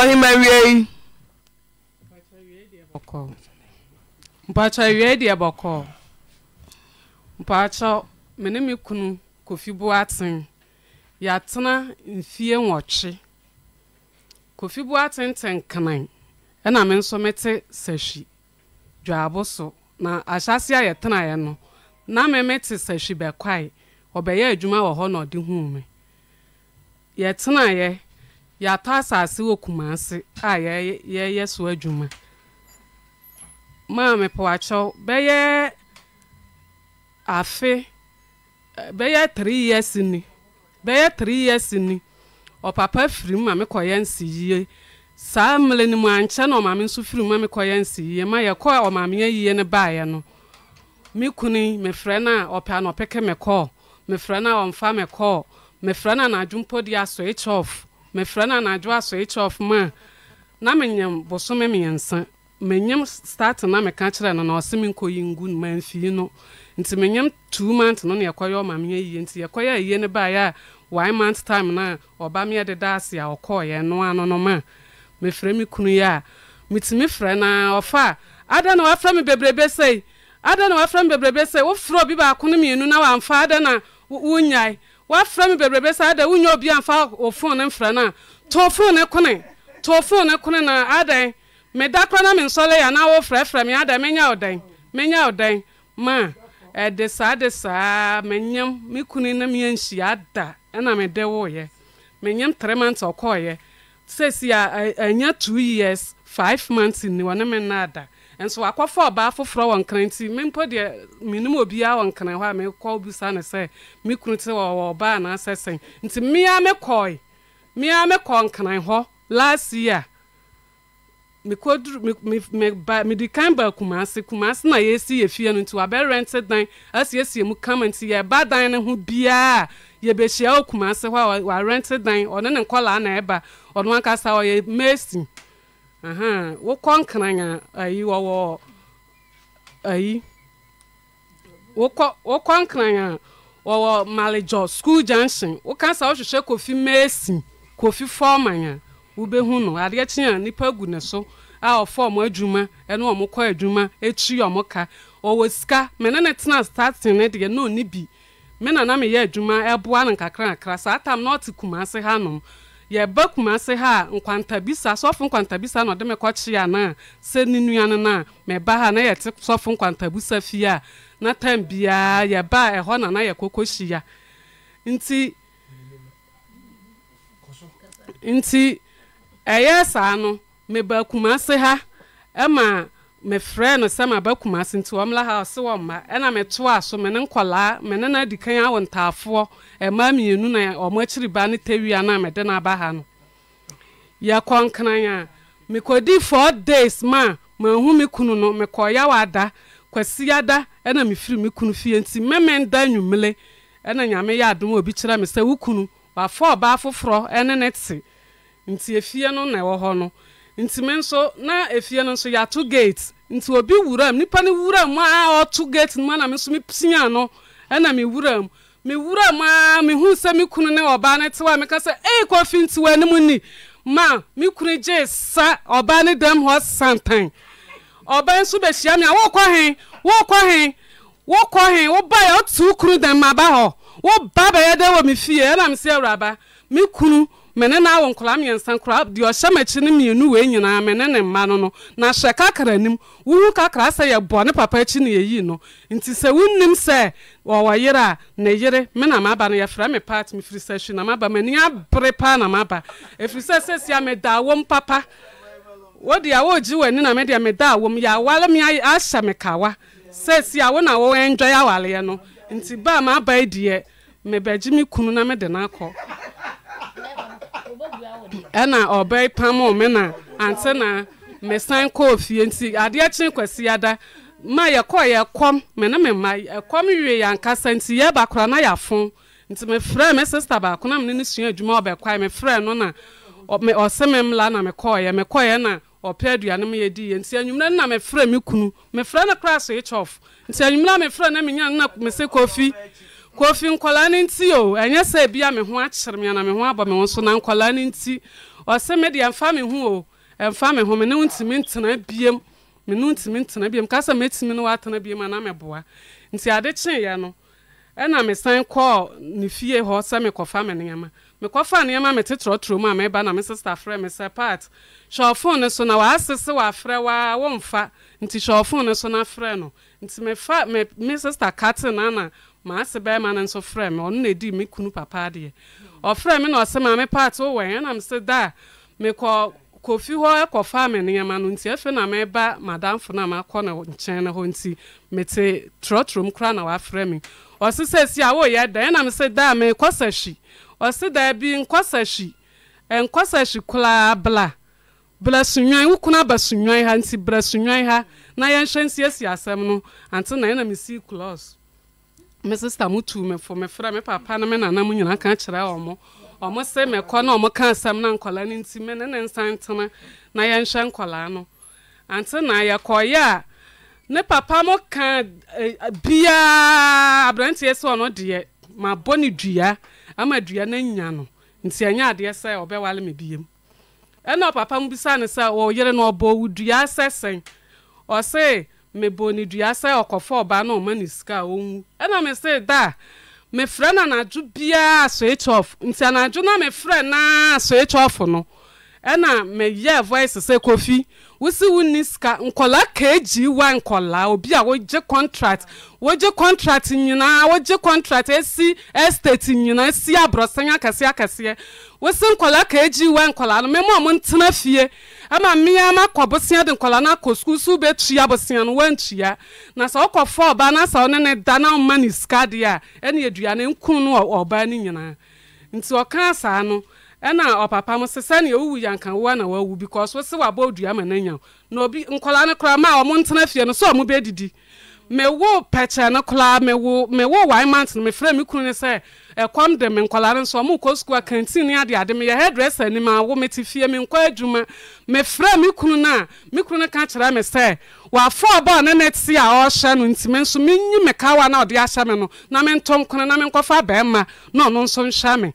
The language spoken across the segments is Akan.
ɔhema wiei mpakyɛ awiei deɛ bɔkɔɔ mpakyɛ me ne me kunu kofi boaten yɛatena mfie wɔtwe kofi boaten te nkenan ɛna me nso mete sahwi dwaabo so na ahyase a yɛtenaeɛ no na me mete sahwi bɛkwae ɔbɛyɛ yɛatɔ asase wɔ kumase a yɛyɛ so adwuma maa mepɛwakyɛw bɛyɛ afe bɛyɛ three years ni bɛyɛ three years ni ɔpapa firi mu ma mekɔyɛ nsiyie saa mmele no mu ankyɛ na ɔmaame nso firi mu ma mekɔyɛ nsiyie ma yɛkɔ ɔmaame ayie no baeɛ no me kuni mefrɛ no a ɔpɛ anɔpeke mekɔɔ mefrɛ no a ɔmfa mekɔɔ mefrɛ na a n'adwompo de asɔ itch off mefrɛ no anadwo aso hf ma a na menyam bosome mmiɛnsa menyam start na meka kyerɛ no na ɔse menkɔ yi ngu no mamfii no nti menyam two month no ne yɛkɔyɛ ɔma menyɛ yie nti yɛkɔyɛ ayie no baeɛ a one month time no a ɔba meɛ deda ase a ɔkɔɔyɛ no ano no ma mefrɛ me kunu yi a metumi frɛ na ɔfa a adɛn na wafrɛ me bebrebe sɛi ada na wafrɛ me bebrebe sɛi wofrɛ obi baako no mmienu na wamfa adɛn na wonyae wafrɛ me bebrebe saa ada wonya obi amfa ofon ne mfrɛ no a toofon ne kone toofon ne kone na adɛn meda kora na mensɔle yɛ anaa wofrɛfrɛ me adɛn menya wo dɛn menya wo dɛn ma ɛde saa de saa menyam me kunu na meanhyia ada ɛna mede woyɛ menyam three months ɔkɔɔyɛ sɛsi a anya two years five months nni wɔ ne me nna ada nso wakɔfa ɔbaa foforɔ wɔ nkran nti mempo deɛ menim obiaa wɔ nkran hɔ a mekɔ bisa no sɛ me kunu te wɔwɔ ɔbaa anaasɛ sɛn nti mea mekɔe mea mekɔ nkran hɔ last year medi kan ba kumase kumase na yɛsi yɛ fie no nti wabɛrɛnte dan asiesie mu kama nti yɛba dan no ho biaa yɛbɛhyia wɔ kumase hɔ a wa warɛnte dan ɔne ne nkɔlaa na ɛba ɔno ankasa ɔyɛ mesin Aham, o concranha aí o o aí o co o concranha o o malejo school junction o kansa o hwehwe kofi mesi kofi formanha o behu no ade tia nipa gu ne so a o form adwuma ene o mokọ adwuma echi o moka o sika me ne ne tena starting ne de no ni bi me na na me ye adwuma eboa ne kakra kakra sa atam na o ha kumase hanom yɛba se ha nkwantabisa sɔfo nkwantabisa na ɔde me kɔkye a na sɛ ne nua no na mɛba ha na yɛte sɔfo nkwantabisa fie a na tam biara yɛba ɛhɔ na na yɛkɔkɔ hyia nti nti ɛyɛ saa no meba se ha ɛma mefrɛ no sɛ maba kuma nti ɔmla ha ɔse wɔ mma ɛna metoa so mene nkɔlaa mene no adi kan awo ntaafoɔ ɛma mmienu na ɔmo akyiri ba ne tawia no a mede no aba ha no yɛkɔ nkran a mekɔdi four days ma kwasi ada ɛna mefiri me kunu nti ɛna nyame yɛ adom obi kyerɛ nti m nso na efie no nso yɛato gate nti obi wura mu nipa ne wura mu a ɔto gate m mu ana nso mepia ɛna wura mu wura mu a sɛ kunu ne ɔbaa tewa sɛ ni ma me kunu gye sa ɔbaa ne dɛm hɔ santan ɔbaa nso a kunu dɛm ma ba hɔ woba bɛyɛ dɛ wɔ fie ɛna awuraba kunu mene na awo nkɔla mmiɛnsa nkɔla deɛ ɔhyɛ m'akyi no mmienu wei nyinaa mene ne mma no no na hyɛ kakra anim wohu kakra sɛ yɛbɔ ne papa akyi ne yɛyi no nti sɛ wonnim sɛ wɔwɔ yere a ne yere me na maba no yɛfrɛ me part mefiri sɛ hwi na maba m'ani abere paa na maba ɛfiri sɛ sɛsia meda wom papa wode a wɔregye w'ani na medeɛ meda wom yɛawale me ahyɛ me kawa sɛsia wo na wɔɛndwa yɛ awaleɛ no nti baa maba yi deɛ mebɛgye me kunu na mede no akɔ ɛna na ante na mesan kɔɔ fie nti adeɛ mma ne mma ɛkɔm wie yɛ ankasa nti yɛ na yɛafo nti mefrɛ me sista baako na mene ne sua adwuma ɔbɛkwae mefrɛ no na ɔse me mla na na ɔpɛ aduane m yɛdiiɛ nti anwummerɛ no na mefrɛ me kunu no kora nti a mefrɛ na menya na mesɛ kofi kofi nkwadaa ne nti o ɛnyɛ sɛ ebi a me ho akyere me na me ho abɔ me ho so na nkwadaa ne nti ɔsɛ me deɛ mfa me ho o mfa me ho me ne ntumi ntena biem me ne ntumi ntena biem kasa me tumi ne watena biem ana me boa nti ade kyeeɛ no ɛna me san kɔɔ ne fie hɔ sɛ me kɔfa me nneɛma me kɔfa nneɛma me tetrɔtrɔ mu a me ba na me sista frɛ me sɛ pat hyɛɔfon ne so na waasese wafrɛ waa wɔmfa nti hyɛɔfon ne so na frɛ no nti me fa me me sista kate na na maa maase bɛrima no nso frɛ me ɔno na-edi me kunu papa deɛ ɔfrɛ me na ɔse maame me paate wowɔ ɛ nam se da mekɔ kɔfi hɔ ɛkɔfaa me nneɛma no nti efe na meba madamfo no a makɔ no nkyɛn no hɔ nti mete trɔtrom koraa na wafrɛ me ɔse sɛ si a woyɛ dɛn nam se da mekɔsa hyi ɔse daa bi nkɔsa hyi nkɔsa hyi koraa bla bra sunwan wo kuna aba sunwan ha nti bra sunwan ha na yɛnhyɛ nsiesie asɛm no ante na ɛna mesi close me sista mu tu me fo me fra me papa no me nana mu nyina ka kyerɛ ɔmo ɔmo se me kɔ na ɔmo ka asɛm na nkɔla no nti me ne ne nsa ntena na yɛnhwɛ nkɔla no ante na yɛkɔyɛ a ne papa mo ka eh, eh, biaa aberanteɛ sɛ ɔno deɛ mabɔ ne dua ama dua no anya no nti ɛnyɛ adeɛ sɛ ɔbɛwale me biam ɛnna papa mo bisa ne sɛ ɔyere na ɔbɔ wo dua sɛ sɛn meboni dua sɛ ɔkɔfa ɔbaa na ɔma ne sika a ɔwu ɛna me se da a mefrɛ no anadwo nti anadwo na mefrɛ naa soekyɔf no ɛna meyɛ voice sɛ kofi wosi wonni sika nkɔla wa nkɔla obi a wogye contract wogye contract nyinaa wogye contract esi estate nyinaa esi aborɔsan akɛseɛ akɛseɛ nkɔla wa nkɔla no ntena fie ama mmea ma kɔ bosea de nkɔla no akɔ sukuu so wobɛtua bosea no woantua na sɛ wokɔfa ɔba na sɛ ɔne ne da na ɔma ne sika deɛ a ɛne aduane nkum no ɔba ne nyinaa nti ɔka saa no ɛna ɔpapa m sɛ sɛnea wowu yɛnka na wawu because wo se wabɔ dua ma no anya na obi nkɔla no koraa ma a ɔmo ntena fie no sɛ ɔmo bɛdidi mewo pɛkyɛ no koraa mewo mewo one no mefrɛ me kunu ne sɛ ɛkɔm de me nkɔla no nso ɔmo nkɔ sukuu a kantin ne ade ade meyɛ hairdresser anim a wo mete fie me nkɔ adwuma mefrɛ me kunu no a me kunu no ka kyerɛ me sɛ wafɔ ɔbɔ ne ne ti a ɔhyɛ no nti me nso menyi me kawa na ɔde ahyɛ me no na mentɔ nkono na menkɔfa bɛrima na ɔno nso nhyɛ me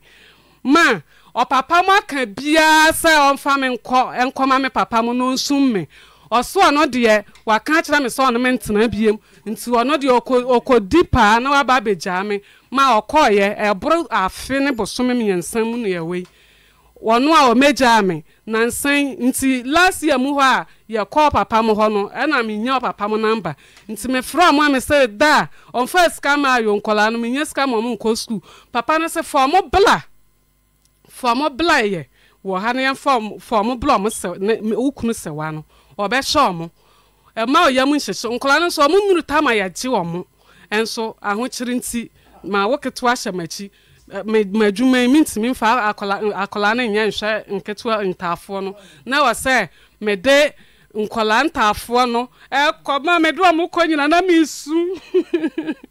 ma ɔpapa mu aka biara sɛ ɔmfa me nkɔ nkɔma me papa mu no nsum me ɔso ɔno deɛ waka akyerɛ me sɛ ɔno me ntena biom nti ɔno deɛ di paa na waba abɛgyaa me ma yɛ ɛboro afe ne bosome mmiɛnsa mu ne ɛwei ɔno a ɔmɛgyaa me nansɛn nti last year mu hɔ a yɛkɔɔ papa m hɔ no ɛna menya papa m namba nti mefrɛ mo a me sɛ da a ɔmfa sika ma ayɔnkɔlaa no menya sika ma ɔmo nkɔ sukuu papa no sɛ fɔ mo bla fɔ mo bla yɛ wɔ ha no yɛmfa fɔ mo bla ɔmo sɛ wo kunu sɛwa no ɔbɛhyɛ ɔmo ɛma ɔyam nhyehyɛ nkɔla no nso ɔmo nuru tam a yɛgye ɔmo ɛnso ahokyere nti ma wo ketewa hyɛ m'akyi madwuma yi mentumi mfa akɔla no nyɛ nhwɛ nketewa ntaafoɔ no na wɔ sɛ mede nkɔla ntaafoɔ no ɛkɔ ma mede ɔmo kɔ nyina na mesu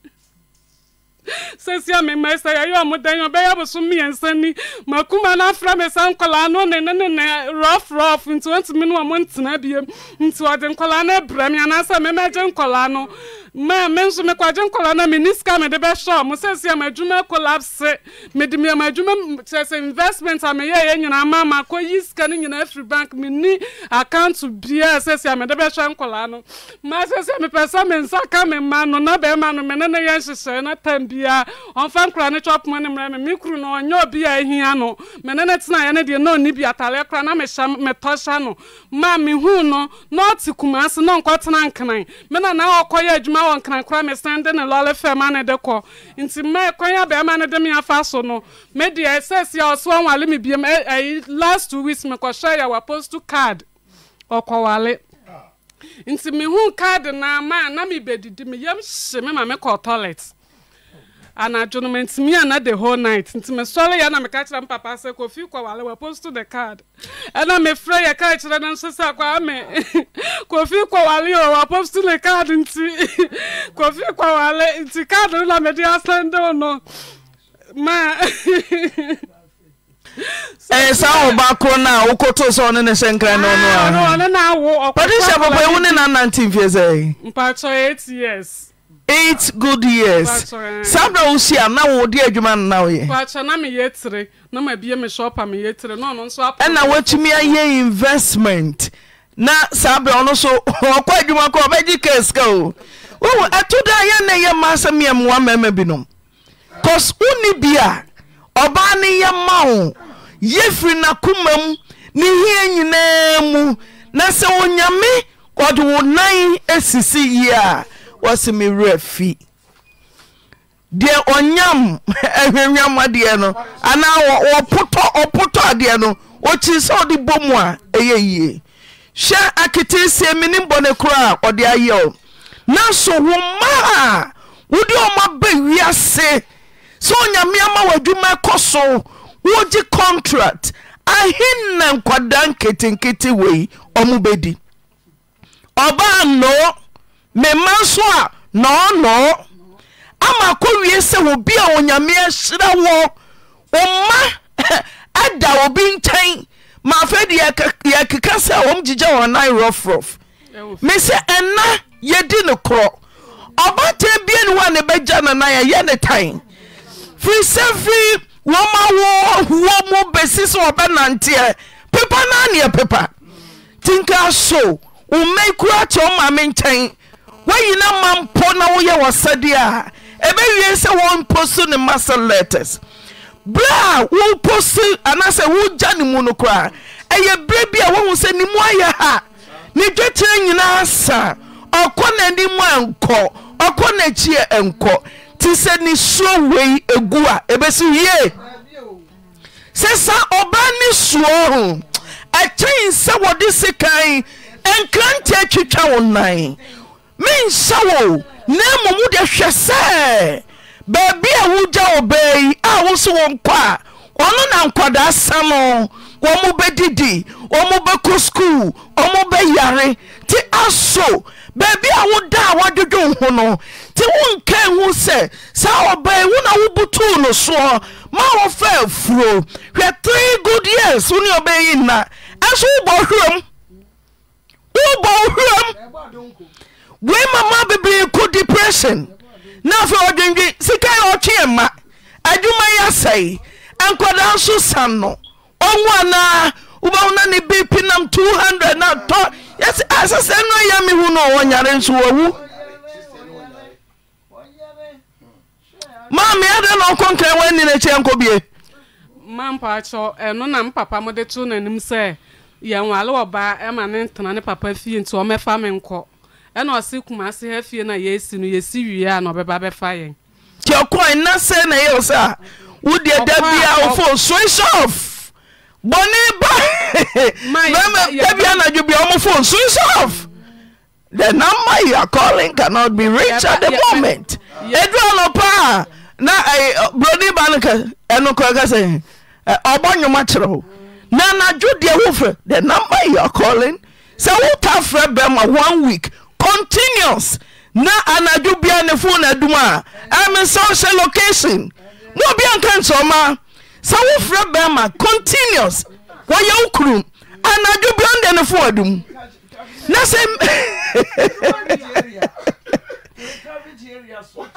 sɛsia mema sɛ yɛyɛ ɔmoda yɛ ɔbɛyɛ boso mmiɛnsa ni makuma no afra me sa nkɔlaa no ne ne ne ne rɔfrɔf nti wɔntumi ne ɔmo ntena biam nti ɔde nkɔlaa no abrɛ me anaasɛ memɛgye nkɔlaa no ma me nso nkɔla na menni sika mede bɛhyɛ mo sɛsie ma adwuma kolapse mede mea ma adwuma kyerɛsɛ investment a meyɛyɛ nyinaa ma ma kɔyi sika no nyinaa afiri bank menni account biaa sɛsie a mede bɛhyɛ nkɔla no ma sɛsie mepɛ sɛ me nsa ka me ma no na bɛrima no mene ne yɛ nhyehyɛe no tam biaa ɔmfa nkora ne twɔpoma ne mmerɛ me me kuru no ɔnyɛ obi a ahia no mene ne tenaeɛ no deɛ na ɔnni bi ataleɛ kora na mehyɛ metɔhyɛ no ma mehu no na ɔte kumase na ɔnkɔtena nkenan mena na ɔkɔyɛ adwuma na wɔ nkrankora me san de ne lɔre fɛ ma ne de kɔ nti mɛ kwan a bɛrima ne de me afa so no me deɛ sɛsi a ɔso ɔnwale me biem ɛyi last two weeks me kɔhyɛ yɛ wɔ postal card ɔkɔwale nti me hu card na ama na me bɛdidi me yam hye me ma me kɔ toilet anadwo no mantumi ana the whole night nti mesɔre yɛ na meka kyerɛ m papa sɛ kofi kɔwale waposto the card ɛna mefrɛ yɛ kaa kyerɛ no nso sɛ kwaa me wale kɔwale oh, o waposto the card nti kofi wale. nti card no na mede asɛndew no ma ɛyɛ saa ɔba koro no a wokɔtoo sɛ ɔne ne hyɛ nkra ne ɔno a pɛde hyɛ papa ɛwu ne nanante mfie sɛ mpakyɛ 8 years eight good years saa mmerɛ wo si a na wo de adwuma no na woyɛ ɛna mi ayɛ investment na saa berɛ ɔno so ɔkɔ adwuma kɔ ɔbɛgye kaa sika o wohu ɛto da yɛ na ɛyɛ ma asɛm yɛ mmoa mmarima binom cause wonni bi a ɔbaa ne yɛ ma wo yɛfiri n'akoma mu ne hia nyinaa mu na sɛ onyame ɔde wo nan asisi yie a wɔse me werɛ fi deɛ ɔnyam ahwɛnwam adeɛ no anaa ɔpotɔ adeɛ no ɔkyiri sɛ ɔde bɔ mu a ɛyɛ yie hyɛ akete sie menim bɔne koraa ɔde ayɛwo nanso wo ma a wode ɔma ba wiase sɛ onyamea ma w'adwuma ɛkɔ so wogye contract na nkwadaa nketenkete wei ɔmo bɛdi ɔbaa nnoo memma nso a nɔɔnɔɔ ama kɔwie sɛ obi a onyame hyerɛ wɔ wo mma obi nkyɛn ma afei deɛ yɛkeka sɛ wɔm gyigya wɔnan rɔfrɔf me sɛ ɛna yɛdi ne korɔ ɔbatan biane hɔ a ne bɛgya nanan ɛyɛ ne tan firi sɛ firi wɔma wo hoɔ mu bɛsi sɛ wɔbɛnanteɛ pepa naa neɛ pepa tinka so wommɛ kura kyɛ woma me nkyɛn woa yina ma mpɔ na woyɛ wɔ sɛdeɛ a ɛbɛwiei sɛ wɔmpo so ne mase lattis berɛ a wopo so anaasɛ wogya ne mu no koraa ɛyɛ berɛ bi a wohu sɛ nimu ayɛ ha ne dwaterɛ nyinaa asaa ɔkɔ naanimu ɛnkɔ ɔkɔ na akyiɛ nkɔ ti sɛ ne suo wei ɛgu a ɛbɛsi ie sɛ sa ɔbera ne suɔ ho akyɛn sɛ wɔde sekan nkranteɛ twitwa wo nan menhyɛ wo na mmom wode hwɛ sɛ baabi a wogya ɔbaa yi a wo wɔ nkɔ a ɔno na nkɔdaa sa no wɔ mo bɛdidi ɔ mo bɛkɔ skuul ɔ mo bɛyare nti aso baabi a woda a woadwodwo ho no nti wonkan ho sɛ saa ɔbaa yi wo na wobotuu no soɔ ma wɔfa afuro hwɛ tre good years wo ne ɔbɛyi na ɛso wobɔ ohuram wobɔ ohuram. weima ma bebree ko depression n'afọ afei ɔdwendwe sika yɛ ɔtweɛ ma adwuma yɛ asɛe ɛnkɔda nso sa no ɔwo anaa wobɛho na ne bepi nam 200 na tɔ yɛsɛ asɛ sɛ no ɛyɛ me hu no ɔwɔ nyare nso wɔwu maa meadɛn na ɔkɔnka woanino akyiɛ nkɔ bie mampaakyɛ ɛno na mpapa mode too nanim sɛ yɛwale ɔbaa ma ne ntena ne papa fie nti ɔmɛfa me nkɔ ɛna ɔsi kumasi hɛfie na yɛsi no yɛsi wie a na ɔbɛba bɛfa yɛn. tí ɔkɔn na sɛ na yɛ ɔsɛ a wúdiɛ dɛ bi a ɔfo switch off bɔnni ba mɛmɛ dɛ bi anadwo bi a ɔmo switch off the number you are calling cannot be reached at the moment edu anɔpa a na ɛɛ eh, broni ba no kɛ ɛnu kɔ ɛkɛsɛ eh, ɔbɔ nyoma kyerɛw na anadwo deɛ wofɛ the number you are calling sɛ wota frɛ bɛm ma one week continuous na anadwo bia ne fo no adum a ɛme sɛ wohyɛ location na obia nka nkyɛma sɛ wofrɛ bɛrima continuous wɔyɛ wo kurum anadwo bia ɔndɛ ne fo adum na sɛ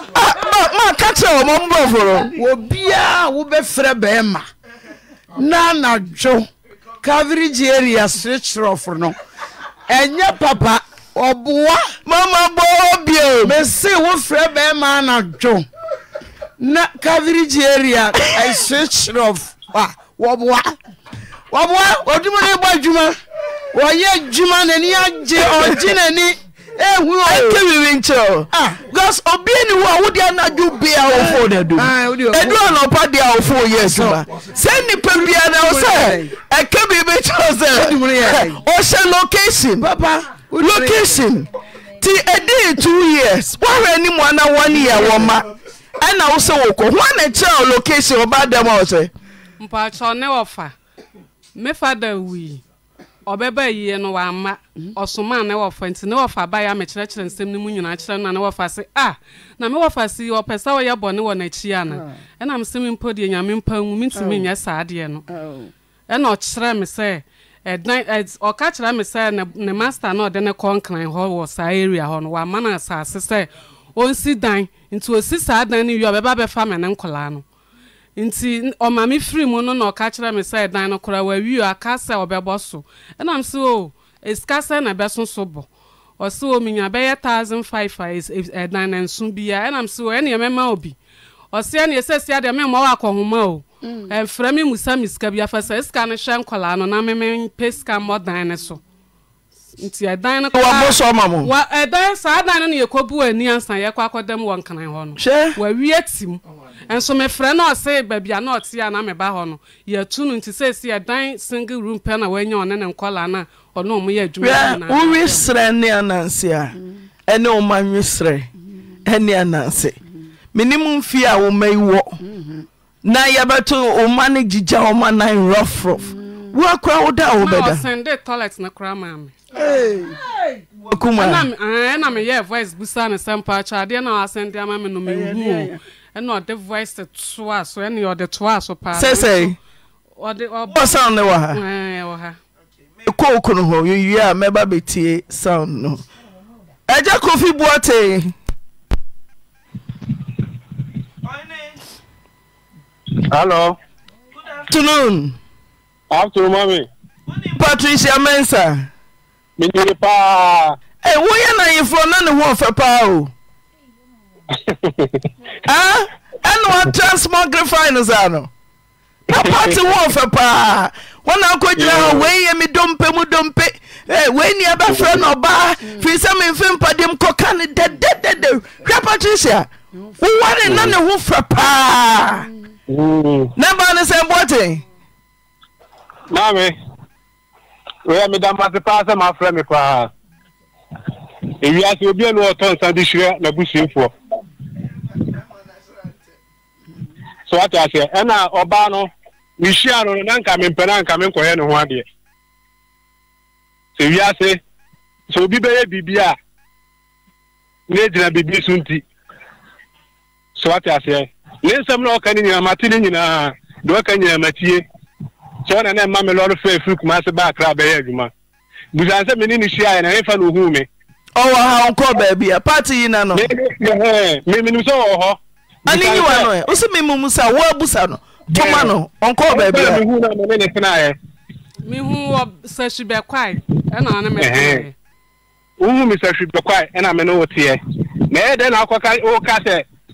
ah, maka kyerɛ wɔ mɔmbɔforo obiaa wobɛfrɛ bɛrima na anadwo coverage area serekyerɛfo no ɛnyɛ papa ɔboa mama bɔɔ bio mese wo frɛ bɛrima anadwo na coverage area i switch off a wɔboa wɔboa ɔdwuma no ɛbɔ adwuma wɔyɛ adwuma n'ani agye ɔgye n'ani ehu o. ẹ kí wíwí nkyẹn o. because obi ẹni wo a wọ́n di anadu bi a wọ́n fọ́ do. ẹ̀dùn ẹ̀dùn ọ̀nà ọ̀pá di a wọ́n fọ́ ọ̀yẹ́ ẹ̀sùnmá sẹ́yìn nípa bi ẹ̀ náà ọ̀sẹ̀ ẹ̀ kí wíwí nkyẹn ọ̀sẹ̀ ọ̀hyẹ̀ location. papa location ti ɛdii 2 years woahwɛ animu ana 1 year wɔ eh? ma ɛna wo sɛ wokɔ ho kyerɛ wo location ɔba dɛm a wo ne wɔfa mefa da wui ɔbɛba yie no wamma ɔsomaa ne wɔfa nti ne wɔfa bayɛ a nsɛm no mu nyinaa kyerɛ no ne wɔfa se a ah, na me wɔfa ah. oh. oh. se yi ɔpɛ sɛ wɔyɛ bɔne wɔ n'akyi ana ɛna mesɛ mpo deɛ nyame mpa nwu mentumi nyɛ saa deɛ no ɛna ɔkyerɛ sɛ ɛdan ɛd ɔka kyerɛ mi sɛ ne ne master na ɔde ne kɔnkran hɔ wɔ saa area hɔ no wama na asase sɛ ɔnsi dan nti osi saa dan no wie ɔbɛba bɛfa mɛ ne nkɔlaa no nti ɔmaame firi mu no na ɔka kyerɛ mi sɛ ɛdan no koraa wawie aka sɛ ɔbɛbɔ so ɛnam sɛ o esika sɛ na ɛbɛso so bɔ ɔsi o minya bɛyɛ thousand five a ɛdan na nso bia ɛnam sɛ o ɛnìyɛn mɛma obi ɔseɛ ne ɛsɛsia deɛ memmɔ wɔ akɔhoma o mm. ɛmfrɛ me musa me sika bi afa sɛ sika no hyɛ nkɔlaa no na memempɛ sika mmɔ dan ne so nti ɛdan no ɛdan saa dan no ne yɛkɔbu ani ansa yɛkɔ akɔdam wɔ nkran hɔ no wawie tim nso mefrɛ no ɔse baabi a na ɔte a na ba hɔ no yɛatu no nti sɛsi ɛdan single room pɛ na wanya ɔne ne nkɔlaa no a ɔne ɔmo yɛ adwuma wowe anansi ne ananse a ɛne ɔma nwe menim mfie a woma yi wɔ mm-hmm. na yɛbɛto woma no gyigya woma nan rɔfrɔf mm. woakora wo da a wobɛda ɛna meyɛ voice busa ne sɛ mpa adeɛ na wasɛnde ama me no mehu ɛna ɔde voice toa so ɛne ɔde toa so paa sɛsɛe ɔbɔ sound ne wɔ ha wɔ ha mekɔ wo kono hɔ yɛwie a mɛba bɛtie sound no agya kofi boatee a tonotoam patricia mɛnsa pa eh, woyɛ nayeforɔ na ne hoɔfɛ paa o a ah, ɛnoa transmogrifi no saa no papate hɔɔfɛ paa wonakɔgyira hɔ weiyɛ me dompe mu dompe eh, winia ba frɛ no ɔbaa firi sɛ memfempadeɛm kɔka ne dɛdɛdɛdɛ hwɛ patricia woware na ne ho fɛ paa ne ba ne sɛ mbɔte. maame wei a meda paa sɛ maafrɛ me paa ewiase obi a na ɔtɔ nsa de hyerɛ n'abusuafoɔ so wate aseɛ ɛna ɔbaa no mehyia no no na nka mempɛ na nka menkɔyɛ ne ho adeɛ sɛ wiase sɛ obi bɛyɛ biribi a na gyina biribi so nti so wate aseɛ ne nsɛm na ɔka ne nyinaa mate ne nyinaa deɛ ɔka nyinaa matie sɛ ɔna na ɛma me lɔre fɛ afiri kuma se ba akra bɛyɛ adwuma busan sɛ mene na ɛmfa me ɔwɔ ha baabi a party yi na no sɛ hɔ ane no ɛ wo sɛ sa woabusa no toma no ɔnkɔ baabi tenaeɛ mehu wɔ sahwi bɛkwae ɛna ne wohu me sahwi bɛkwae ɛna me ne na na sɛ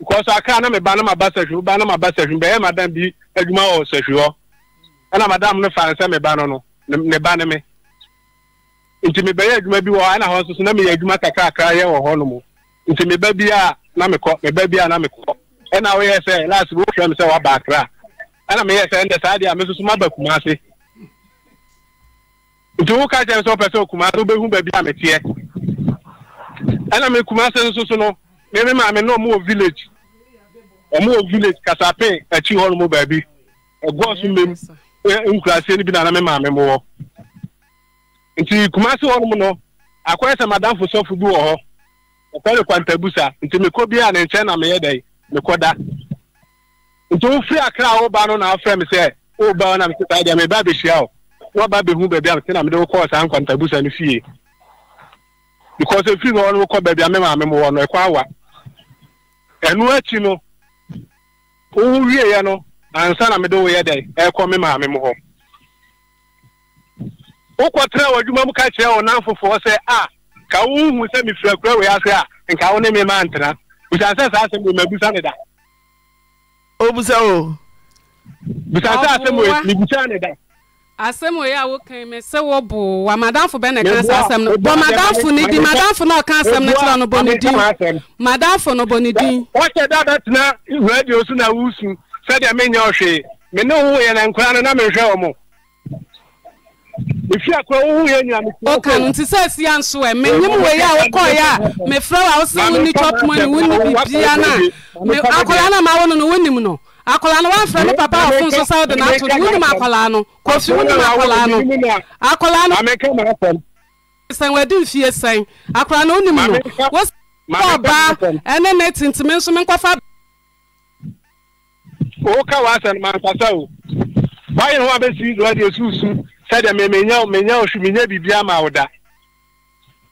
because akra na meba na maba sɛhwe ba na maba sɛhwe bɛyɛ madam bi adwuma wɔ sɛhwe hɔ ɛna madam no fa nsɛ meba no no ne ba ne me nti mebɛyɛ adwuma bi wɔ hɔ ɛna hɔ nso so na meyɛ adwuma kakrakra yɛ wɔ hɔ no mu nti meba bi a na mekɔ meba bi a na mekɔ ɛna woyɛ sɛ last bi wohwɛ me sɛ woaba akra ɛna meyɛ sɛ ndɛ saa deɛ a me nso so maba kumase nti woka kyɛ me sɛ wopɛ sɛ kumase wobɛhu baabi a meteɛ ɛna me kumase nso so no meme maame na ɔmo village ɔmo village kasapen akyi hɔ nom baabi ɛgɔɔso mmem nkuraseɛ no na aname maame mo wɔ nti kumase hɔ nom nọ akwa sɛ madamfo sɔfo bi wọ họ ɔkɔ kwantabusa nti mekɔ bi a na nkyɛn na meyɛ dɛ mekɔ da nti wofiri akra a woba no na sɛ na mete saa deɛ meba abɛhyia wo na na saa nkwantabusa na a ɛnu akyi no ya no ansa na mede woyɛ dɛ ɛkɔ me maame mu hɔ wokɔtena w'adwuma mu ka kyerɛ wo nan fofoɔ sɛ a ka wohu sɛ mefirakura wei ase a nka wo ne me ma ntena busan o asɛm ya a wokan se wo wɔbo wa madamfo bɛ na ɛka sɛ asɛm no bɔ madamfo ne din madamfo na ɔka asɛm no kyerɛ no bɔ ne din madamfo no bɔ ne din. wɔkyɛ dɛ abɛtena radio so na wusu sɛdeɛ menyɛ ɔhwee me ne wo yɛ na nkora no na mehwɛ wɔn efi akora wo yɛ nyina me. ɔka no nti sɛ esi anso ɛ menyim wei a wokɔɛ a mefrɛ wo a wosɛ wo ni chop money wo ni bibia na akora na ma wo no no wo nim no. akwaraa no wamfrɛ ne papa ɔfo nso sɛ wode no ato wonim akwaraa no kɔfi wonim akwaraa no akwaraa no sɛn wadi mfie sɛn akwaraa no wonim no wosɔbaa ɛne ne tentimi nso menkɔfa woka w'asɛn mankasa o woayɛ ne ho abɛsi wade suusu sɛdeɛ menya menya ohwe menya biribia ma wo da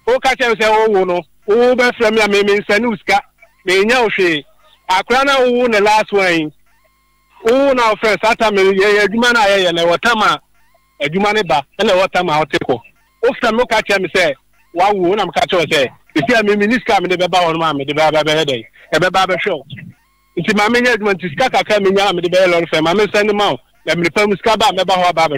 woka kyɛ me sɛ wowo no wowo bɛfrɛ me a mensɛne wo sika menya ohwee akwaraa no a wowo ne last one wo eh, eh, na offense ata me yɛyɛ adwuma no na ɛwɔ tam a adwuma no ɛna ɛwɔ a ɔte kɔ wawo na meka kyerɛ sɛ ɛsi a memini sika mede bɛba hɔ a mede bɛyɛ ba ɛbɛba bɛhwɛ nti ma menyɛ adwuma nti ma mensɛ ne ma o na mu sika ba a mɛba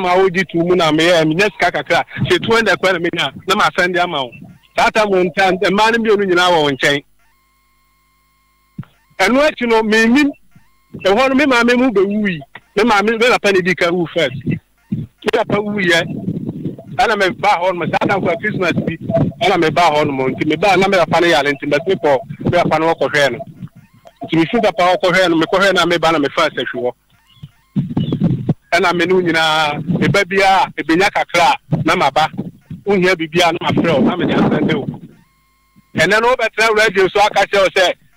ma wogye to mu na meyɛ menya sika kakra sɛ na menya na ama wo saa ɛno akyi no menim ɛhɔ no me maame mu bɛwui me maame me papa ne di ka wu first me papa wuiɛ ɛna me ba hɔ nom saa dankora christmas bi ɛna me ba hɔ nom nti me ba na me papa no yare nti bɛtumi kɔ me papa no wɔkɔhwɛɛ no nti mefi papa wɔkɔhwɛɛ no mekɔhwɛɛ no a me ba na mefa asahwi hɔ ɛna me no nyinaa meba biara ebenya kakra a na maba wohia biribiara na mafrɛ wo na mede asɛnde wo ɛnɛ no wobɛtena wura agye so aka kyerɛ sɛ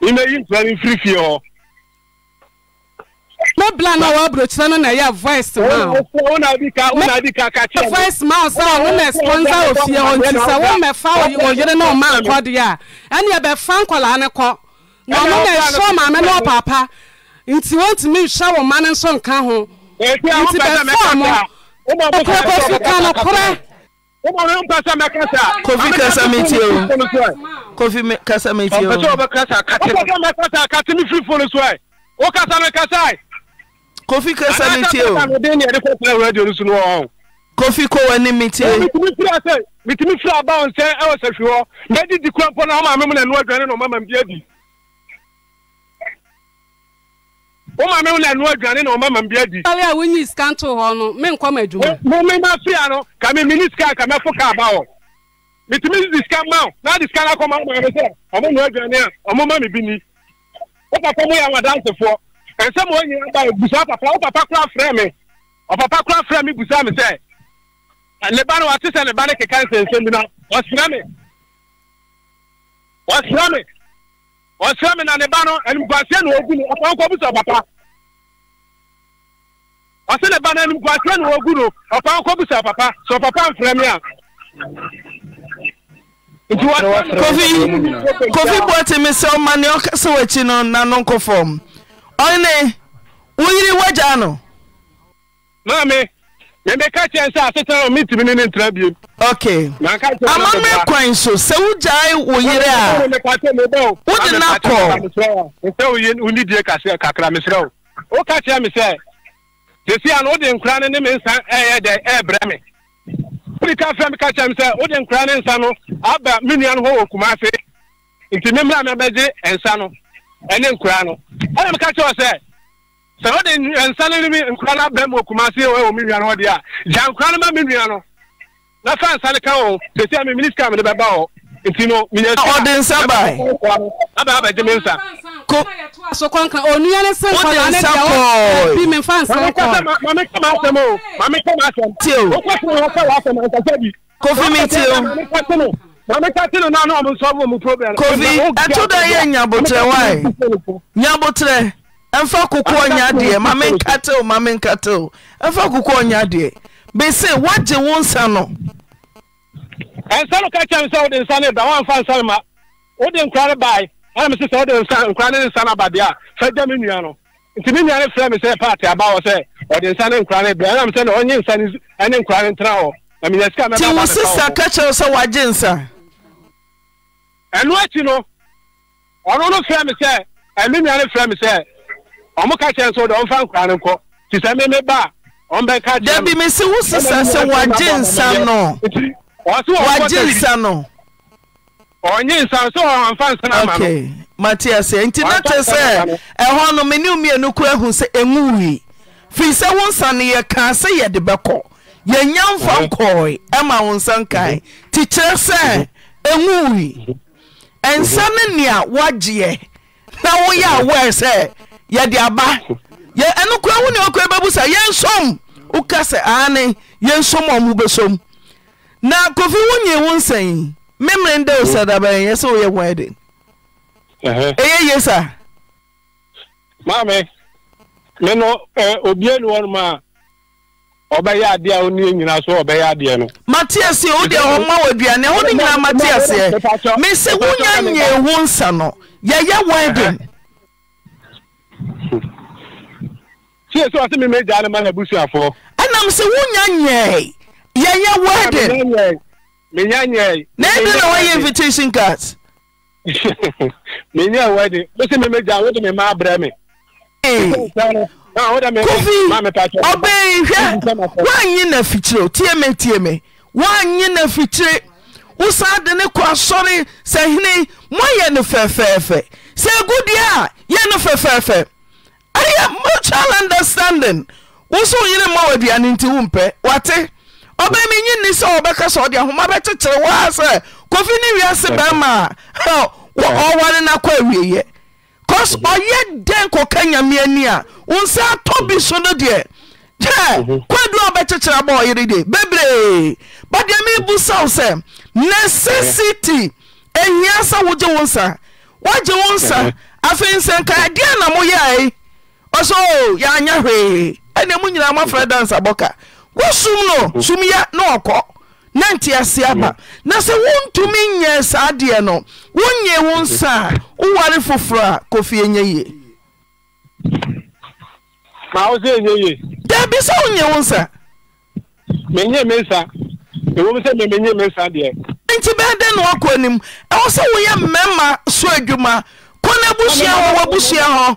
mmeyi nkura ne mfiri fie hɔ. ne bla na wa aburokyerɛ no na ɛyɛ voice ma o voice ma o sɛ ɔno na sponsor ofie hɔ nti sɛ wo mɛfa ɔyere na ɔma akɔdeɛ a ɛne ɛbɛfa nkɔlaa ne kɔ na ɔno na ɛhyɛ maame ne ɔpaapa nti wɔntumi nhyɛ wo ma ne nso nka ho nti bɛfa mo ɔkɔkɔ fi ka no korɛ wọ́n mpẹ sẹ mẹ kasa. kofi kasa mi ti o kofi kasa mi ti o. ọ̀pẹ̀sẹ̀ ọ̀bẹ kasa kati ọ̀pẹ̀sẹ̀ ọ̀bẹ kasa kati mi fífo ni so ẹ̀ o kasa mi kasa ẹ̀. kofi kasa mi ti o. kofi kó wẹ mi ti o. mìtìmí fira sẹ mìtìmí fira báwọn sẹ ẹ fi wọ yẹ di di kúrẹ́pọ̀ náà ọmọ mi mu nà ẹnu ẹdùn ẹni nà ọmọ mi bi ẹ di. wo maame na ɛnu aduane na ɔma ma bi adi. sáré a wonyi sika nto hɔ no mi nkɔ ma mo mi ma fi ano kàmi mi ni sika kàmi ɛfo kaaba hɔ mitumi di sika ma o na di sika na kɔ ma ma ɛfɛ sɛ ɔmo nu aduane a ɔmo ma mi bi ni wo papa mo yɛ àwọn adansefoɔ ɛsɛ mo yɛ aba busa papa wo papa kura frɛ mi ɔpapa kura frɛ mi busa mi sɛ ne ba no wa ti sɛ ne ba ne keka nsɛnsɛn bi na ɔsra mi ɔsra mi. ɔsrɛ me na ne ba no animguaseɛ na ɔgu no ɔpɔnkɔ bu sɛ ɔpapa ɔsɛ ne ba no na ɔgu no a kofi kofi sɛ ɔma ne ɔkasa no na no nkɔ fam ɔne woyiri wagya no maame yɛmɛka kyɛn sɛ asetena o mi tìmí ne ntena bie. ok ama kwan so sɛ wogyae wo yere a wode na kɔ. nsɛ oye onidie kase kakra mesrɛ o woka kyerɛ me sɛ sesi a no wode nkora no ne me nsa ɛyɛ dɛ ɛɛbrɛ me wodeka frɛ me ka kyerɛ me sɛ wode nkora ne nsa no aba me nua no hɔ wɔ kumase nti memmra mɛbɛgye nsa no ɛne nkora no ɛna meka kyerɛ sɛ sɛ ɔde nsa no ne nkura no abɛn mu okumase ɛwɔ mi nua no ɔde a gya nkura no ma mi nua no na fa nsa no ka wɔn sɛsi a mi minisika mi de bɛba hɔ nti no mi nyɛ sika ɔde nsa ba aba abɛgye mi nsa. ko so kɔnkan onua ne se nkɔla ne deɛ ɔ bi mi nfa nsa kɔ. maame kama asɛm o maame kama asɛm. tiw o kɔ sini o kɔ wa asɛm nsa sɛbi. kofi mi tiw. maame ka tinu naa na ɔmo nsɔn mo mu problem. kofi ɛtu dɛ yɛ nyabotrɛ wa ye nyabotrɛ ɛmfa koko ɔnya deɛ mame nkateo mame nkateo ɛmfa koko ɔnya deɛ bese wagye wo nsa no ɛnsa no ka kyɛm sɛ wode nsa no ba woamfa nsa no ma wode nkora no bae ana mese sɛ wode nkora no nsa no abadeɛ a fa gya me nua no nti me nua no frɛ me sɛ paate aba wɔ sɛ ɔde nsa ne nkora no bia ɛnam sɛ na ɔnye nsa no ne nkora no ntena hɔ na menya sika mɛti wo sesa ka kyerɛ sɛ wagye nsa ɛno akyi sɛ ɛme nua no frɛ ɔmo ka kyɛn so de ɔmfa nkura no nkɔ te sɛ meme ba ɔmbɛ ka kyɛn. dabi mi si wo sisa sɛ wagye nsa no wagye nsa no. ɔnye nsa so ɔmfa nsa na ama no. okay matias nti na te sɛ ɛhɔ no mene mmienu kura hu sɛ ɛnwu wi firi sɛ wo nsa no yɛkaa sɛ yɛde bɛkɔ yɛnya mfa mhm. nkɔe ɛma wo nsa nkae mhm. te kyerɛ sɛ mhm. ɛnwu wi ɛnsa no nea wagyeɛ na woyɛ aware sɛ yɛde aba ɛno kora wo ne ɔkora bɛbu sa yɛnsom woka sɛ aane yɛnsom a mo bɛsom na kofi wo nye wo nsɛn memere ndɛ wo sɛ dabɛn yɛ sɛ woyɛ wɛden ɛyɛ ye sa maame me no obia ni wɔnom a ɔbɛyɛ adeɛ a wonni nyina so ɔbɛyɛ adeɛ no matias wo deɛ ɔma wɔ aduane ɛho no nyinaa matias ɛ me sɛ wonya nye wo nsa no yɛyɛ wɛden anam sɛ wonya nyɛe yɛyɛ wordeney yɛ na d na wɔyɛ invitat cardkofi ɔbɛihwɛ woanye na fikyireo tie me tie me woanyena fikyire wo sa ade ne kɔ asɔre sa hene moayɛ no fɛfɛfɛ sɛ agodua a yɛ no fɛfɛfɛ ɛyɛ mutual understanding wo so wonyene mma w' aduane nti wo mpɛ wate ɔbɛ menyi nni sɛ wɔbɛka sɛ ɔde ahoma bɛkyekyere woa sɛ kofi ne wiase bɛima a ɔware no akɔ awieiɛ cause ɔyɛ dɛn kɔka nyame ani a wo nsa atɔ bi so no deɛ kyɛ kwadu a wɔbɛkyekyere bɔ ɔyere deɛ bebree bɔdeɛ mebu sawo sɛ necessity ahia sɛ wogye wo nsa woagye wo nsa afei nsɛnkadeɛ na moyɛe ɔsɛ oh, yɛanya hwee ɛne mu nyinaa moafra danse bɔka wosum no sum ya na ɔkɔ na nti ase aba na sɛ wontumi nyɛ saa adeɛ no wonye wo nsa a woware foforɔ a kɔfie nyɛ yie da bi sɛ wonye wo nsa nti bɛɛ na woakɔ anim ɛwɔ sɛ woyɛ mmarima so adwuma kɔ na abusua hɔ w'abusua hɔ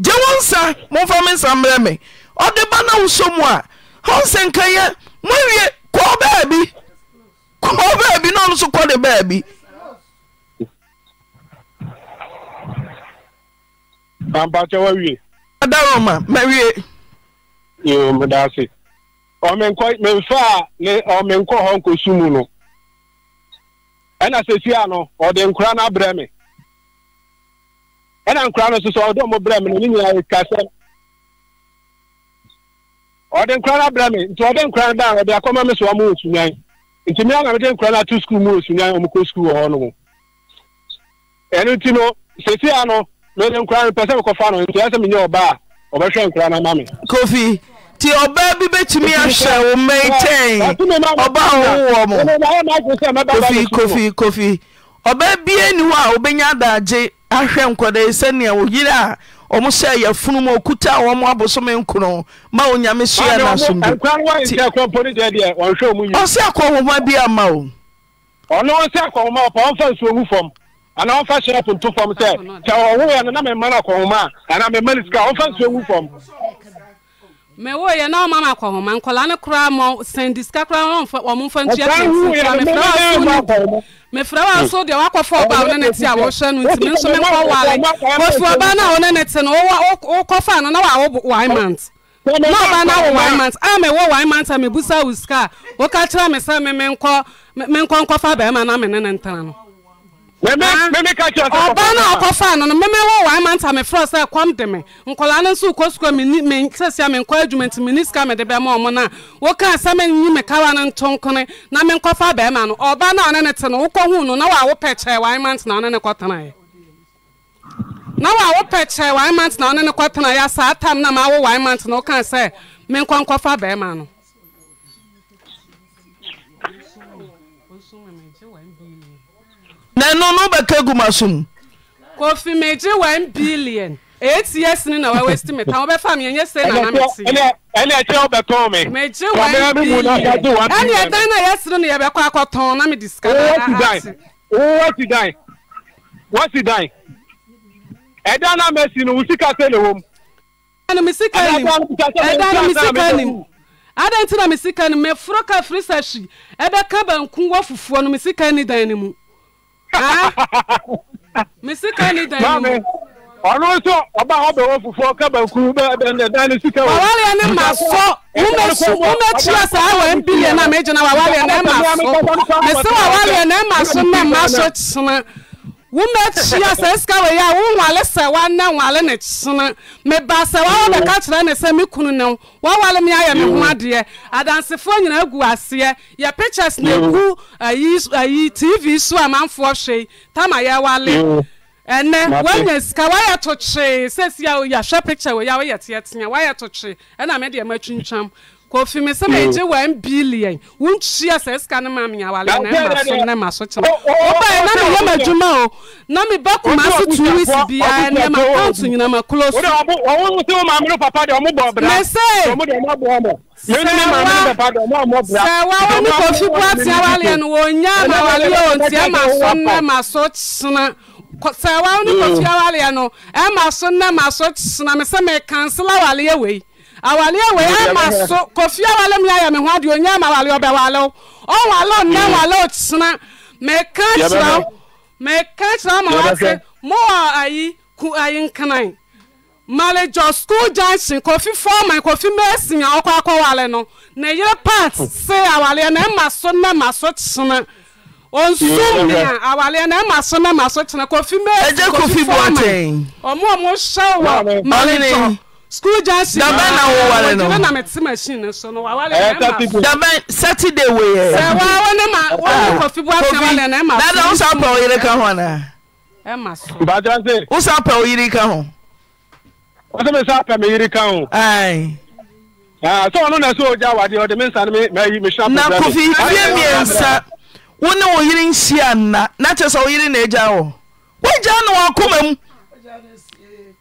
gye wo nsa momfa me nsa mmerɛ me ɔde ba no woso mu a hɔ sɛ nka yɛ moawie kɔɔ baabi kɔɔ baabi na ɔno so kɔde baabi ampakyɛ wawie adaroma mawie medase ɔmenkɔ memfa ne ɔmenkɔ hɔ nkɔsu mu no ɛna sɛsia no ɔde nkora no abrɛ me ɛna nkura no soso ɔde ɔmo brɛ mi no ne nyinaa ɛka sɛ ɔde nkura no abrɛ mi nti ɔde nkura no dan ɔde akɔma mi so ɔmo osunyan nti mi ana mi de nkura no ato sukuu mu osunyan ɔmo kɔ sukuu wɔ hɔ no mo ti no sese ano mi de nkura no pɛ mi kɔfa no nti ɛsɛ mi nye ɔbaa ɔbɛhwɛ nkura no ama mi. kofi ti ɔbaa bi bɛtumi ahyɛ wo mɛntɛn ɔbaa wo wɔ mo kofi kofi kofi. ọbaa bia ni hɔ a obɛnya adagye ahwɛ nkɔdee sɛnea oyere a ɔmo sɛ yɛ funumu okuta a wɔmo abosome nkono ma onyame hyia n'asomdwe ɔsɛ akɔnhoma bi ama o ɔno sɛ akɔnhoma ɔpa ɔmfa nsuogu fam anaa ɔmfa hyɛ aponto fam sɛ sɛ ɔwoɛ no na mema no akɔnhoma a anaa mema no sika ɔmfa nsuogu fam mɛwo yɛ na ɔma ma akɔ homa nkɔla ne kora ma sɛndi sika kora ɔmo mfa ntua kɛnsi mefrɛ wa so deɛ wakɔfa ɔba wo ne ne te a wɔhwɛ no wa. me nso menkɔ wale kɔfi ɔba no a wo ne ne te no wokɔfa no na wawo wan mant na ɔba no awo wan mant a mɛwɔ wan mant a mebusa wo sika woka kyerɛ me sɛ me menkɔ menkɔ nkɔfa bɛrima na me ne ne ntena no Ah? ɔbaa no a ɔkɔfaa no no meme wɔ wa ma nta mefrɛ sɛ kɔm de me nkɔlaa no nso wokɔ sukɔ sɛsia menkɔ adwuma nti meni sika mede bɛma ɔmo no a wokaa sɛ menyi me kawa no nto nkone na menkɔfa bɛrima no ɔbaa no a ɔne ne te no wokɔhu no na wa wopɛ kyɛɛ wa mant na ɔne ne kɔtenaeɛ na wa wopɛ kyɛɛ wa mant na ɔne ne kɔtenaeɛ saa tam na ma wo wa mant na wokaa sɛ menkɔnkɔfa bɛrima no na ɛno no wobɛka ma so kofi megye one billion eight years ni na wa waste mi kan wọbɛfa mi enye se nana mi si. ɛni ɛkyɛ ɔbɛtɔn mi. mɛgye wa bi ɛni ɛdan na yɛsiri ni yɛbɛkɔ akɔtɔn na mi di sika na ha ase. wɔsi dan wɔsi dan ɛdan na mɛ si no wusi kase le wɔm. ɛdan mi sika nim ɛdan na mi sika nim adan ti na mi sika nim mɛ furo ka firi sa si ɛbɛka banku wɔ fufuo no mi sika ni dan ni mu mesika ni dan mu ɔno nso ɔba hɔ bɛwɔ fufuo kabaku bɛdan ne sika wawaleɛ ne ma so womɛkyia saa wɔ mbiliɛ no a megyina wawaleɛ ne ma so mese wawaleɛ ne ma so na ma so kyena womɛkyia sɛ sika wɔ yɛ a wo nwale sɛ woana nwale ne kyena meba sɛ woawa bɛka kyerɛ ne sɛ me kunu ne wo woawale me ayɛ me ho adeɛ adansefoɔ nyinaa gu aseɛ yɛ pictures na ɛgu ayi tv so a manfoɔ hwei tama yɛwale ɛnɛ woanya sika woayɛ to kyee sɛsi a yɛhwɛ picture wɔ yɛ a woyɛ teɛtea woayɛ to kyee ɛna me deɛ matwintwam kofi mi sɛ megye wa billion wontua sɛ sika no maa meyawale na ɛma so na ɛma so kyerɛ wobaɛ na meyɛ m'adwuma o na meba koma so two weeks biaa nɛ ma account nyina ma close mesɛ sɛ wawa ne kofi bo ate awaleɛ no wɔnya ma waleɛ ɔnti ɛma so na ma so kyena sɛ wawo ne kofi awaleɛ no ɛma so na ma so kyena me sɛ mekansela waleɛ wei awale ewe ama so kofi awale mi ayɛ me ho adeɛ onya ama awale ɔbɛwale ɔwale ɔnna wale ɔtena mɛka kyerɛ mɛka kyerɛ ama wate mo wɔ ayi ku ayi nkanan malejɔ school junction kofi foreman kofi mason a ɔkɔ wale no ne yere part se hmm. awale na ɛma so na ɛma so tena onsum nea awale na ɛma so na ɛma so tena kofi mason kofi foreman ɔmo ɔmo hyɛ wɔ malejɔ school jersey. dabe na wo wale no. dabe na mɛ ti machine so no wa wale eh, na ma fo. dabe saturday wo yɛ. sɛ wa wo ne ma wo ne kɔfi bu afia wale na ma fo. dada wosan pɛ o yiri ka ho ana. Ah, ɛ ma so. bàtà se. wosan pɛ o yiri ka ho. wọ́n mi sá pẹ̀ mi yiri ka ho. ayi. sọ wọn nana so o ja awade ọdẹ mi nsa ni mi mẹ yi mi sá pẹ. na kofi fie miensa wo ne e wo yiri nhyia nna na kyerɛ sɛ wo yiri na egya wɔ wo gya na wɔn akoma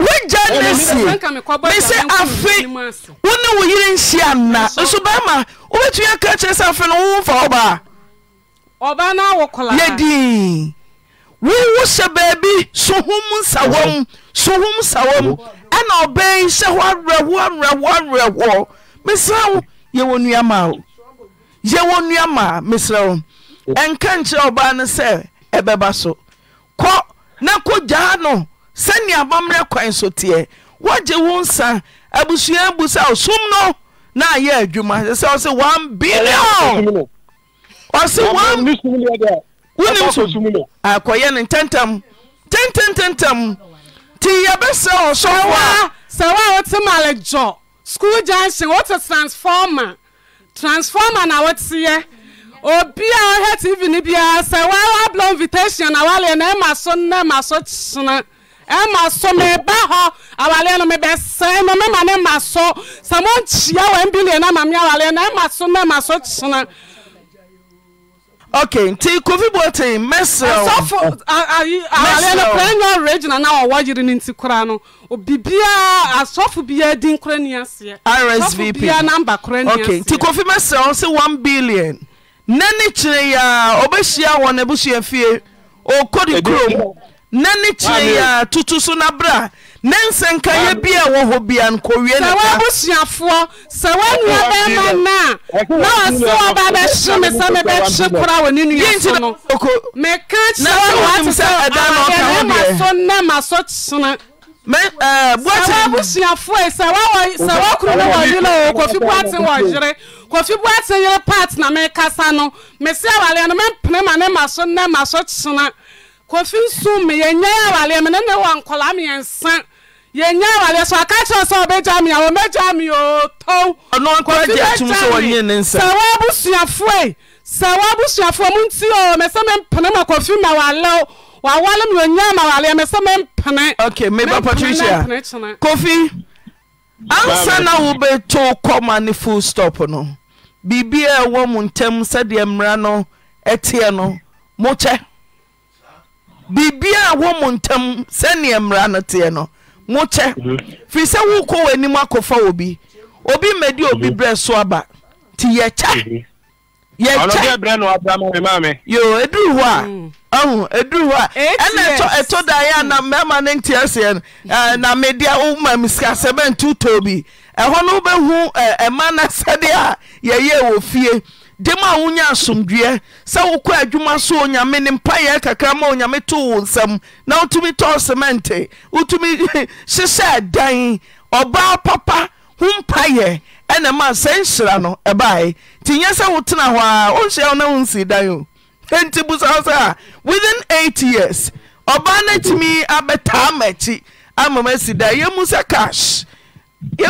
wogya nɛ sieme sɛ afe wo ne wo yere nhyi anna nso bɛrima wobɛtumɛ kaa kyerɛ sɛ afe no wowo mfa ɔbaa yɛ di wowo hyɛ baabi sohom nsaa m sohom sawa m ɛna ɔbɛa yi hyɛ hɔ awerɛhoɔerhoɔ mesrɛ wo yɛwɔnama yɛwnama mesrɛ wo nka nkyerɛ ɔb n sɛ bɛbasokɔ na kaa no Sani amammerɛ kwan so teɛ wogye wo nsa abusua bu sɛ ɔsom no na ayɛ adwuma ɛ sɛ ɔse 1 billion ɔse wonim akɔyɛ no ntɛntɛm tɛntɛntɛntɛm nti yɛbɛsɛ ɔsɔfo a sɛ woa wote malegyɔ school junction wote transformer transformer na woteɛ obi a ɔhɛ tv no biara sɛ wa woablɔ invitation na woaleɛ na ɛma so nnɛ ma so kyena ɛma so meba hɔ awaleɛ no mebɛsɛe no mema ne ma so sɛ monkyia wɔ mbilie no amame awaleɛ no ɛma so mema so kyena okay nti kofi boaten mɛsrɛ sɔfo awaleɛ no kora nyɛ ɔregina na wɔwɔ yere no nti kora no obibiaa asɔfo biaa din kora ni aseɛ rsvpbiaa namba kora ni okay nti kofi mɛsrɛ wo one 1 billion na ne kyerɛ yɛ a ɔbɛhyia wɔ n'abusua fie ɔkɔde kurom na ne kyerɛ yɛ a tutu so na berɛ ne nsɛnkaeɛ bi a wɔ hɔ bia nkɔwie sɛ woabosuafoɔ sɛ woanua bɛma na a na ɔse wɔba bɛhye me sɛ mebɛhye kora wɔ ne nua so no meka kyerɛ sɛ wɔate sɛ so nɛ ma so kyena sɛ woabosuafoɔ sɛ wɔkoro no wɔ yere o kɔfi boate wɔ yere kɔfi boate yere part na mekasa no mese awaleɛ no mempene ma ne ma so nɛ ma so kyena kofi nso me yɛnya yɛ awareɛ me ne ne wɔ nkɔla mmiɛnsa yɛnya awareɛ so aka kyerɛ sɛ ɔbɛgya me a wɔmɛgya me otɔn sɛ woabusuafoe sɛ woabusuafoɔ mu nti o mɛ sɛ mempene ma kofi ma walew wawale me ɔnya ma awareɛ mɛ sɛ mempene ok meba patricia kofi ansa na wobɛto kɔma ne full stop no biribiaa ɛwɔ mu ntam sɛdeɛ mmara no ɛteɛ no mokyɛ biribia a wɔ mo ntam sɛnea mmara no teɛ no mokyɛ firi sɛ worekɔ w'anim akɔfa obi mmɛdi obi berɛ so aba nti yɛkyɛ yɛkyɛ yo ɛduru hɔ a mm. ɔhu ɛduru hɔ a ɛna ɛtɔ da eɛ ana mmarima no nti aseɛ no na mede a woma me sika sɛ bɛnti bi ɛhɔ no wobɛhu ɛma no sɛdeɛ a yɛyɛɛ wɔ fie dma wonya asomduɛ sɛ wokɔ adwuma so onyame ne mpayɛ kakra ma onyame too wo nsɛm na wotumi tɔ cemɛnte wotumi hyehyɛ dan ɔbaa papa ho mpayɛ namaa sɛ nhyira no baɛ nti yɛ sɛ wo tena hɔ a ɔhyia wonoho si dan o nti bosa wo sɛ a within e years ɔbaa no tumi abɛtaa makyi amamasidanym sɛ kas ɛa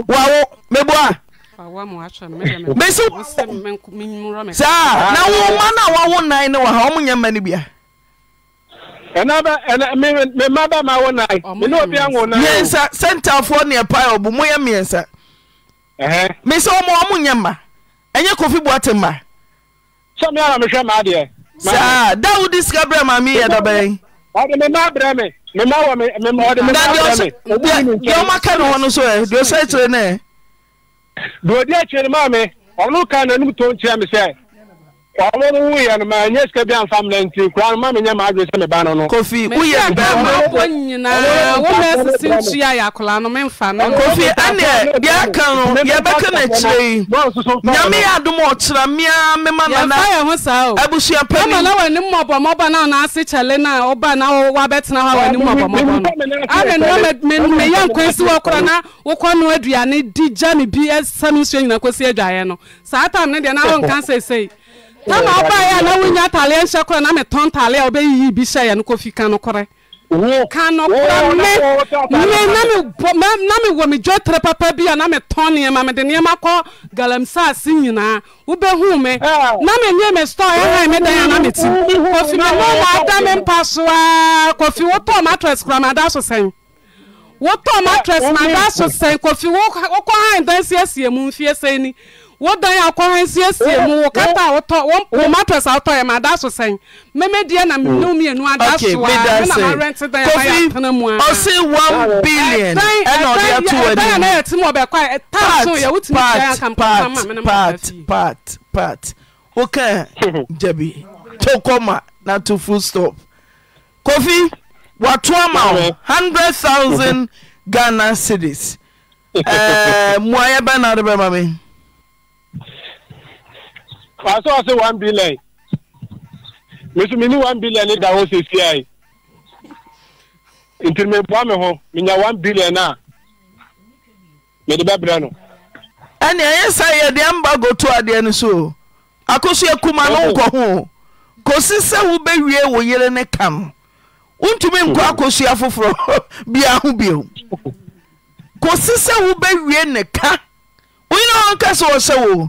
wowo mɛboa ɛsaa na wo ma no wawo nan ne wa ha wa monnyɛ mma no biamiɛnsa sɛntalfoɔ neɛ pai ɔbu moyɛ mmiɛnsa mɛn sɛ wɔma wa monnyɛ ma ɛnyɛ kofiboa te maɛ saa da wod ska berɛ mamyɛdabaɛ mema wɔ me mema ɔde mema wɔ me obi ni nkyɛn deɛ ɔma ka ne ho no so ɛ deɛ ɔsɛ kyerɛ ne deɛ ɔdi akyire ne maa me ɔno ka n'anim to nkyerɛ sɛ ɔno no wuyɛ no maanyɛ sika bi amfam na nti kora no ma menyɛ maadwe sɛ meba no no kofi woyɛ bɛmakɔ nyinaa wona asisi ntua yɛ akola no memfa no kofi ɛneɛ deɛ aka no yɛbɛka no akyirɛ yi nyame yɛ adom ɔkyerɛ mea mema nanayɛ ho saa o abusua pani na w'ani mmɔbɔmmɔbɔ no anaase kyɛle no a woba na woabɛtena hɔ a w'ani mmɔbɔmmɔbɔ ah, no amenoa meyɛ nkwa si wɔ korɔ na wokɔ no aduane di gya me bi asɛm nsuo nyina kɔsi adwaeɛ no saa tam ne deɛ na tama wobaɛnwonya tale ns kor na me tn talea wobɛyebisɛne kofi kanokor kankrm n mewmejtere papa bin me tɔnnm medeneɛmak galamsase nyinaa wobehume n meemestɛmetmnda mempasa kfi wotmatress kramads swotmatress madso sɛ wokɔa nssiemu fieseini wodan akɔhan siesie mu wo kata a wotɔ wo matress a wotɔ yɛ ma ada so sɛn mɛmɛ deɛ na mmienu mmienu ada so a mɛ na ma rent dan yɛ ma yɛ mu a. ɔsi one billion ɛna ɔde ato wɔ anim ɛdan yɛ na yɛ ti mu ɔbɛ kɔ a taa so yɛ wotumi kɛ akampana ma mɛ na ma fi. part part okay jabi to kɔma na to full stop kofi wato ama hundred thousand ghana cities ɛɛ mua yɛ bɛ na wàásù ọ̀sẹ̀ one billion mesu ni one billion ni dawo sisi ayi e. nti mi bọ́ mi ho mi nya one billion a mi de bẹ́ brẹ no. ẹnì ẹ̀yẹ sá yẹ deẹ ń bá gòtò adìẹ ni so akoso ekuma no nkọ ho kò sí sẹ́wọ́ bẹ́ wie wò yẹrẹ ne kam ntumi nkọ akoso afoforọ bi ahu bi o kò sí sẹ́wọ́ bẹ́ wie ne ka wọ́n náà wọ́n kẹ́sọ̀ wọ́n sẹ́wọ́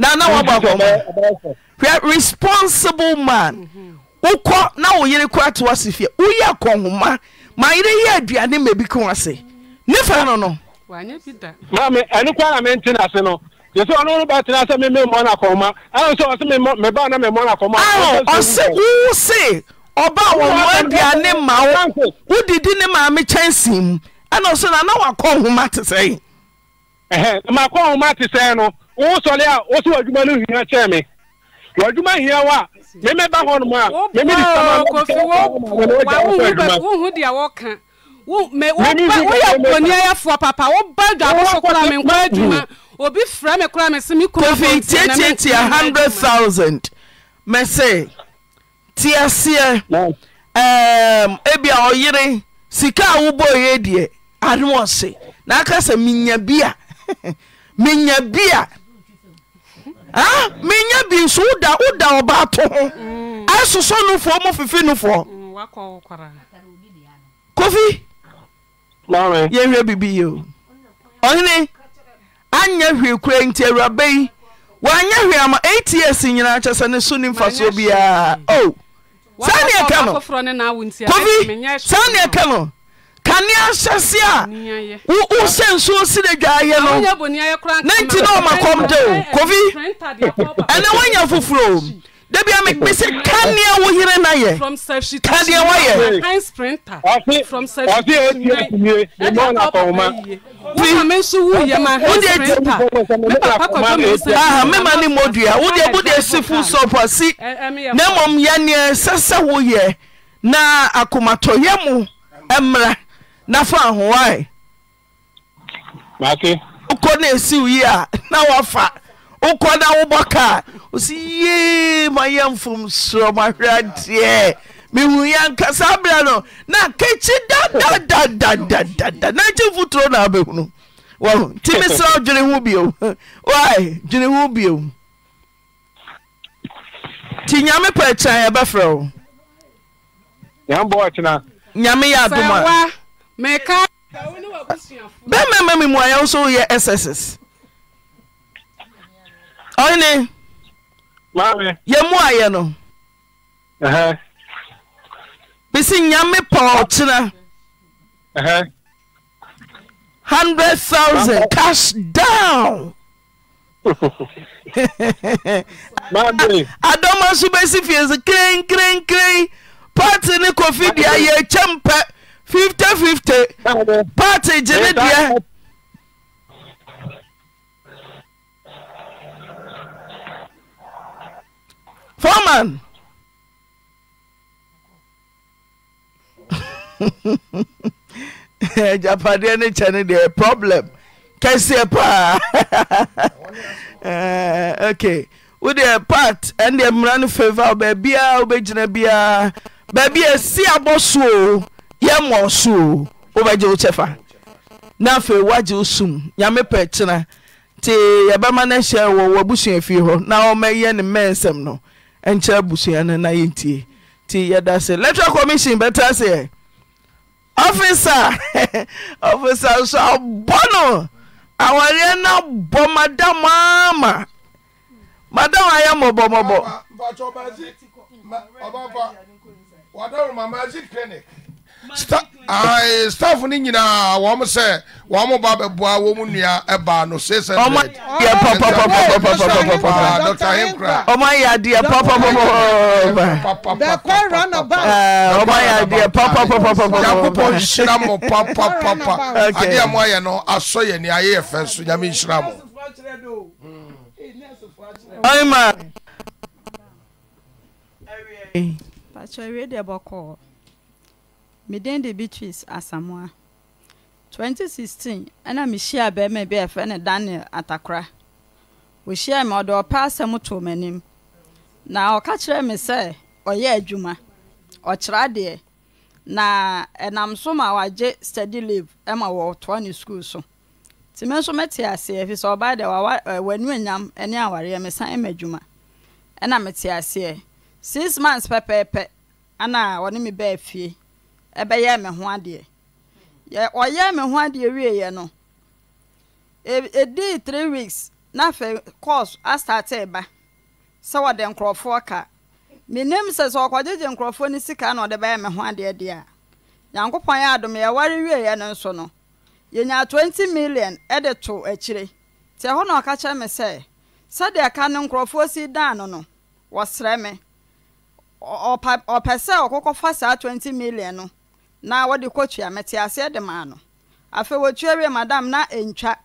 na na wɔbɔ akɔmmɔ hwɛ responsible man mm-hmm. wokɔ na wo yere kora te wase fie woyɛ akɔnhoma ma yere yɛ aduane ma bi ko ase ne fa no no maame ɛno kora na mentena ase no yɛsɛ ɔno no ba tena sɛ mememmɔ no akɔnhoma ɛno sɛ ɔse ba na memmɔ no akɔnhoma ɔse wo se ɔba wɔmmɔ aduane ma wo wodidi ne maame kyɛnsee mu ɛna ɔso na na wakɔnhoma te sɛe makɔnhoma te sɛe no wọ́n sọ̀rọ̀ yà ó sì wọ́n ní hìyà kyẹ́ mi wọ́n adwuma hìyà wa mímẹ́ bá hɔ nomu a mímẹ́ di sàmà ọ̀hún kò fi wọ́n wọ́n hu di àwọ̀ kan woyɛ poni ayɛfoɔ papa woba dwabo so kora me nkɔ adwuma obi frɛ me kora me se me kofi tiatietia 100000 me se teaseɛ ebia ɔyere sika a wobɔɔyɛ deɛ ano ɔse na aka sɛ menya bi a menya bi a Ah, menya bi nso woda woda ɔbaa to ho ɛsosɔ mm. nofoɔ mo fifi nofoɔ mm, kofi yɛnhwɛ biribi yio ɔhene anyɛ hwee kora nti awuraba yi wɔanyɛ hwee ama eight years nyinaa kyɛ sɛ ne so ne mfasoɔ biara o oh, saa neɛ ka no kofi saa neɛ ka no kanea hyɛse a wohyɛ nsuo si ne dwaa yɛ no ne nti ne ɔma kɔm de o kofi ɛnɛ woanya foforo da bia mese kanea wo yere na yɛ kanea woyɛ mema ne mmɔdua wode wode si fo sɔpɔ si na mmom yɛneɛ sɛ sɛ woyɛ na akomatɔyɛ mu mmra na fa ahoa ɛ. wokɔ na esiw yi a na wafa wokɔ na wobɔ kaa osi yee ma yɛ mfom soro ma hwɛ adeɛ mehu yɛ nkasa abira no na kekyi dadadadadadada na ekyi futuro na abɛhunu wɔn ti mi sɛ ɔdwene ho bio wae dwene ho bio ti nyame pɛ kyɛn ɛbɛfrɛ o. nyame bɔ ɔkyena. nyame yɛ aduma. bɛmɛma memuayɛwo so yɛ sss ɔne yɛmu ayɛ no bi si yame paɔtena 1000s0 cas don adɔma so bɛsi fie so krenknkren pate ne kofidea yɛ kyɛmpɛ 5050 part gyene deɛ fman padeɛno kyɛn deɛ problem kɛseɛ paa eh, wodeɛ part nde mmra no feiva obaabiaa wobɛgyina biaa baabia siabɔ soo yɛ ma ɔso o wobɛgye wo kyɛfa na afei woagye wo sum nyame pɛ kyena nti yɛbɛma no hyɛ wɔ w'abusua fie hɔ na ɔmɛyɛ ne mmɛnsɛm no ɛnkyerɛ abusua no na yɛntie nti yɛda sɛ electoral commission bɛtra sɛ ɔfisa ɔfisa nso abɔ no awareɛ no abɔ madam ama madam ayɛ mmɔbɔmmɔbɔ ɔbɛfa wɔdɛ wɔ mama agye clinic staff no nyinaa wɔm sɛ wɔm ba bɛboa wɔ mu mo papapapa adeɛ no asɔ yɛ nea ayɛyɛ fɛ so nyame nhyira mo Amen. Patrɔ ewie deɛ meden de beatrice asamoa 2016 ɛna mehyia bɛrima bi a ɛfɛ ne daniel atakora wɔhyia me ɔde ɔpɛ asɛm too m'anim na ɔka kyerɛ me sɛ ɔyɛ adwuma ɔkyerɛ adeɛ na ɛnam so ma wagye study leave ma wɔtoa ne school so nti me nso mete aseɛ ɛfiri sɛ ɔbaa deɛ wanu anyam ne awareɛ mesan ma adwuma ɛna mete aseɛ six months pɛpɛɛpɛ ana ɔne me baa fie ɛbɛyɛ me ho adeɛ yɛ ɔyɛ me ho adeɛ wieɛ no e, ɛdii three weeks na afei course astate ba sɛ wɔde nkurɔfoɔ ka menim sɛ sɛ ɔkɔgyegye nkurɔfoɔ no sika na ɔde bɛyɛ me ho adeɛ deɛ a nyankopɔn yɛ adom wie wieɛ no nso no yɛnya 20 million ɛde to akyire nti ɛhɔ na ɔka kyerɛ me sɛ sɛdeɛ ka no nkurɔfoɔ si dan no no wɔsrɛ me ɔpɛ sɛ ɔkɔkɔfa saa 20 million no wde kɔtmete ase de maa no afei wɔtuawie madam na ɛntwa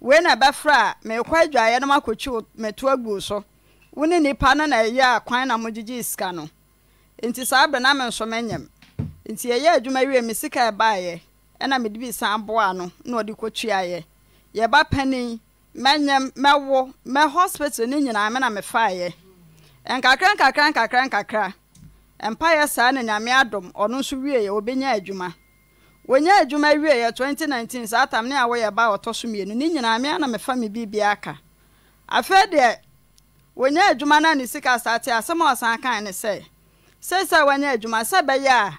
wii na ɛbɛfrɛ a meekɔ adwaeɛ nom akɔkwiwo mato agbuu so wo ne nnipa no na ɛyɛ a kwan na mogyigye sika no enti saa berɛ na me nsome nyam nti yɛyɛ adwuma wie me sika ɛbaaeɛ ɛna medibi san aboa no na wɔde kɔtuayɛ yɛba paniy mɛnyɛm mɛwo mɛ hospital ne nyinaa me na mefaeyɛ nkakra nkakra nkakra nkakra mpaeɛ saa na nyame adom ɔno nso wieɛ wɔbɛnya adwuma wɔnya adwuma wieɛ 2019 saa tam ne a wɔyɛ a ɔtɔ so mmienu ne nyinaa me ana mefa me biribia aka afei deɛ wɔnya adwuma no a ne sika saa te asɛm a ɔsan kan ne sɛ sɛsɛ wɔanya adwuma sɛ ɛbɛyɛ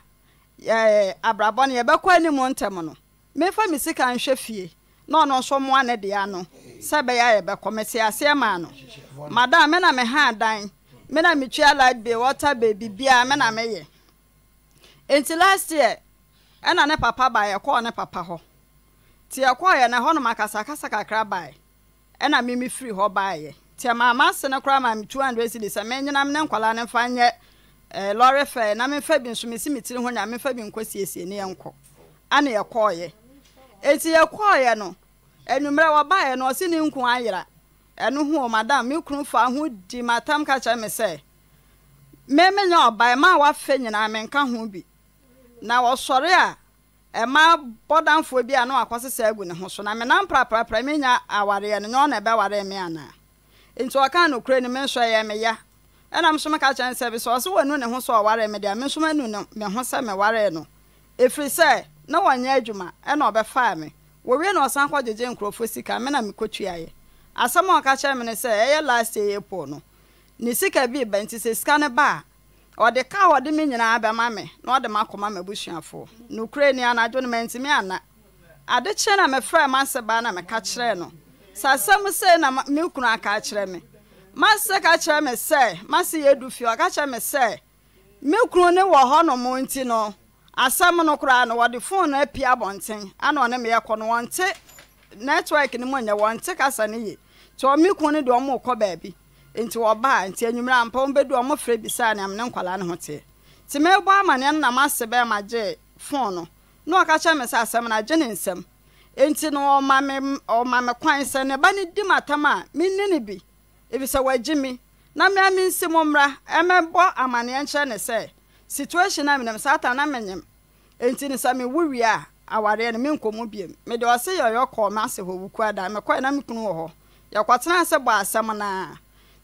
a abrabɔ no yɛbɛkɔ anim ntɛm no mefa me sika nhwɛ fie na ɔno nso mmoa ne deɛ ano sɛ ɛbɛyɛ a yɛbɛkɔ mete aseɛ maa no madam me na meha adan me na metwea light bill water bill bibia me na meyɛ nti last year ɛna ne papa ba yɛkɔɔ ne papa hɔ nti yɛkɔɔ yɛ na hɔnom akasakasa kakra bae ɛna mimi firi hɔ baeɛ nti maama se no koraa maame two hundred cedi sɛ menyinam ne nkwadaa ne mfa nyɛ ɛɛ lɔre fɛ na mefa bi nso mesi me tiri ho nya mefa bi nkɔ siesie ne yɛn kɔ ana yɛkɔɔyɛ eti yɛkɔɔyɛ no enumere wɔbaeɛ no ɔsi ne nko ayera ɛno hu o madam me kunu fa ho di matam ka kyerɛ me sɛ memenya ɔbae ma a wafe nyinaa e menka ho bi na wɔsɔre a ɛma e bɔdamfoɔ bi a na wakɔ sesɛ ne ho so na menam praprapra menya awareɛ no nyɛ ɔna ɛbɛware me anaa nti ɔka nso ɛyɛ me ya ɛna m sɛ bi sɛ ne ho ɔware deɛ nso ho sɛ no efiri sɛ na adwuma ɛna na ɔsan nkurɔfoɔ sika na asɛm a ɔka kyerɛ sɛ ɛyɛ last year april no ne sika bi ba nti sɛ sika no ba a ɔde ka a ɔde me nyinaa bɛma me na ɔde makɔma m'abusuafoɔ nokura ni anadwo no mantumi ana ade kyerɛ na mefrɛ mase baa na meka kyerɛ no sɛ asɛm sei na me kunu aka kyerɛ me mase ka kyerɛ me sɛ mase yɛ fie ɔka kyerɛ me sɛ me kunu ne wɔ hɔ nom nti no asɛm no koraa no wɔde fon no apie abɔnten ana ɔne meyɛkɔ no wɔnte network no mu nyɛ wɔnte kasa no yie nti ɔmi kun ne de ɔmo kɔ baabi nti ɔbaa nti enyimire ampa ɔmo bedu ɔmo fere bisaa ne amene nkwalaa ne ho teɛ nti mɛ bɔ ama ne nam ase bɛɛ ma gye fon no na ɔka kyerɛ me sɛ asɛm na gye ne nsɛm nti na ɔma me ɔma me kwan sɛ ne ba ne di ma tam a me ne ne bi ebisɛ wɔagye mi na mmea mi nsi mu mmra ɛmɛ bɔ amaneɛ nkyerɛ ne sɛ situation a menem saa ata na menyem nti ne sɛ me wu wie a awareɛ no me nkɔ mu biem mede ɔse yɛyɛ kɔɔ me ase hɔ wuku ada mekɔɛ na me kunu wɔ hɔ yɛkɔtena ase bɔ asɛm naa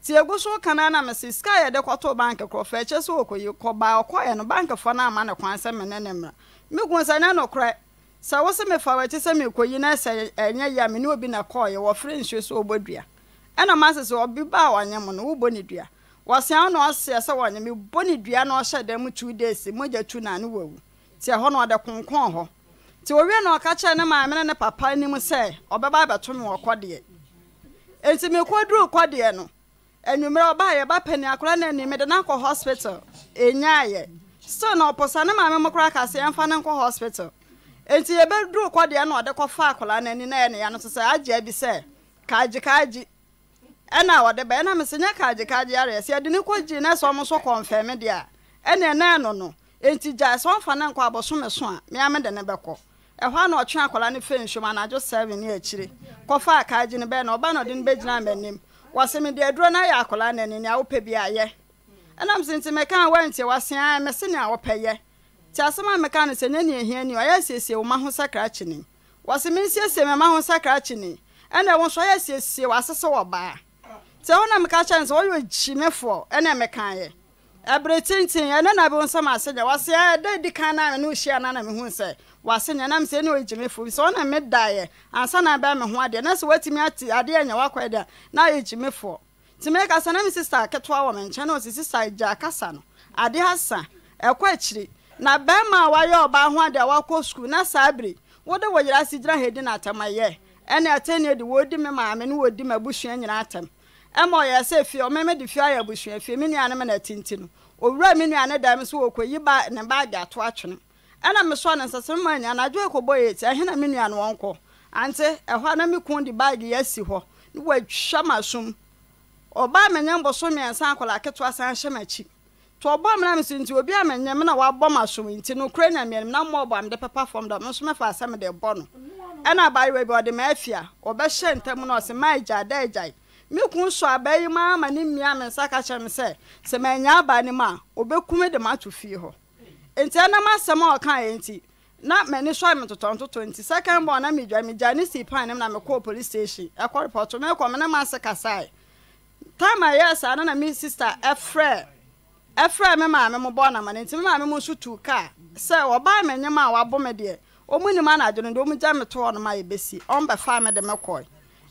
tie egu so kana na mesi sika yɛ de kɔto banki korɔfo ɛkyɛ sɛ okoyi kɔbaa ɔkɔyɛ no bankifoɔ no ama ne kwan sɛ me ne ne mmra megun sɛ ne nokorɛ sɛ wose mefa w'akyi sɛ mekoyi na sɛ ɛnyɛ yɛ me ne obi na kɔɔyɛ wɔfrɛ nsuo sɛ ɔbɔ dua ɛna e ma sɛ sɛ ɔbi ba a ɔnyɛ mo no wobɔ ne dua wɔsea na ɔseɛ sɛ wɔnyɛ mebɔ ne dua na ɔhyɛ dɛm mu two days mogya tu na ne wawu nti ɛhɔ na ɔde konkɔn hɔ nti owie na ɔka kyerɛ ne maame ne papa anim sɛ ɔbɛba abɛto me wɔkɔ deɛ eti mekwoduru kɔ deɛ no enumere ɔbaa yɛ ba pɛni akora na anim de n'akɔ hospital enya yɛ still na ɔpɔsa ne maame mu kora kase yɛnfa ne nkɔ hospital eti ebeduru kɔ deɛ na ɔde kɔfa akora na ani na yɛ ne ya no so sɛ agye bi sɛ kaagye kaagye ɛna ɔde bɛyɛ na mesi nye kaagye kaagye ara yɛsi ɛde ne kɔ gyi na ɛsɛ ɔmo so kɔnfɛm deɛ ɛna ɛna ɛno no eti gya ɛsɛ ɔnfa ne nkɔ abɔsɔmɛso a meame de ne bɛkɔ. ɛhɔ ana ɔtwe akwadaa no nsuom anadwo seven ne kɔfa no na ɔba na ɔde no bɛgyina m'anim wɔsɛ me deɛ aduro no ayɛ akwadaa no ani nea wopɛ bi ayɛ ɛnam sɛ m a wɔantie wɔasea ɛ mese nea wɔpɛ yɛ asɛm a meka no sɛ nyɛ nea ɛhia ni ɔyɛ asiesie wo ma ho ni ma ho sakrakye ni ɛwo nso ɔyɛ asiesie wɔasese baa na kyɛ no sɛ wase nea nam sɛ ne ɔgyeme fo bi sɛ ɔna me daeɛ ansa na bɛɛ me ho adeɛ na sɛ woatumi ate adeɛ anya wakɔ deɛ na ayɛ gyeme foɔ nti mekasa na me sista ketewa wɔ me nkyɛn na ɔsi sista gya kasa no ade asa ɛkɔ akyiri na bɛrima a wayɛ ɔbaa ho adeɛ a wakɔ sukuu na saa bere wode wɔ yerɛ ase gyina hɛdi na atɛm ayɛ ɛne ɛtɛni de wɔdi me maame ne wɔdi me abusua nyinaa atɛm ɛma ɔyɛ sɛ fie ɔme me de fie ayɛ abusua fie me nua me na tinti no owura me nua ne so wɔkɔyi ba ne baage ato atwene ɛna mesɔ ne nsɛsɛm ma nya anadwo ɛkɔbɔ yɛ ti ɛhe na mi nua no wɔnkɔ ante ɛhɔ na me kun de baage yɛ asi hɔ ne wɔatwa m'asom ɔbaa mɛnyɛ mbɔso mmiɛnsa akɔla ketewa san hyɛ m'akyi to ɔbɔ me na mesɛ nti obi a mɛnyɛ me na wabɔ m'asom nti no kura nya mmiɛnim na mmɔ ɔbɔ amde pɛpa fam da nso mɛfa asɛm de bɔ no ɛna abaayewa bi ɔde m'afia ɔbɛhyɛ ntam na ɔse ma agya da agyae me kun sɔ abaa maa ma ne mmea me nsa sɛ sɛ manya abaa ne mu a ɔbɛkum de m'ato fie hɔ nti ɛnam asɛm a ɔka yɛ nti na m'ani sɔ mi totɔ ntoto nti second born na mi gya mi gya ne si pan ne na mi kɔ police station ɛkɔ report mi kɔ mi ne ma se kasa time a yɛ na na mi sista ɛfrɛ ɛfrɛ mi maame mo bɔ nama ne nti mi maame mo nso tu kaa sɛ ɔbaa mi nyɛ mu a wabɔ mi deɛ wɔn nim anadwo no deɛ wɔn gya mi to hɔ nom besi wɔn bɛ fa mi de mi kɔ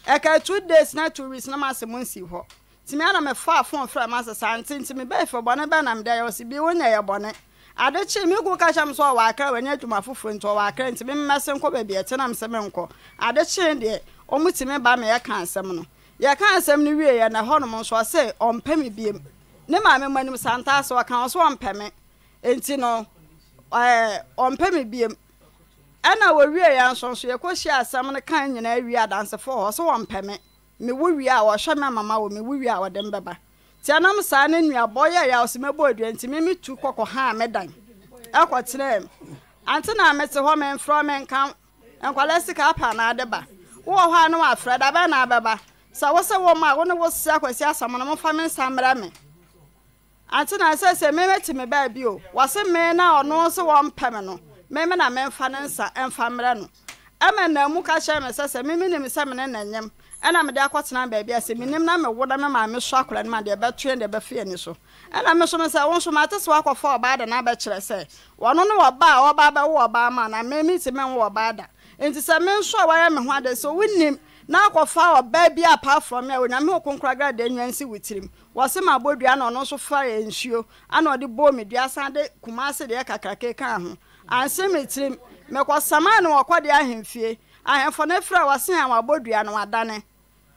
ɛka two days na two weeks na ma se mo nsi hɔ tìmí anam ɛfa afɔn fira ma sɛ saa nti nti mi bɛyɛ fɛ bɔne bɛyɛ nam deɛ yɛ bi wɔn nyɛ yɛ bɔne adekyi mi gu kakyɛ m sɛ ɔwɔ akra wɔnyɛ adwuma foforɔ nti ɔwɔ akra nti memmɛ se nkɔ baabi ɛte nam sɛ menkɔ adekyi deɛ ɔmu tumi ba me yɛka asɛm no yɛka asɛm no wie yɛ na hɔnom nso ɔse ɔmpɛ me biem ne maame mu anim santa sɛ ɔka ɔso ɔmpɛ me nti no ɛɛ ɔmpɛ me biem ɛna wɔwie yɛ nso nso yɛkɔhyia asɛm no kan nyinaa wie adansefoɔ hɔ ɔse mi me mewo wie a ɔhwɛ me amama wɔ mewo wie a ɔde me tia nam saa ne nua bɔyɛ yɛ ɔsɛmɛbɔ adua nti mimi tu kɔkɔ hã me dan ɛkɔ kyerɛ mu ante na mete hɔ memfrɛ me nka nkwalɛ sika apa na ade ba wowɔ hɔ a ne wafrɛ da bɛn na abɛba sɛ wo sɛ wɔ mu a wo ne wo sisi akwasi asam no momfa me nsa mmerɛ me ante na sɛ sɛ meme te me baabi o wɔse me na ɔno nso wɔmpɛ me no meme na memfa ne nsa ɛmfa mmerɛ no ɛma na mu ka kyerɛ me sɛ sɛ meme nim sɛ me ne nanyam ɛna mede akɔtena baabi a sɛ menim na mewo da me maame so akora no ma deɛ bɛtoɛ deɛ bɛfe ani so ɛna me so me sɛ wo nso mate sɛ woakɔfa ɔbaa da na bɛkyerɛ sɛ wɔno ne wɔbaa a ɔbaa bɛwo ɔbaa ma na me mete menwo ɔbaa da nti sɛ me nso a wayɛ me ho adɛ sɛ wonim na akɔfa ɔbaa bi apart from me a onyame okonkora gra da nnwa nsi wo tirim wɔse ma bɔdua na ɔno nso fa yɛ nsuo ana ɔde bɔɔ me dua san de kuma ase deɛ kakrake kaa ho anse me tirim mekɔsamaa ne wɔkɔde ahemfie ahemfo ne frɛ wɔse a wɔabɔdua no wadane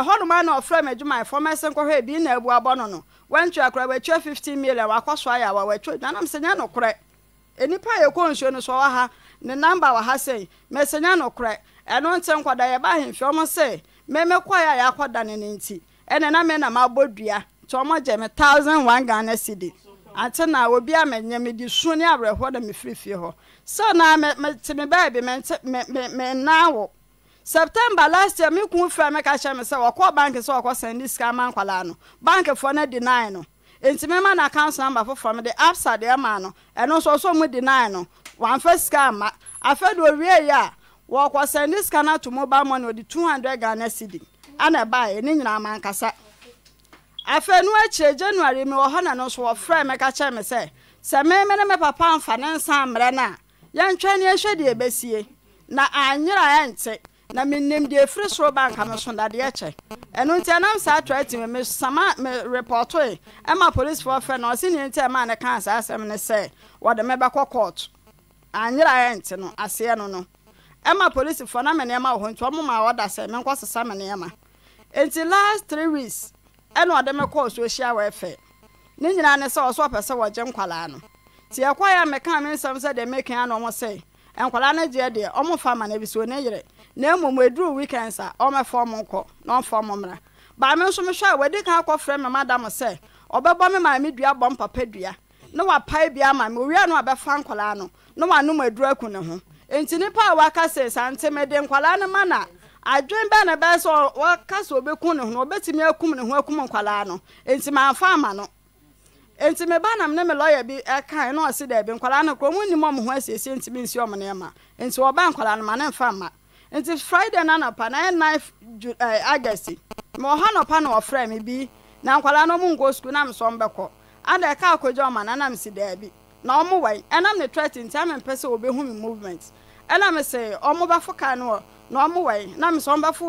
ehonum ana ofrem ejuma information kwa ebi na ebu abonunu wentu akra we twa 15 million wakwaso ya wa wetwa nanam senya no kre enipa ye ko nsuo no so wa ha ne namba wa ha sei me senya no kre eno nte nkwada ye ba hemfi omo sei me me kwa ya ya kwada ne ne nti ene na me na dua to omo gye me 1001 Ghana cedi ate na obi a menye me di su ne abrehwo na me firifie ho so na me me te me baabi me me me na wo september last year mi kun fẹ mi ka hyẹ mi sẹ ọkọ banki sẹ ọkọ sẹndi sika ama nkwalaa no banki fọ ne deny no nti mi ma na account number foforọ mi de absa de ɛma no ɛno nso ɔsɔ mu deny no wanfɛ sika ama afɛ de owie yi a wɔkɔ sɛndi sika na to mobile money ɔde two hundred ghana cedi ɛna ɛbaa yɛ ne nyinaa ama nkasa afɛ nu akyire january mi wɔ hɔ na no nso wɔfrɛ mi ka kyɛ mi sɛ sɛ mi mi ne mi papa nfa ne nsa mmerɛ na yɛntwɛn ne ehwɛ deɛ ebesie na anyera yɛnte. na menim deɛ ɛfiri soro banka me so dadeɛ kyɛ ɛno nti ɛnam saa trɛti me mesama me repɔtoe ɛma polisifoɔ fɛ na ɔse neɛ nti ɛma ne kaa saa asɛm ne sɛ wɔde me bɛkɔ court anyera ɛ nte no aseɛ no no ɛma polisifoɔ na me nneɛma wɔ hɔ nti ɔmo ma wɔda sɛ menkɔ sesa me nneɛma nti last three weeks ɛna ɔde me kɔɔ social welfare ne nyinaa ne sɛ ɔso ɔpɛ sɛ wɔgye nkwalaa no nti ɛkɔɛ a mekaa me nsɛm sɛ deɛ mekan ano ɔmo sɛ nkwadaa no deɛ deɛ ɔmo fa ma no bi so ne yere na mmom eduru weekends a ɔmɛfa ɔmo nkɔ na ɔmfa ɔmo mmra baame nso mehwɛ a wɔde kan akɔfrɛ me madam sɛ ɔbɛbɔ me maame dua bɔ mpapa dua na wapae bi ama me owia no abɛfa nkwadaa no na wanom aduru aku ne ho nti nipa a waka sɛ sante me nkwadaa no ma na adwen bɛn na bɛyɛ sɛ waka sɛ ne ho na obetumi akum ne ho akum nkwadaa no nti maa fa ama no nti meba nam ne lɔya bi eh, na ɔsi dɛbi nkwadaa no kurom nnim ɔmo ho asiesie ntumi nsi ɔmo nneɛma nti ɔba nkwadaa no ma ne nfa mma nti friday na anapa na ɛyɛ nine ju ɛɛ eh, agasi ma ɔha na ɔfrɛ mi bi na no ɔmo sukuu na nsɔm bɛkɔ ada na nam si dɛbi na ɔmo wɔyi ɛnam ne trɛti nti ama mpɛ sɛ mi movement ɛnam sɛ ɔmo na ɔmo nam wɔ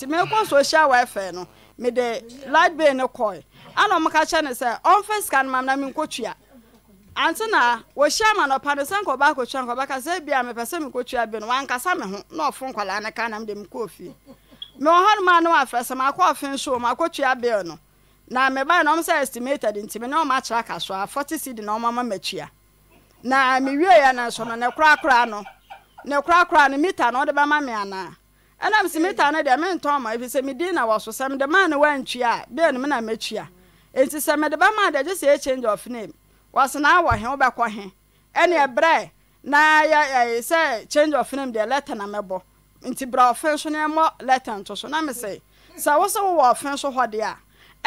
nti mekɔ social welfare no mede light bay ne kɔe ana ɔmoka kyɛ ne sɛ ɔmfa sika no mam na menkɔtua ante na wɔhyia ma nɔpa no sɛ nkɔba akɔtua nkɔbaka sɛ bia mepɛ sɛ bi no ho na ɔfo nkɔlaa ne ka nam de mekɔɔ fie mewɔ hɔ noma ne sɛ bill no na mebae na ɔm sɛ estimated nti me ne ɔma akyerɛ a na ɔmama matua na mewieɛ no nso no ne korakora no ne korakora no mita na ɔde ɛnam sɛ meta no deɛ mentɔn ma ɛfiri sɛ medin na wɔ so sɛ mede maa ne woantwi a bɛɛ no m na mɛtwi a enti sɛ mede bɛmaa deɛ gye sɛ yɛ change of name wɔsena wɔ he wobɛkɔ he ɛne ɛberɛ na yɛ sɛ change of name deɛ lɛtɛ na mɛbɔ nti bra ɔfe so ne ɛmmɔ lɛtɛ nto so na me sɛ sɛ wo sɛ wowɔ ɔfe so hɔ deɛ a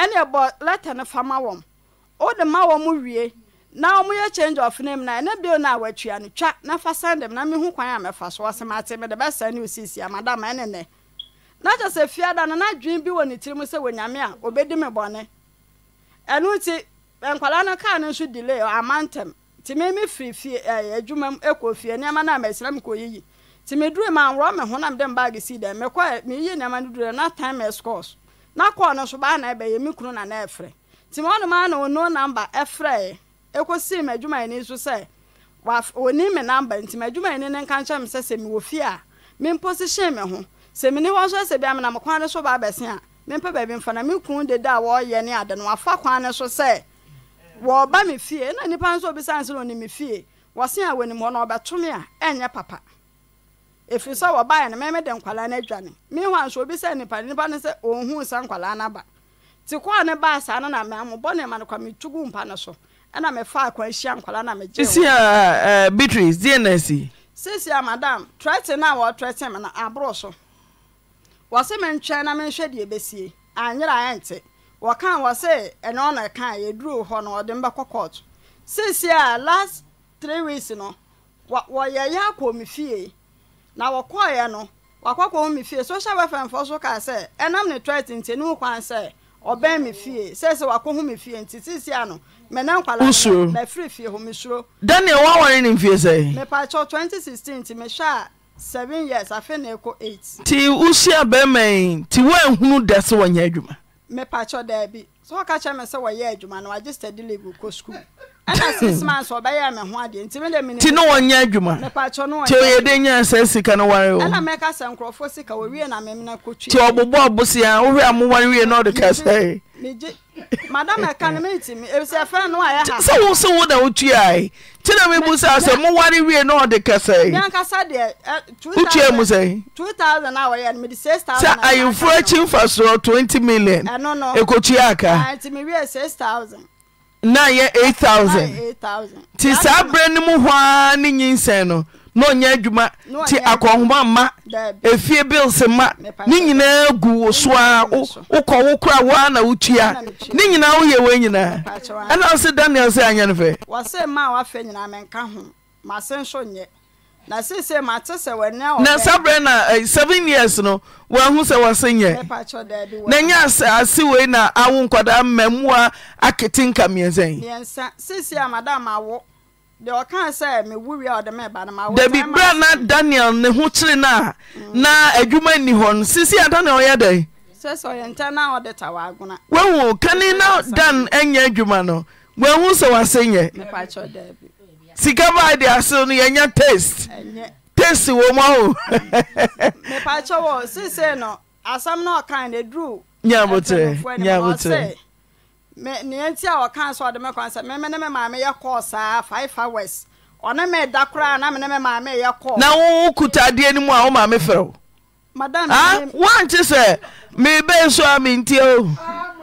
ɛne ɛbɔ lɛtɛ no fa ma wɔm wode ma wɔ wie na wɔn yɛ change of name na ɛna bill na wɔatua no twa na fa send them na mehu kwan a mɛfa so wɔsɛm ate mede bɛsɛn ne osiesie amadam ɛne nɛ na kyɛ sɛ fiada no n'adwene bi wɔ ne tirim sɛ wɔnyame a obedi me bɔne ɛno nti nkwadaa no kaa no nso delay amantam nti mimi firi fie ɛɛ adwuma mu ekɔ fie nneɛma no a mɛsira mu kɔ yiyi nti meduru mu anworɔ me ho nam dɛm baage si dɛm mekɔ meyiyi nneɛma no duru na time escores na kɔɔ no so baa na ɛbɛyɛ me kunu na na ɛfrɛ nti mɔnum a na ono namba ɛfrɛ ekosii ma adwumayɛni so sɛ wɔni me namba nti ma adwumayɛni ne nka nkyɛn mi sɛ sɛ mi wɔ fie a mi mposition mi ho sɛ mi ni wɔn nso sɛ bi amena mo kwan ne so ba abɛsen a mi mpɛ baabi nfa na mi kun deda a wɔreyɛ ne ade no wafa kwan ne so sɛ wɔɔba mi fie na nipa nso obi sa nso oni mi fie wɔsen a wɔnim hɔ na ɔbɛto mi a ɛnyɛ papa efiri sɛ wɔbaayɛ no mɛmɛ de nkwalaa no adwane mi hɔ a nso obi sɛ nipa nipa ne sɛ ohun sa nkwalaa n'aba nti kɔɔ ne baa saa no na meamo bɔne ma no kwa metugu mpa no so ɛna mefaa akwa ahyia nkwala na megyesia eh, eh, beatrice deɛ na asi sisia madam trɛte no a wɔtrɛte me na aborɔ so wɔ se mentwɛn na menhwɛ deɛ bɛsie anyera ɛnte wɔkaa wɔ se ɛne ɔna ɛkaa yɛduruu hɔ no wɔde mbɛkɔ court sisia last three weeks no wɔyɛyɛ akɔ me fie na wɔkɔɔeɛ no wakɔkɔ me fie social welfare mfoɔ so kaa sɛ ɛnam ne trɛte nti kwan sɛ ɔbɛn mi fie sɛsɛ wakɔ ho mi fie nti sisi ano mɛ na nkwalaa usuro mɛ firi fie ho mi suro. daniel wa wɔre ne mfie sɛ. mipatsɔ twenty sixteen ti mi hyɛ a seven years afei na ekɔ eight. ti usia bɛrima yi ti wɔn ehunu dɛsɛ wɔn nyɛ adwuma. mipatsɔ dɛbi sɛ ɔka kyerɛ mi sɛ wɔyɛ adwuma na wagye steady league kɔ sukuu ɛna six months ɔbɛyɛ mɛ ho adeɛ nti mi de mi ni. ti ne wɔn nyɛ adwuma ti o yɛ de nyɛ nsa sika ne wari o. ɛna mɛka sɛ nkurɔfoɔ sika wɔ wie na mɛmi na kotwi. ti ɔbobɔ abosia o hwɛ amu wari wie na ɔde kasa yi. madam ɛka ne mi ti mi ebisɛ fɛn no a ha. sɛ wo sɛ wo na o tu yà yi ti na mi bu sa sɛ mo wari wie na ɔde kasa yi. bi ankasa deɛ ɛ two thousand. o tuya mu two thousand a wɔyɛ no mi di six thousand. sɛ ayinfo akyi nfa so twenty million. ɛno no ekotuya aka. ɛnti mi wie six thousand. nayɛ 8000 nti saa berɛ no m hɔ a ne nyinsɛne no ne ɔnyɛ adwuma nti akɔnhoma mma afie bills mma ne nyinaa gu wo so ara wokɔ wo kora woar na wotua ne nyinaa woyɛ w' nyinaa ɛna wosɛ daniɛl sɛ anya ne fɛ nansaberɛ na 7 eh, years no wɔahu sɛ wɔasenyɛna ɛnyɛ asasewei na awo nkwadaa ma moa akete nka mmiɛnsaidabi berɛ a na daniɛl ne ho kyere no a mm. na adwuma nni hɔ no sesiei a daniɛl ɔyɛ dɛn wohu kane na da n ɛnyɛ adwuma no wɔahu sɛ wɔasenyɛ sika baa de ase no yɛnya tast tast wɔ mu aho mepakyɛ wɔ seesei no asɛm na ɔkae no ɛduru nyabotrɛ neɛnti a ɔkae so ɔde me kwan sɛ meme ne me maame yɛ kɔɔ saa five hours ɔne me da koraa na mene me maame yɛ kɔɔ na wo kutadeɛ no mu a wo maame frɛ wo ah, woankye sɛ mebɛn so a mentie o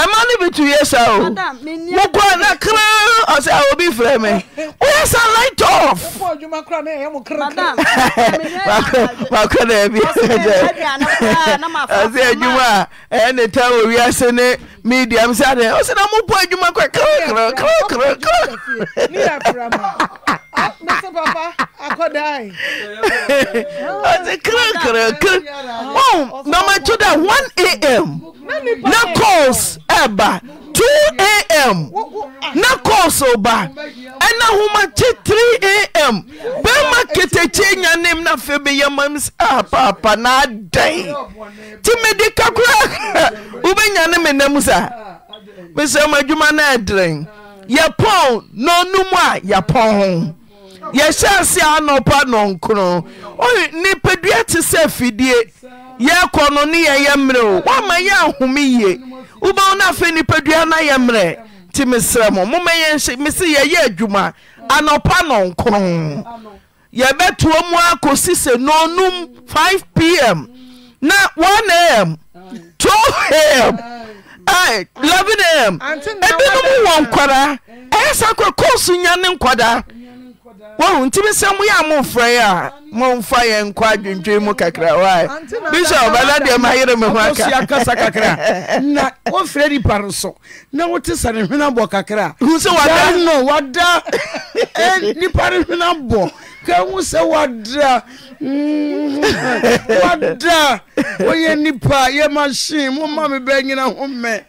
ɔma no bi to yɛ sa o wokɔa na say I will be me Where's sa light off? offmakɔ daabiɔsɛ adwuma a ɛɛ ne ta wɔ wiase ne media m sɛ adeɛ ɔsɛ na mopɔ adwuma kɔ krakrakrakraɔsɛ krakrakra na mato da 1 am na calls ɛba 2am na kuɔso ba ɛna homa kye 3am bɛma ketekyi nyanem no afe mɛyɛmam saapaapa na adae nti mede kakoraah wobɛnyane mennamu sa mesoɛm adwuma no adren yɛ pɔn na ɔnom a yɛ pɔ yɛhyɛ ase anɔpa nɔnkron nnipadua te sɛ afidie yɛrɛ kɔno ne yɛyɛ mmerɛ o woama yɛ ahome yie wobɔhu no afei nnipadua na yɛ mmerɛ nti mesrɛ mɔ mommayɛhy me se yɛyɛ adwuma anɔpa nɔnkron yɛbɛtoa mu a kosi sɛ naɔnum 5 pm na 1am 2am 1am binomwɔ nkwaraa ɛyɛ sa k kɔ so nya ne nkwadaa wohu ntimi sɛ moyɛ a momfrɛ a momfa yɛ nkɔ adwendwen mu kakra wa bishop ɛna deɛ mayere me ho akaakasa kakra na wofrɛ nipa no so na wote sɛ ne hwene bɔ kakra hu sɛ wada no wada nipa no hwene bɔ kahu sɛ wada wada woyɛ nipa yɛ machine moma me bɛɛ nyina ho mɛ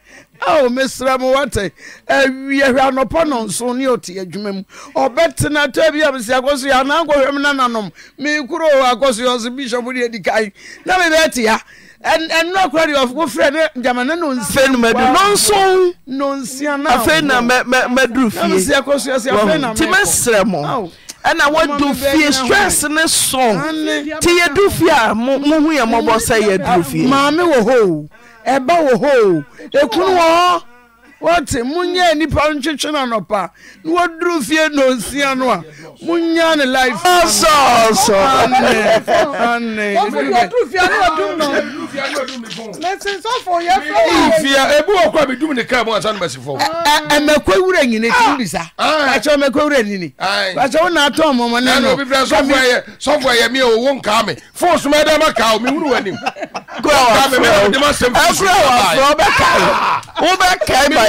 awo mesrɛ mo wate awie e, hwɛ anɔpɔ no nso ne ɔte adwuma mu ɔbɛtena tɔ bi a mesi akɔso yɛ anaa nkɔhwɛ m na nanom mekuro akɔso yɛ ɔso bishop ne adi kan na mebɛte ya ɛno akora deɛ ɔfo frɛ ne gyamane nonsia nonso nonsia na afei na mɛduru fiemesi akɔso yɛ sɛ afei na nti mesrɛ mo ɛna wadu fie stress ne so nti yɛdu fie a mohu yɛ mmɔbɔ sɛ du fie maame wɔ hɔ ɛba wɔ hɔ o ekunu wɔ wɔte monyɛ nipa ntwetwe no anɔpa na wɔduru fie nonsia no a monya ne lifefia ebi wɔ kɔ a medum ne kaa mu ansa no masi fɔ ɛmɛkɔ wura nyine tim ah. bisa akyɛ mɛkɔ wura nini akyɛ wo naatɔ mɔmɔ ne no sɔfoɔ ɛyɛ me ɔwo nkaa me fo som ɛdɛ ma kaa o mehuru w'anim ɛkura wɔ afrɔ wobɛkae wobɛkae ba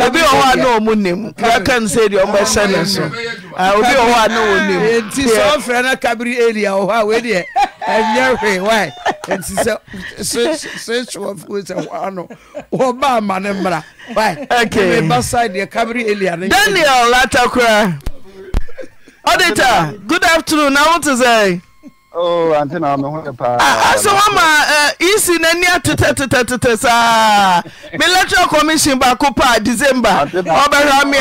obi wɔ hɔ a na ɔ mu nim yɛka no sɛ deɛ ɔmbɛhyɛ ne so ah, obi wɔ hɔ a na ɔnim eh, nti sɛ ɔfrɛ no kabere area wɔ hɔ a weideɛ ɛnyɛ hwee wae nti sɛ sɛhyewafuo sɛ hɔa no wɔba ama ne mmara meba side deɛ kabere area no daniel latakora auditor good afternoon na sɛ Oh, asɛ ah, ah, wama esi eh, e n'ani atetɛtetɛtetɛ saa military commission baako paa december ɔbɛhwɛ me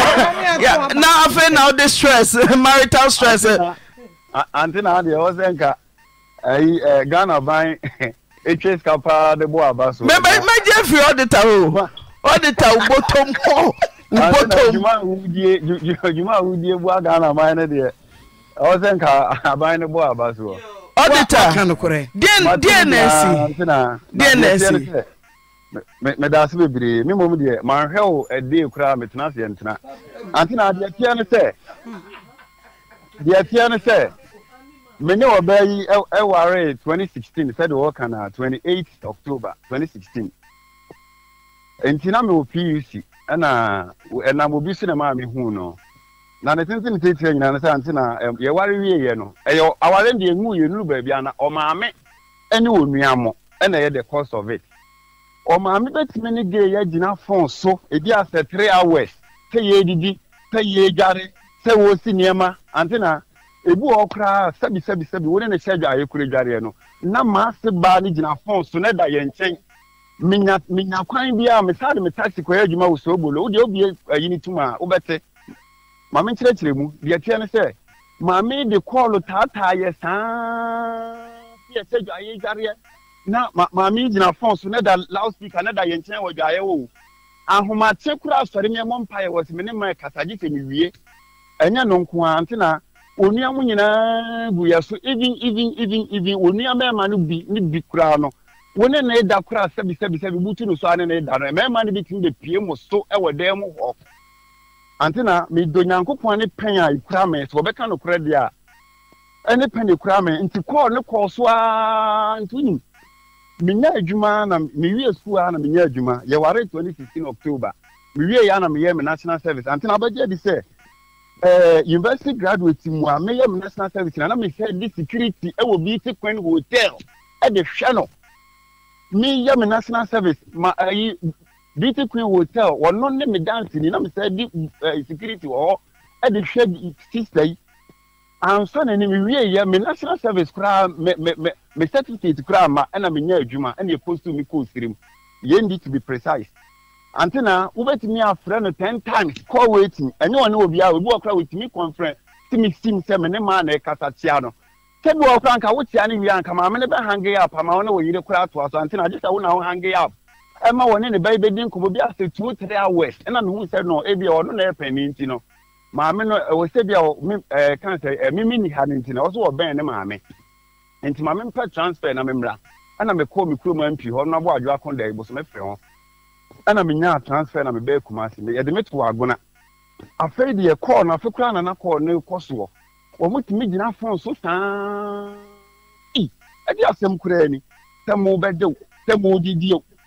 na afei na wode stress marital stress ante na adeɛ wɔ sɛ nka eh, ghana ban etwe sika paa de bɔ aba so mɛgye firi ɔdeta o ɔdeta wobotom hɔ wobotom dwuma a wodie bua ghana man no deɛ nka aban no bɔ aba ɔdita medase bebree me mmom deɛ manhwɛ wo ɛdee koraa metena seɛ ntena ante na deɛ teɛ ne sɛ deɛ teɛ ne sɛ mene ɔbaa yi ɛwaree 2016 sɛde wɔka na 28 october 2016 nti na mewɔ puc ɛna ɛnam obi so na maa mehu no na ne tenten tiatia nyinaa ne sɛ ante na yɛware wieɛ no ɛyɛ aware deɛ ngu yɛ nuru baabi ana ɔmaame ne wɔ nuammɔ ɛna ɛyɛ the cost of it ɔmaame bɛtumi ne gee yɛagyina fon so ɛdi asɛ three hours sɛ yɛadidi sɛ yɛadware sɛ wɔsi nneɛma ante na ebi wɔ koraa sɛbisɛbisɛbi wo ne ne hyɛ dwa ayɛkure dwareɛ no na maase baa no gyina fon so na da yɛn nkyɛn menya menya kwan bi a mesaa de me taxi kɔyɛ adwuma wɔ soobolo wodeɛ wobie eh, ayi ne tum a wobɛte maame nkyerɛkyerɛ mu deɛ teɛ no sɛ maame de kɔɔlo taataa yɛ saa yɛ sɛ dwaeɛ dwareɛ na maame gyina fɔn so ne da loud speaker ne da yɛn nkyɛn wɔ dwaeɛ wɔ o kura asɔre mi ɛmɔ mpa yɛ wɔ sɛ mene mmaa kasagye sɛ mewie ɛnyɛ no nko ara nti na onua mu nyinaa gu yɛ so even even even even onua mmarima no bi ne bi kura no wone ne da kura sɛbisɛbisɛbi butu no so ane na da no mmarima no bi tumi bɛ pie mu so ɛwɔ dan mu hɔ. Antena mi medo nyankopɔn ne pɛn a ekura me sɛ wɔbɛka no korɛ deɛ a ɛne pɛn ekura me nti kɔɔ ne kɔɔ so aa nti wonim menya adwuma na mewie school a na menya adwuma yɛware 2015 october mewie yɛ a na meyɛ me national service Antena na di adi sɛ ɛɛ eh, university graduate mu a meyɛ me national service na na mehwɛ de security ɛwɔ bi ti kwan hotel ɛde hwɛ no meyɛ me national service ma ayi beauty queen hotel wɔno ne me dance ni na me sɛ di uh, security wɔ hɔ ɛde hwɛ sista yi ansa na anim wie yɛ me national service koraa me me me me certificate koraa ma ɛna me nya adwuma ɛna epost mi kɔ osiri mu yɛn need to be precise ante na wobɛtumi afrɛ no ten times call waiting ɛnyɛ wɔn ne obi a obi wɔ koraa wotumi kɔnfrɛ timi sim sɛ me ne maa na ɛkasa tia no kɛbi wɔ koraa nka wotia ne wie anka maame ne bɛ hangi up ama wɔn ne wɔ yiri koraa to aso ante na agye na wɔn hangi up ɛma wɔ ne ne ba yi bɛdi nkɔmɔ bi after two three hours ɛna ne ho sɛ no ebi eh, ɔno na ɛpɛ ne nti no maame no ɛwɔ sɛ bi a mi ɛɛ kan sɛ ɛmi ni ha ne nti na ɔso wɔ bɛn ne maame nti maame mpɛ transfer na mi mra ɛna mi kɔɔ mi kurom mp hɔ na bɔ adwo akɔn da ibosom efirɛ hɔ ɛna mi nyaa transfer na mi bɛɛ kumasi mi yɛde mi to agona afei deɛ kɔɔ na afei koraa na na kɔɔ ne kɔ soɔ wɔn tumi gyina fɔn so saa ɛdi asɛm koraa ni sɛ mo bɛ dew sɛ mo didi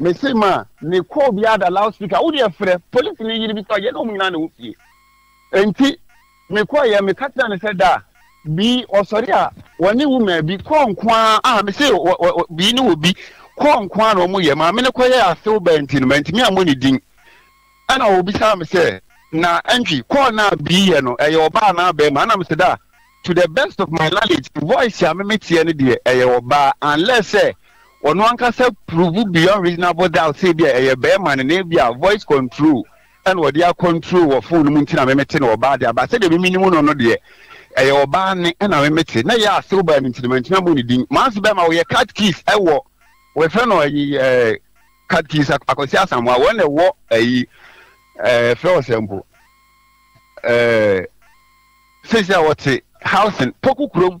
mese ma ne kɔɔ bi ada loud speaker wodeɛ frɛ polisi ne yiri bi sɛ ɔyɛ ne ɔmu nyinaa ne wo fie enti mekɔɔyɛ meka tena ne sɛ da bi ɔsɔre a wɔne woma bi kɔɔ nkoa a mese bii ne wɔ bi kɔɔ nkoa na ɔmo yɛ ma me ne kɔyɛ asew bɛɛ nti no mantumi ammɔ ne din ɛna sa me sɛ na ɛntwi kɔɔ na bi bii yɛ no ɛyɛ ɔbaa no Ma ɛna mese da to the best of my knowledge voice a memeteɛ no deɛ ɛyɛ ɔbaa unless eh ɔno ankasa prove beyond reasonable doubt Sebi bi a ɛyɛ bɛrima ne ne bi a voice control ɛna wɔde akɔntrol wɔ phone mu ntina mɛmɛte na ɔbaa deɛ aba sɛdeɛ mimi nimu no no deɛ ɛyɛ ɔbaa ne ɛna mɛmɛte na yɛ asew baa ne ntina ntina mu ne din maa nso bɛrima wɔyɛ card keys ɛwɔ wɔfrɛ no ɛyi ɛɛ cat keys akɔsi asamoa wɔn na ɛwɔ ɛyi ɛɛ fɛ ɔsɛmpo ɛɛ sɛsi a wɔte housing poku kurom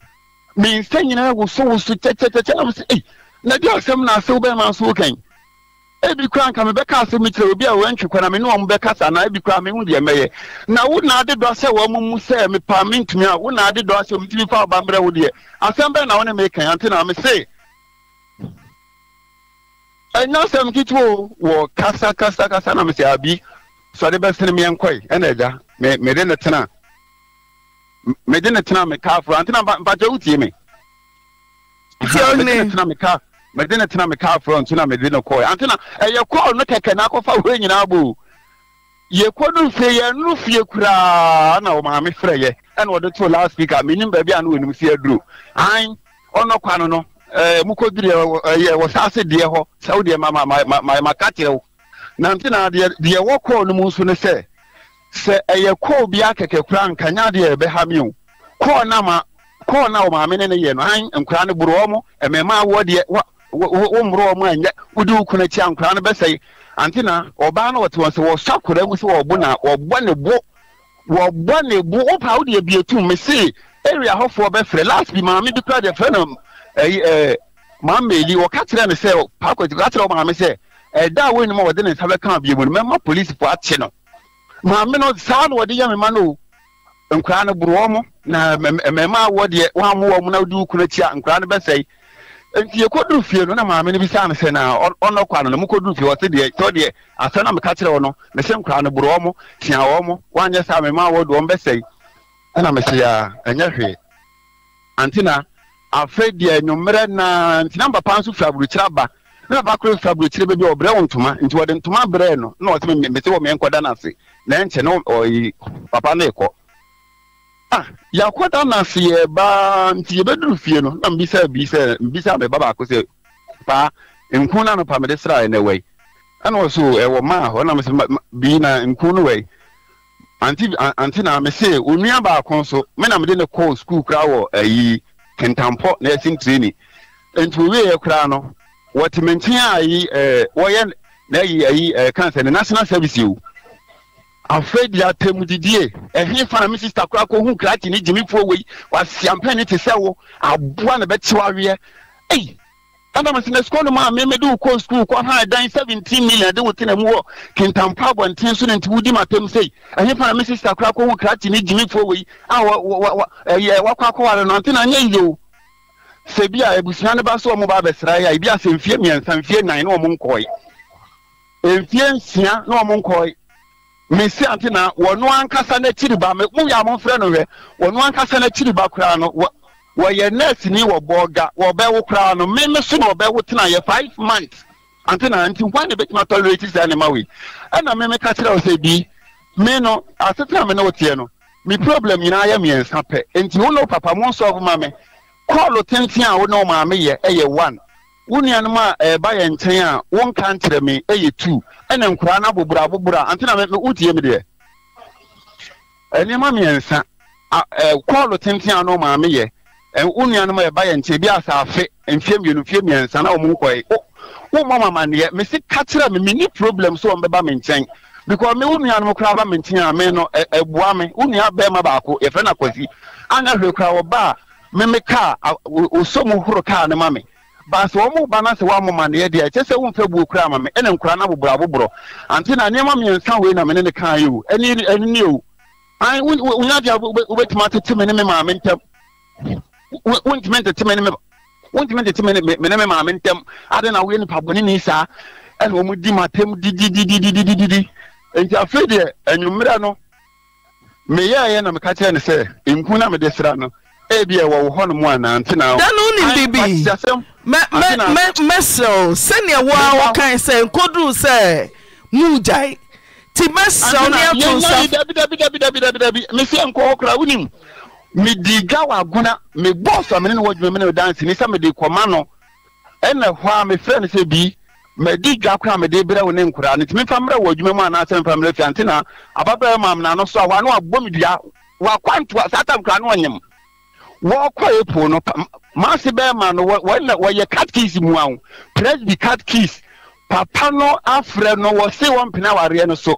mmiɛnsa nyinaa woso woso kyɛkyɛkyɛkyɛ na sɛ ei na deɛ ɔsɛm na asɛw bɛɛ ma so kan ebi kora nka mebɛka asɛm kyerɛ obi a wɔantwi kwa na me ne wɔn bɛkasa na ebi kora mehu deɛ mɛyɛ na wo na ade dɔ sɛ wɔn mu sɛ mepa me ntumi a wo na ade dɔ sɛ ɔmtumi fa ɔba mmerɛ wo deɛ asɛm bɛɛ na wo ne mekan ante na me se ɛnyɛ asɛm ketewa wɔ kasa kasa kasa na me sɛ abi sɔde bɛsene meɛnkɔe ɛna agya mede ne tena a megye ne tena me kaa foro anti na mpakyɛ wotie me mede ne tena me kaa foro nto na mede ne kɔɛ anti ɛyɛ e, kɔɔ no kɛkɛ na akɔfa wei nyinaa bo yɛkɔ no fie yɛno fie koraa na ɔmaame frɛyɛ ɛna ɔde too last speaker menim baabi a no wɔnim si aduro an ɔnɔ kwa no no e, mukɔdiri ɛyɛ wɔ e, saase deɛ hɔ sɛ wodeɛ maka kyerɛ wo nanti na deɛ wɔkɔɔ no mu nso ne sɛ sɛ ɛyɛ kɔɔ bi akɛkɛ kura nkanya deɛ ɛbɛha mi o kɔɔ na ma kɔɔ na o maame ne ne yɛ no an nkura ne boro wɔn mmarima awoɔ deɛ wa wo mmoro wɔn anyɛ wodi wo kuna kyi a nkura no bɛsɛe ante na ɔbaa no wɔte wɔn sɛ wɔsɔ akɔda mu sɛ wɔbo na wɔbɔ ne bo wɔbɔ ne bo wopa wo deɛ bi etu me se area hɔfoɔ bɛfrɛ last bi maame bi kura deɛ fɛ no ɛyi ɛɛ maame eli wɔka kyerɛ ne sɛ paakɔ ti wɔka kyerɛ wɔn maame sɛ ɛda a wɔn enim a wɔde ne nsa bɛka abie mu no mɛma polisifoɔ akye no maame no saa na wɔde yɛ mema no o nkoraa no boro wɔn na mmarima awɔ deɛ wɔn wɔn na wɔde wɔn akyi a nkoraa no bɛsɛe nti yɛkɔduru fie no na maame no bi saa no sɛ na ɔnɔ kwa no na mokɔduru fie ɔte deɛ sɛ ɔdeɛ asɛm na meka kyerɛ wɔ no mesɛ nkoraa no boro wɔn tia wɔn wɔanyɛ saa mmarima awɔ de wɔn bɛsɛe ɛna mesi a ɛnyɛ hwee antina afei deɛ nnwommerɛ na ntina papa nso fi aburukyerɛ aba na abakoro nsa aburokyire baabi a ɔbrɛ wo ntoma nti wɔde ntoma brɛ no na ɔsɛ mete wɔ meɛ nkɔda no ase na ɛnkyɛ na ɔyi papa no ɛkɔ ah yɛakɔda no ase yɛ baa nti yɛbɛduru fie no na mbisa mbisa mbisa meba baako sɛ paa nku no anopa mede sra ɛnɛ wai ɛna ɔso ɛwɔ maa hɔ na mesɛ bii na nku no wai anti na mese onua baako nso me na mede ne kɔɔ skul koraa wɔ ayi kentampɔ na ɛsi ntireni nti owie yɛ koraa no wɔtemi nkyɛn a yi ɛɛ wɔyɛ n'ayi ayi ɛɛ cancer ne national service o afei di atem didie ɛhin fan mi sista kora ko hun krati ne jimi fo wei wasi ampɛn ne te sɛ wo aboa na bɛkyi waweɛ ɛyi adam sin sukuu no mu a mmɛmɛ de wokɔ sukuu kɔ ha dan seventeen million de wote na mu wɔ kintampa abɔnten so ne nti wodi ma tem sei ɛhin fan mi sista kora ko hun krati ne jimi fo wei a wɔ wɔ wɔ ɛyɛ wakɔ akɔware no ante na nyɛ yio. Sebi a abusua no ba so ɔmo ba abɛsra yi a ebi asɛ mfie mmiɛnsa mfie nan na ɔmo nkɔɔe mfie nsia na ɔmo nkɔɔe mesi ante na wɔn ankasa n'akyiri ba mo yɛ a mo frɛ no hwɛ wɔn ankasa n'akyiri ba koraa no wɔyɛ nurse ni wɔ bɔɔga wɔbɛwo koraa no mmemme so na ɔbɛwo tena yɛ five months ante na nti nkwan na ebɛtuma tolerate saa ne ma wei ɛna mmemme ka kyerɛ ɔsɛ bi me no asetena me ne woteɛ no me problem nyinaa yɛ mmiɛnsa pɛ nti wɔn na papa mo nso ɔfuma me. Kọọlụ tenten a wo ne wo maame yɛ ɛyɛ one wo nuanom a ɛɛba eh, yɛ nkyɛn a wo nka nkyerɛ me ɛyɛ two ɛna nkoraa no abobora abobora ante na wotie me deɛ eh, nneɛma mmiɛnsa kɔɔlo tenten a eh, ne wo maame yɛ wo nuanom a ɛba yɛ nkyɛn bi asaafe mfie mmienu mfie mmiɛnsa na wɔn nkɔɛ wo mma mamaneɛ me se ka kyerɛ me me ni problem so wɔn bɛba me nkyɛn because me wo nuanom koraa ba me nkyɛn a me no ɛboa me wo nua bɛrima baako yɛfrɛ no akwasi anga hwɛ koraa wɔ ba meme kaa osɔ mu horo kaa ne ma me baasa wɔn ba na sɛ wɔamoma ne yɛ deɛ kyɛ sɛ wɔn fɛ buo kura ama me ɛna nkura na boboro aboboro ante na nneɛma mmiɛnsa wei na me ne ne kaa yi o ɛni ɛni ne o an wonya deɛ wobɛtumi atete me ne me maame ntɛm wontumi ntete me ne me wontumi ntete me ne me maame ntɛm ade na woyɛ nipa bɔne ne saa ɛna wɔn di ma tɛm dididididididi nti afei deɛ enyimmerɛ no meyɛɛyɛ na meka kyerɛ ne sɛ nkun na mede sra no ebi ɛwɔ wɔ hɔnom anaa nti na. danu ni bibi mɛ mɛ mɛ mɛsɛw sɛnea wo a wɔkan sɛ nkodu sɛ mu gyae ti mɛsɛw ni ɛto nsa. dabi dabi dabi dabi dabi dabi mesi nkɔ ɔkura wunim mi di gawa aguna mi bɔ ɔsɔmini ni wɔdwuma mi ni dansi ni sɛ mi di kɔma no ɛna hɔ a mi fɛ ne sɛ bi mɛ di dwa kora mɛ de brɛ wo ne nkura ne tumi famrɛ wɔ adwuma mu anaa sɛ mfa mmerɛ fia nti na ababaawa maamuna no so a wɔn ano abɔ mi dua wɔakwantoa saa tam kora no ɔnyam wɔkɔ epo no maase bɛrima no wɔyɛ wɔyɛ catkiss mu ahu presby catkiss papa no afrɛ no wɔse wɔn mpena awareɛ no so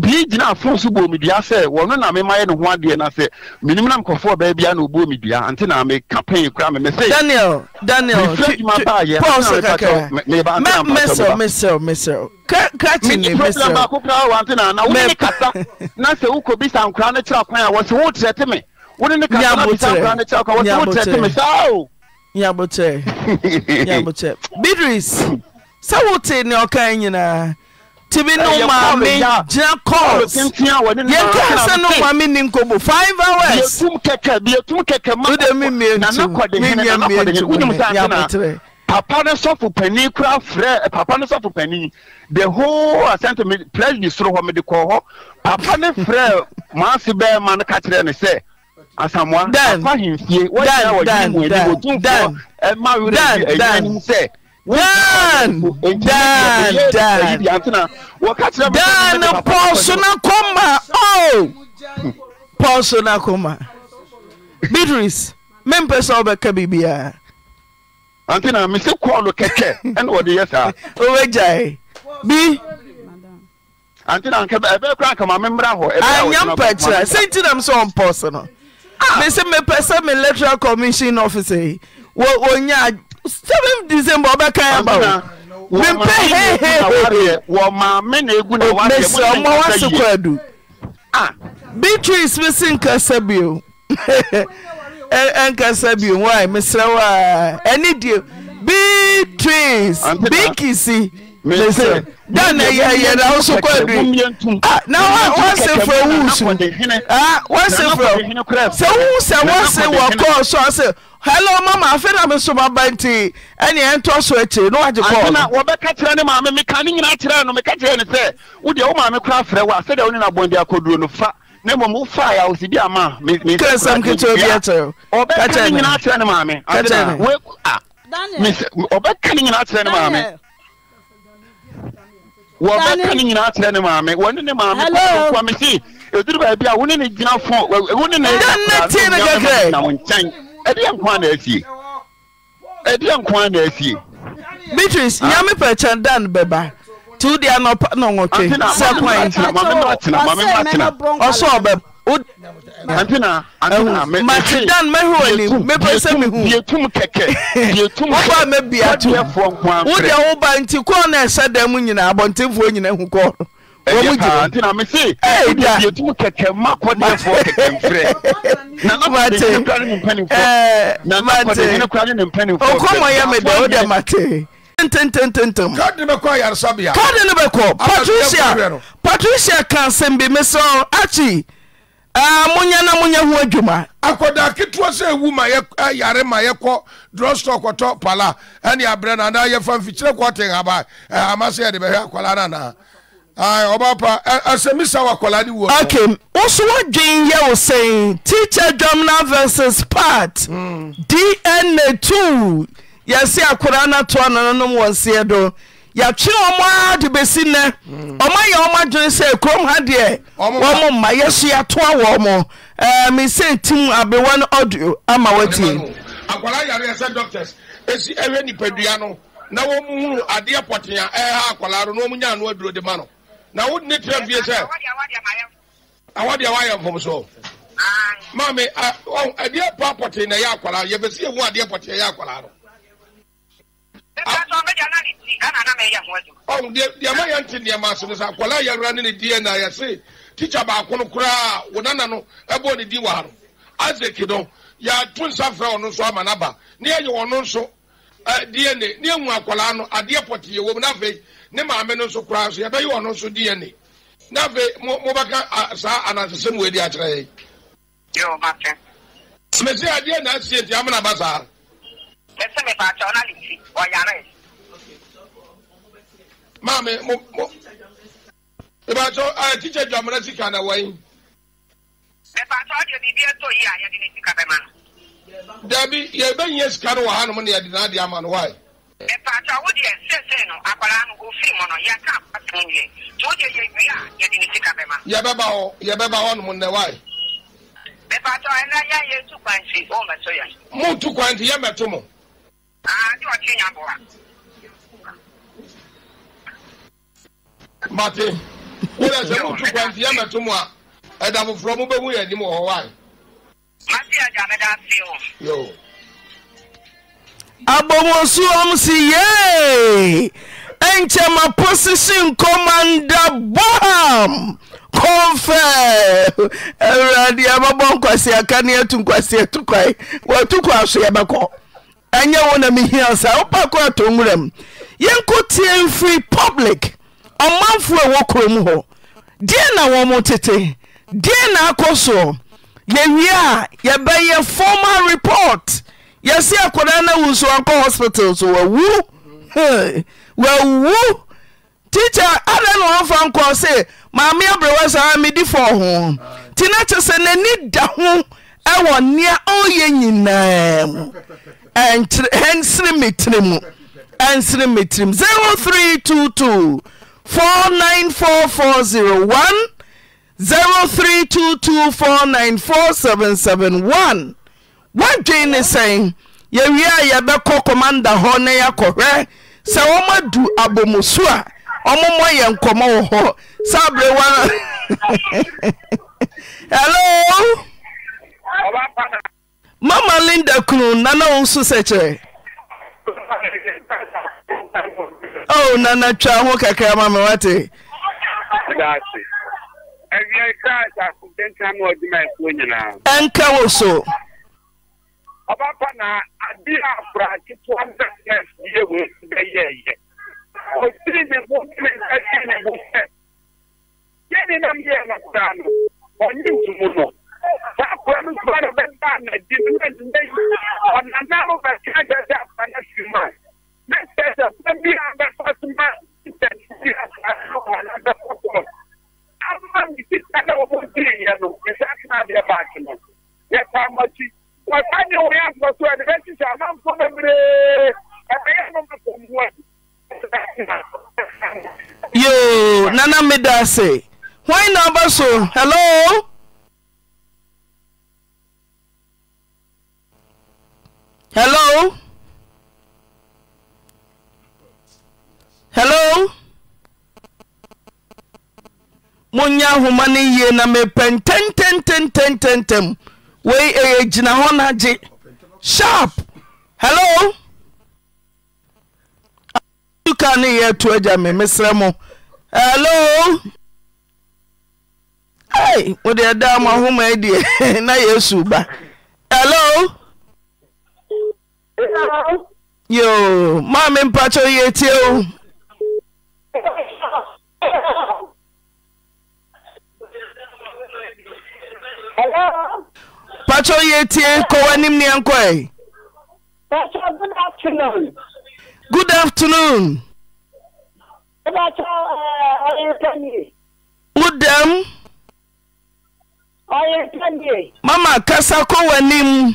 bii gyina afon so bɔ omi dua sɛ wɔn na mema yɛ ne ho adeɛ na sɛ minim na nkɔfoɔ bɛɛ bia na obu omi dua ante na me campaign kura me mese. daniel daniel tu tu pɔs kakra mɛsɛw mɛsɛw mɛsɛw kati ne mɛsɛw. mi problem baako kura wa ante na na wo kata na sɛ wokɔ bi sankura ne kyerɛ kwan a wɔsi wo tẹrɛ tẹmɛ wone ne kasanabisakrankyɛkawswokyɛtemesao bidris sɛ wote ne ɔkae nyinaa tìbí nù maa mi jẹ́ calls yẹn kí ẹsẹ̀ nù maa mi ní nkóbó five hours. bí etum kẹkẹ bí etum kẹkẹ má kọ mi mìíràn tù mi mìíràn mìíràn tù mi yàgòtìrẹ. papa ne sɔfo panyin kura frɛ eh, papa ne sɔfo panyin the whole asante mi pledge ni soro hɔ mi de kɔ hɔ papa ne frɛ maa si bɛɛ ma ne kakyerɛ ne sɛ. dan pɔsona kma poso na kmabetreec mepɛ sɛ wobɛka bibiaabnyapɛ yerɛ satina me sɛ ps no Ah! mesi mepɛ sɛ me electoral commission office yi wɔnya seven december ɔbɛka yaba o mempɛ hehehe mesi ɔma wase kɔ adu beatrice mesi nkasa bio nkasa bio wai mesrɛ wo a ɛne die beatrice bikisi mese dan na yɛ yɛ na ɔso kɔ edu na wa wase fura wusu wase fura sɛ wusu wase wɔ kɔɔ so ɔse hello mama afei na mi so ma ba nti ɛni ɛn tɔ so ekyir no wagye kɔɔ. na wɔbɛka kyerɛ ne maame mi ka ne nyinaa kyerɛ no meka kyerɛ ne sɛ o deɛ o maame kora frɛ wo a sɛdeɛ o ne na bɔnde akɔduro no fa ne mɔ mo fa ya osi bi ama. kere sam ketewa bi ɛkyɛ o ɔbɛka ne nyinaa kyerɛ ne maame ɔbɛka ne nyinaa kyerɛ ne maame wọ́n bá ká ni nyinaa kyerɛ ne maame wọ́n ne ne maame kọ́ kọ́ mi si eduru baabi a wọ́n ne gyina fún wọ́n ne na yẹ kura ne nyinaa nam nkyɛn ɛdi yɛ nkwan na esie ɛdi yɛ nkwan na esie. beatrice ah. nyame pɛkyɛn dan bɛba tu di anɔpa na ɔnwɔtwe sɛ kwan ɔsɔ ɔbɛba antina antina mɛ matidan mɛhwɛ ni mɛpɛ sɛ mi hu bietum kɛkɛ bietum kɛkɛ woba mɛ biatu wode woba nti kɔɔ na ɛsɛ dɛm nyinaa abɔntenfoɔ nyinaa hu kɔɔ wɔmu gyina antina mɛ se wode bietum kɛkɛ ma kɔdeɛfoɔ kɛkɛ mfrɛ na nakɔdehene kora ne ne mpanimfoɔ eh, na nakɔdehene kora ne ne mpanimfoɔ ɔkɔmɔ yɛ me dɛ wode mate ntentententem. káàdì bẹ kọ yarisabea. káàdì ni bẹ kọ patricia patricia kan sẹ́ńbí mi sọ achi. Ah, monya na monya ho adwuma akɔdaa ketewa sɛ ɛwu ma eh, yare ma yɛkɔ drɔstɔ kɔtɔ pala ɛne abrɛ no anaa yɛfa mfikyerɛ kɔten aba eh, ama sɛ yɛde bɛhwɛ akɔla no anaa ɔbapa asɛmisa wɔ akɔla ne wuo ok nso woadwen yɛ wo sɛn teacher domina versus part hmm. dna 2 yɛse akɔdaa no atoa no nonom wɔ nseɛ do yɛatwene ɔmaa de bɛsi nnɛ ɔma yɛ ɔma dwene kurom ha deɛ wɔmo mma yɛso yɛatoa wɔ akwara doctors esi nipadua no na wɔmuhunu adeɛ pɔten a akwara na ɔmunya no aduro de ma no na wode ne tua fie sɛ awa woayɛ mfom so Maami na akwara ɔn deɛ ma yɛn ti nneɛma so no sɛ akwadaa yɛwura ne ne diɛ na yɛse tikya baako no koraa wo nana no ɛbɔ ne di wɔ ha no azeki no yɛato nsa frɛ ɔno nso ama n'aba ne yɛyɛ ɔno nso dna ne ehu akwadaa no adeɛ pɔtee wɔ mu n'afɛ ne maame no nso koraa nso yɛbɛyɛ ɔno nso dna n'afɛ mo mo bɛka saa anansesɛm wɔ edi akyerɛ yɛ. yɛ o ma fɛ. mesi adeɛ na asie nti amuna ba saa mese me pakyɛ ɔna ne ti ɔyare maame mo mo ìbájọ ẹ tíjà jọmọdé sika na wọnyi. ìbájọ ọdún bíbí ètò yìí a yẹde ní sika bẹ́ẹ̀ ma. dẹbi yẹ bẹ yẹ sika no wà hàn mu ni yẹ di n'adi ama no wáyé. ìbájọ awo diẹ sẹsẹ no akwara no ofin mu no yẹ ká apàtàkùn yẹ tó yẹ yẹ wia yẹde ní sika bẹ́ẹ̀ ma. yẹ bẹ bá họ yẹ bẹ bá họ nomu nẹ wáyé. ìbájọ ẹ náà yẹ yẹ tu kwanti ó mẹtọ yẹ. mo tu kwanti yẹ mẹtọ mo mate wọ́n sẹ́ mo tún kwanti yẹ́ mẹ́tò mu a ẹ̀dá foforọ mo bẹ́ mu yẹ ẹ̀dínmọ̀ ọ̀họ́ wáyé. màsí ẹ̀dá mi dá sí o. Abomosuom si yee nkyɛnma position commander Boham confirm Awurade ababɔ nkwasi aka ne atu nkwasi etu kwae wɔtu kwa so yɛbɛkɔ. ɛnyɛ wo na mehia saa wopɛakɔ atɔnwura m yɛnkɔ tie mfiri public ɔmanfoɔ a wɔ kurom hɔ deɛ na wɔ tete deɛ na akɔ soɔ yɛwie a yɛbɛyɛ formal report yɛse akɔdaa no wu so ankɔ hospital so wawu wawu tikya ada na ɔmfa nkɔɔ se maame aberɛwa saa medi fɔ ho nti na kyɛ sɛ n'ani da ho ɛwɔ nea ɔyɛ nyinaa mu sensmetim 0322494401 032244771 woadwee ne sɛn yɛwie a yɛbɛkɔ kɔmanda hɔ ne yɛakɔhwɛ sɛ ɔmma du abɔmusu a ɔmommɔ yɛ nkɔmmɔ wɔ hɔ saberɛwa o mama linda kunu nana nso oh nana twa ho kakra ma wate ɛnka wo so ɔbapa na a afra ketewa na ɛfie wo bɛyɛɛyɛ ɔsiri ne bo ne nsa ne bo sɛ yɛne nam yɛɛ no koraa no ɔnye ntumu saa kura no kura no bɛsa anadi no na nana meda ase hwan na aba so hello loelo monnyɛ ahoma ne yie na mepɛn tɛntɛtɛɛtɛntɛm wei ɛyɛ e, gyina e, hɔ nogye sharp helo uka neyɛ atua gya me mesrɛ m elo modedaa e m ahomai deɛ na yesu balo yo maamị mpacha oye tie o pacha oye tie kọwa n'im na good afternoon good afternoon udem mama kasa kọwa n'im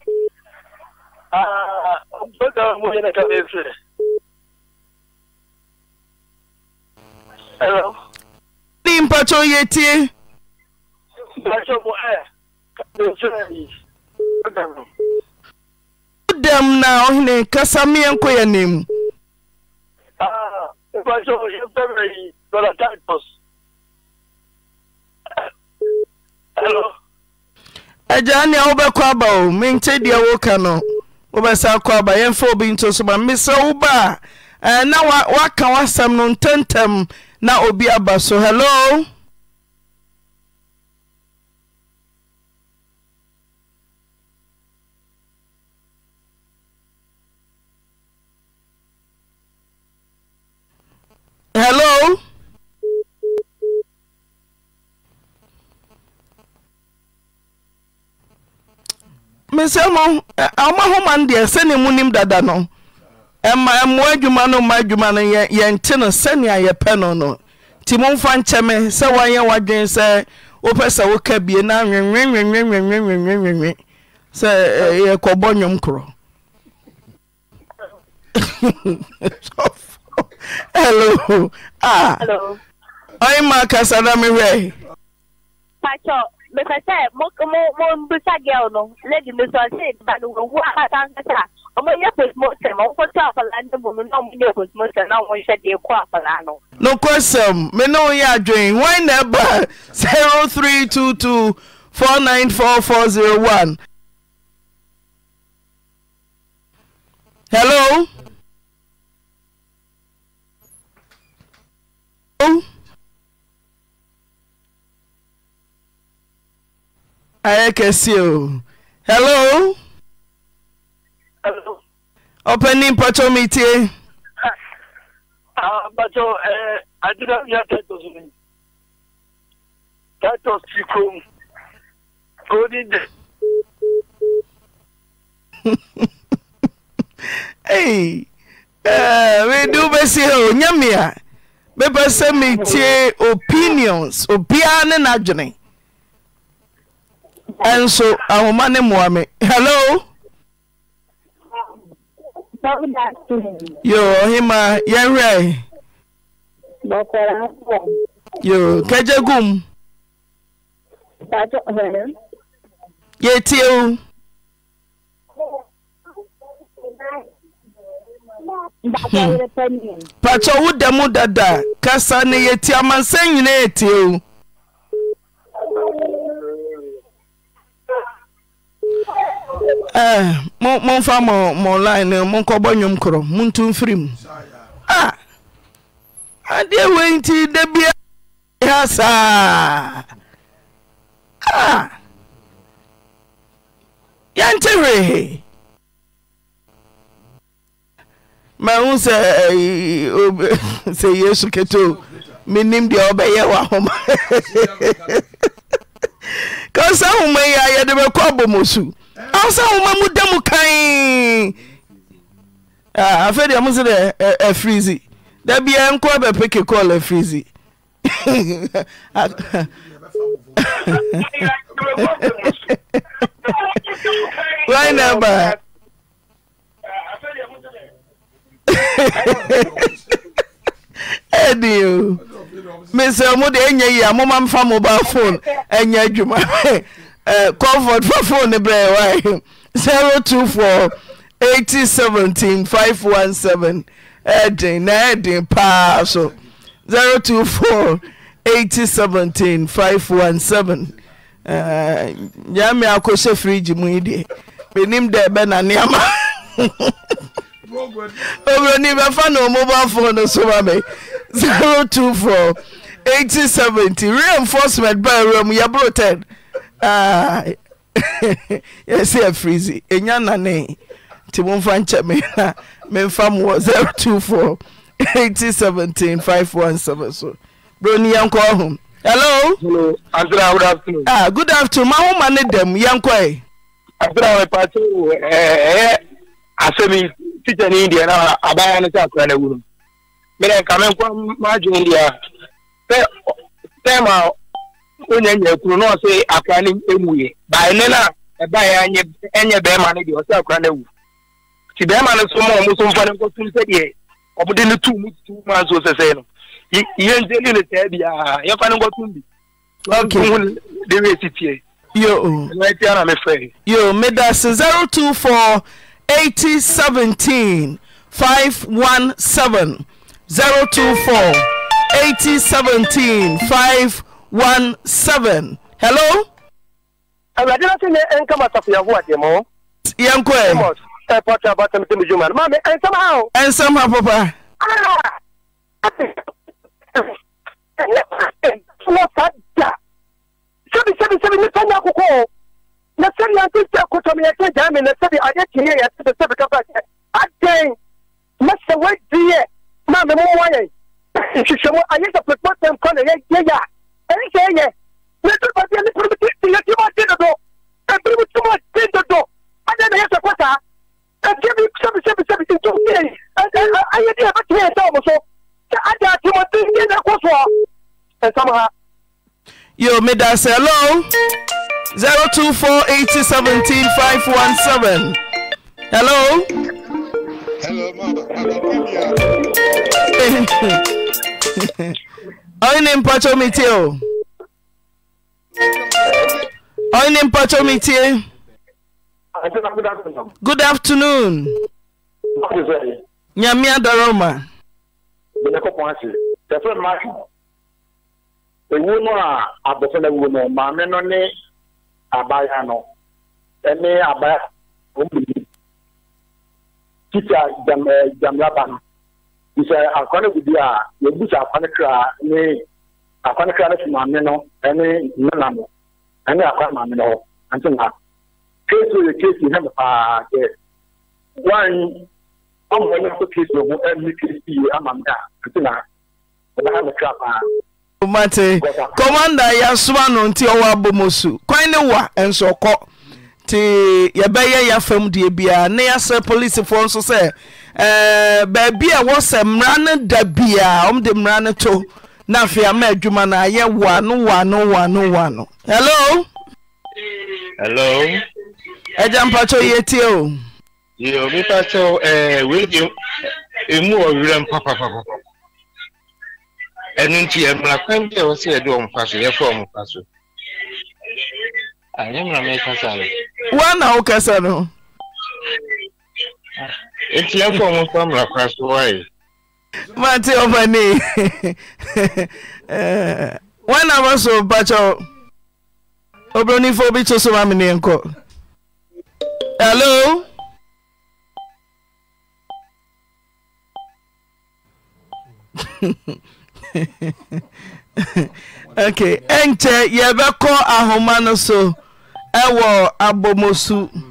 Ah, boga mulher na cabeça. Hello. Ni mpacho yetie. Mpacho mo eh. Dam na ohne kasa mi enko ya nim. Ah, mpacho yo pemei dola tantos. Hello. Aja ni obekwa ba o, mi nche dia woka no. wobɛsa kɔ aba yɛmfa obi nto so ba mesɛ wo ba a eh, na wa w'asɛm no ntɛntɛm na obi aba so hello hello mesɛmo ɔmahɔ ma no deɛ sɛne munim dada no mmoa adwuma no mma adwuma no yɛnte no sɛnea yɛpɛ no no nti momfa nkyɛme sɛ woayɛ w'adwene sɛ wopɛ sɛ woka bie na wewe sɛ yɛkɔbɔ nwom korɔ elo ɔyima kasa na mewɛ mepɛsɛ mombisa girl no lady no sɛ que banowawu a sanka sɛ a ɔmɔyɛ postmortem ɔmokɔtɔ akwadaa no mu no na ɔmonyɛ postmortem na ɔmonhwɛ deɛ kɔ akwadaa no nokwasɛm me ne wo yɛ adwen wan na ɛba zero 494401 hello Oh. ayɛ kɛseɛ o hello ɔpɛni mpatɔ metie mpatɔ adena mia titus ni titus ti kurom ɔni dɛ ei we do hɛ o nyamea mepɛ sɛ metie opinions obiaa ne n'adwene ɛnso ahoma ne mmoa me hello yo ɔhema yɛnwerɛ yo kagya gum yɛtie wo patɔ wo dɛ mu dada kasa ne yɛtie amansɛ nyina yɛtie O. Eh, momfa mo line monkɔbɔ nwom korɔ montom firi mu ah! adeɛ wei nti da bia ha saa ah! yɛnte hwehe mahu sɛ eh, sɛ yesu ketoo menim deɛ wɔbɛyɛ wɔ ahoma ka sɛ ahoma yi a yɛde bɛkɔ abɔ su ansa nwoma mu da mu kan ah, afei deɛ mo se dɛ afirizi da biara nkɔ abɛpɛ kekɔɔl afirizi right number ɛdi o oh. mesɛ mo de ɛnyɛ yie a mo ma nfa mobile phone ɛnyɛ adwuma. Eh, comfort fa phone ne brɛ wae 024 8017 517 ɛden na ɛden eh, paa so zero two 024 8017 517 nyame akɔhyɛ fridge mu yi deɛ menim dɛ ɛbɛna nneɛma obroni bɛfa na mobile phone no zero two four eighty seventeen reinforcement ba awura mu yɛboro 10 yɛsɛ afirizi ɛnya nane nti momfa nkyɛ me na memfa mo wɔ 024 8017 517 so broni yɛnkɔ ho hello, hello. Andra, good afternoon ah, good afternoon ma ho ma ne dɛm yɛnkɔe asra mepato ɛyɛ asɛm tikya ne deɛ na abaya no sɛ akora no awu no mene nka menkɔ maadwene deɛ a sɛ tɛm onye nye kwuru na ọsị akwa ewuye baene na ɛbaeɛ ɛnyɛ bɛrima no deɛ ɔsɛ akora no awu nti bɛrima no nso ma ɔmo nso mfa no nkɔtum sɛdeɛ ɔmode no tuu mu tutu ma nso sɛsɛe no yɛntie ne ne sɛe biaa yɛfa no nkɔtum bi hu de wei si tie ɛnoatia na mefrɛ yo meda se 024 80 17 517 024 80 17 5 one seven hello. awurade na se ne nka ma safo yahu adeɛ mo. yɛn kɔ ɛ. ɛpɔtɔ abatɛm tɛm ju ma no maame ɛnsɛm ha o. ɛnsɛm ha papa. ɛnɛ sa da sɛbi sɛbi sɛbi nipa nya akokɔ o na sɛbi an ti sɛ kotɔ mi yɛ sɛ gya mi na sɛbi adeɛ tiɲɛ yɛ sɛbi sɛbi kafa sɛ adɛn na sɛ wadi yɛ maame mo wɔ yɛ nhwehwɛ mu ayɛ sɛ pɛpɔtɛm kɔ na yɛ yɛ yɛ a ɛn sɛ yɛ ne tu ba deɛ ne ti yɛ ti ma ti dodo ebiri bi ti ma ti dodo adi na yɛ sɛ kɔ saa ebi bi sɛbi sɛbi ti tu yɛ ayɛ di yɛ bɛ ti yɛ sɛ ɔmo so sɛ adi ti ma ti yɛ na kɔ soɔ ɛsɛm ha. yo meda sɛ hello zero two four eighty seventeen five one seven hello. hello ma hello ma. Onye mpọchọ mitie o. Onye mpọchọ mitie. Good afternoon. Nyamia Doroma. Ewu no a abofra wu no maame no ne abaya no ne abaya omu tita jamraba eh, nso akwa no gudi a yɛbusa akwa no kra ne akwa no kra no fi maame no ne nana no ɛne akwa maame no hɔ nti na keesi yɛ keesi hɛm paa sɛ wan ɔmo ɔmo nso keesi ɔmo ɛne keesi yɛ ama mi a nti na ɔmo hɛm kra paa. Mate, kọmanda ya suma no nti ọwọ abomosu kwan ne wa nso kọ ti yabɛyɛ yafam die bia ne yasɛ polisifoɔ nso sɛ Eh, baabi a wɔ sɛ mmara no da bia ɔmde mmara no to na afei ama adwuma no ayɛ wano wano wano wano hello hello agya mpakyɛ yɛtie o yo ẹ kyɛw eh, emu ɛmu wɔ werɛm papapapa ɛno nti ɛmmara kwan bi a wɔ sɛ yɛde ɔmo fa so yɛfa ɔmo fa so ɛnyɛ mmara mɛka sa no woa na wokasa no It's not for my family, that's why. Mate, over me. One hour so, Pacho. Eh, Obronifo bi to so ma me nko. Hello? okay, enche yebekọ ahoma no so ewo abomosu. Mm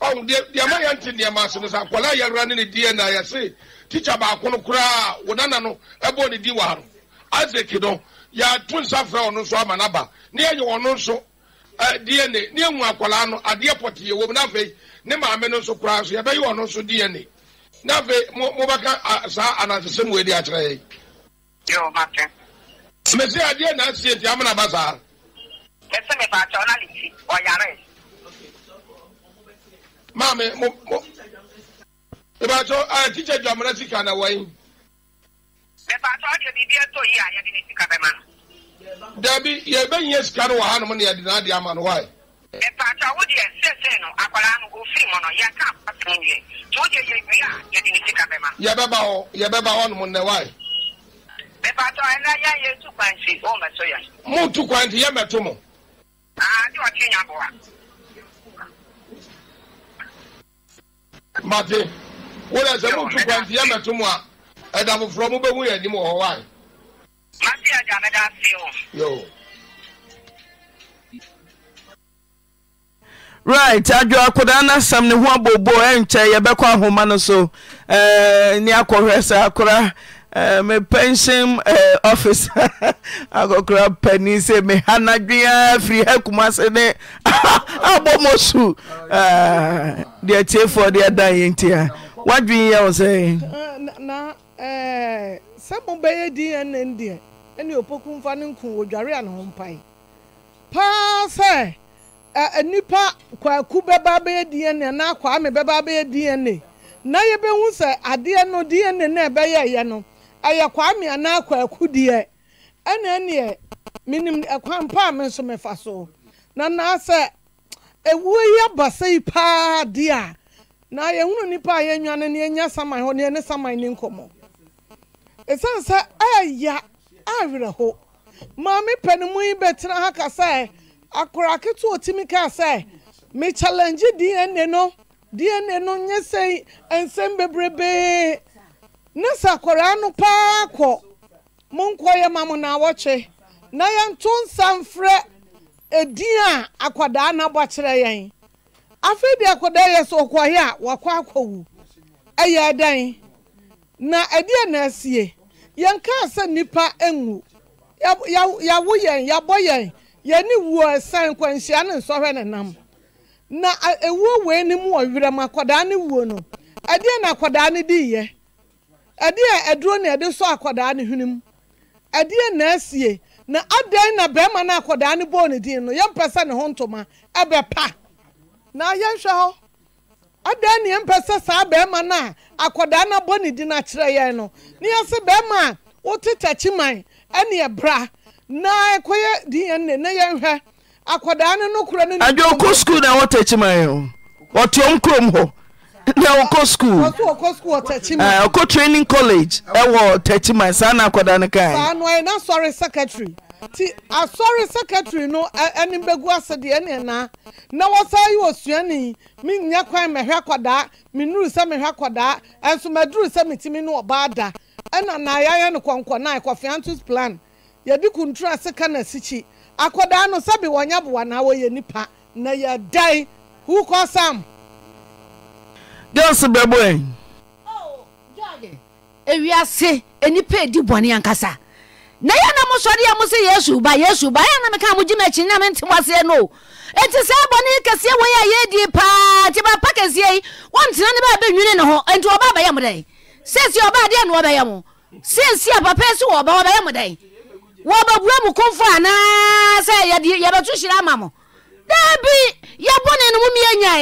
ɔn deɛ ma yɛ nti nneɛma ase no sa nkɔla yɛwura ne ne diɛ na yɛse tikya baako no koraa wo nana no ɛbɔ ne di wɔ no azeki no yɛato nsa frɛ ɔno nso ama n'aba ne yɛyɛ ɔno nso dna ne ehu akwaraa no adeɛ pɔtee wɔ mu n'afɛ ne maame no nso koraa so yɛbɛyɛ ɔno nso dna n'afɛ mo mo bɛka saa anansesɛm wɔ edi akyerɛ yɛ. yoo adeɛ na asie ti amuna ba saa ɛsɛ mi baakyɛ ɔna ne ti ɔyare. maame mo mo ìbájọ ẹ tíjà ju amúnà sika na wọ́n yín. ìbájọ ọdẹ bíbí ẹtọ yìí àyẹ di ní sika bẹẹ ma. dẹbi yẹ bẹ yẹ sika no wà hàn mu ni yẹ di n'adi ama no wáyé. ìbájọ awo diẹ sẹsẹ no akwara no òfin mu no yẹ ká pàtó mu yẹ tó yẹ yẹ wíyà yẹ di ní sika bẹẹ ma. yẹ bẹ bá họ yẹ bẹ bá họ nomu nẹ wáyé. ìbájọ ẹ náà yẹ yẹ tu kwanti ó mẹsọ yẹ. mo tu kwanti yẹ mẹtọ mọ. mate wone sɛ motu kwanti yɛ mɛto mu a ɛda foforɔ yɛ anim wɔ hɔ wae right adwo no asɛm ne ho abobo ɛnkyɛ yɛbɛkɔ ahoma no so ne akɔhwɛ Eh, me pension eh, office akɔkora pani sɛ meha nadwea firi ha kuma se ne abɔ mɔ su deɛ tiefoɔ deɛ da yɛ a woadwen yɛ wo ya. sɛ mobɛyɛ dnn deɛ opoku mfa nku wɔdware a ho mpae paa sɛ nnipa dna na akwaa me bɛba bɛyɛ dna na ebe sɛ dna na e ɛyɛ kwame anaa kwaku deɛ ɛna ɛneɛ menim ɛkwan pa a me nso mefa so na naa sɛ ewuo yi aba sɛyi paa deɛ a na yɛhunu nnipa a yɛnwa no ne yɛnya saman hɔ ne yɛne saman ne nkɔmmɔ ɛsiane sɛ ɛɛya awerɛho maame panimu yi bɛtena ha ka sɛ akora ketewa otimi kaa sɛ me challenge dna no dna no nyɛ sɛ nsɛm bebrebee ne sakwara no paa kɔ mo nkɔyɛ ma mo na awɔkye na ya ntụ nsa mfrɛ edin a akwadaa na bɔ kyerɛ yɛn afei bi akwadaa ya so ɔkɔyɛ a wakɔ akɔwu ɛyɛ ɛdɛn na ɛdeɛ na asie yɛn kaa sɛ nipa enwu ya yɛn yabɔ yɛn yɛne wuo ɛsɛn nkwanhyia ne nsɔhwɛ ne nam na ewu wei ne mu wɔ werɛ mu akwadaa ne wuo no ɛdeɛ na akwadaa ne di ya. ɛdeɛ ɛduro na ɛde sɔ akwadaa ne hwenem ɛdeɛ na asie na adan na barima no akwadaa ne bɔɔ ne din no yɛmpɛ sɛ ne ho ntoma ɛbɛpa na yɛnhwɛ hɔ adan na yɛmpɛ sɛ saa barima no a akwadaa no abɔ ne din akyerɛ yɛn no na yɛsɛ barima a wote tɛkyi man ɛne ɛbra na ɛkɔyɛ dna na yɛnhwɛ akwadaa no no korɔ no ɛdwe ɔkɔ skul na wɔtɛkyi man ɔte ɔm kurom hɔ na ọkọ skuul eh, training college ɛwɔ tachiman saa na akɔda no kaɛnasɔre secretary nti asɔre no ase na wɔsa yi wɔ suani menyɛ kwan mɛhwɛ akɔdaa menuru sɛ mehwɛ akɔdaa ɛnso maduru sɛ metumi ne ɔbaa da ɛna naayɛyɛ no kɔnkɔ na kɔfiantos plan yɛde kuntura sika na sikyi akɔdaa no sɛbi na wɔyɛ nipa na yɛdan sam dese bebo wise nipa di bɔne nkasa na yna mosdem s ye yaon nma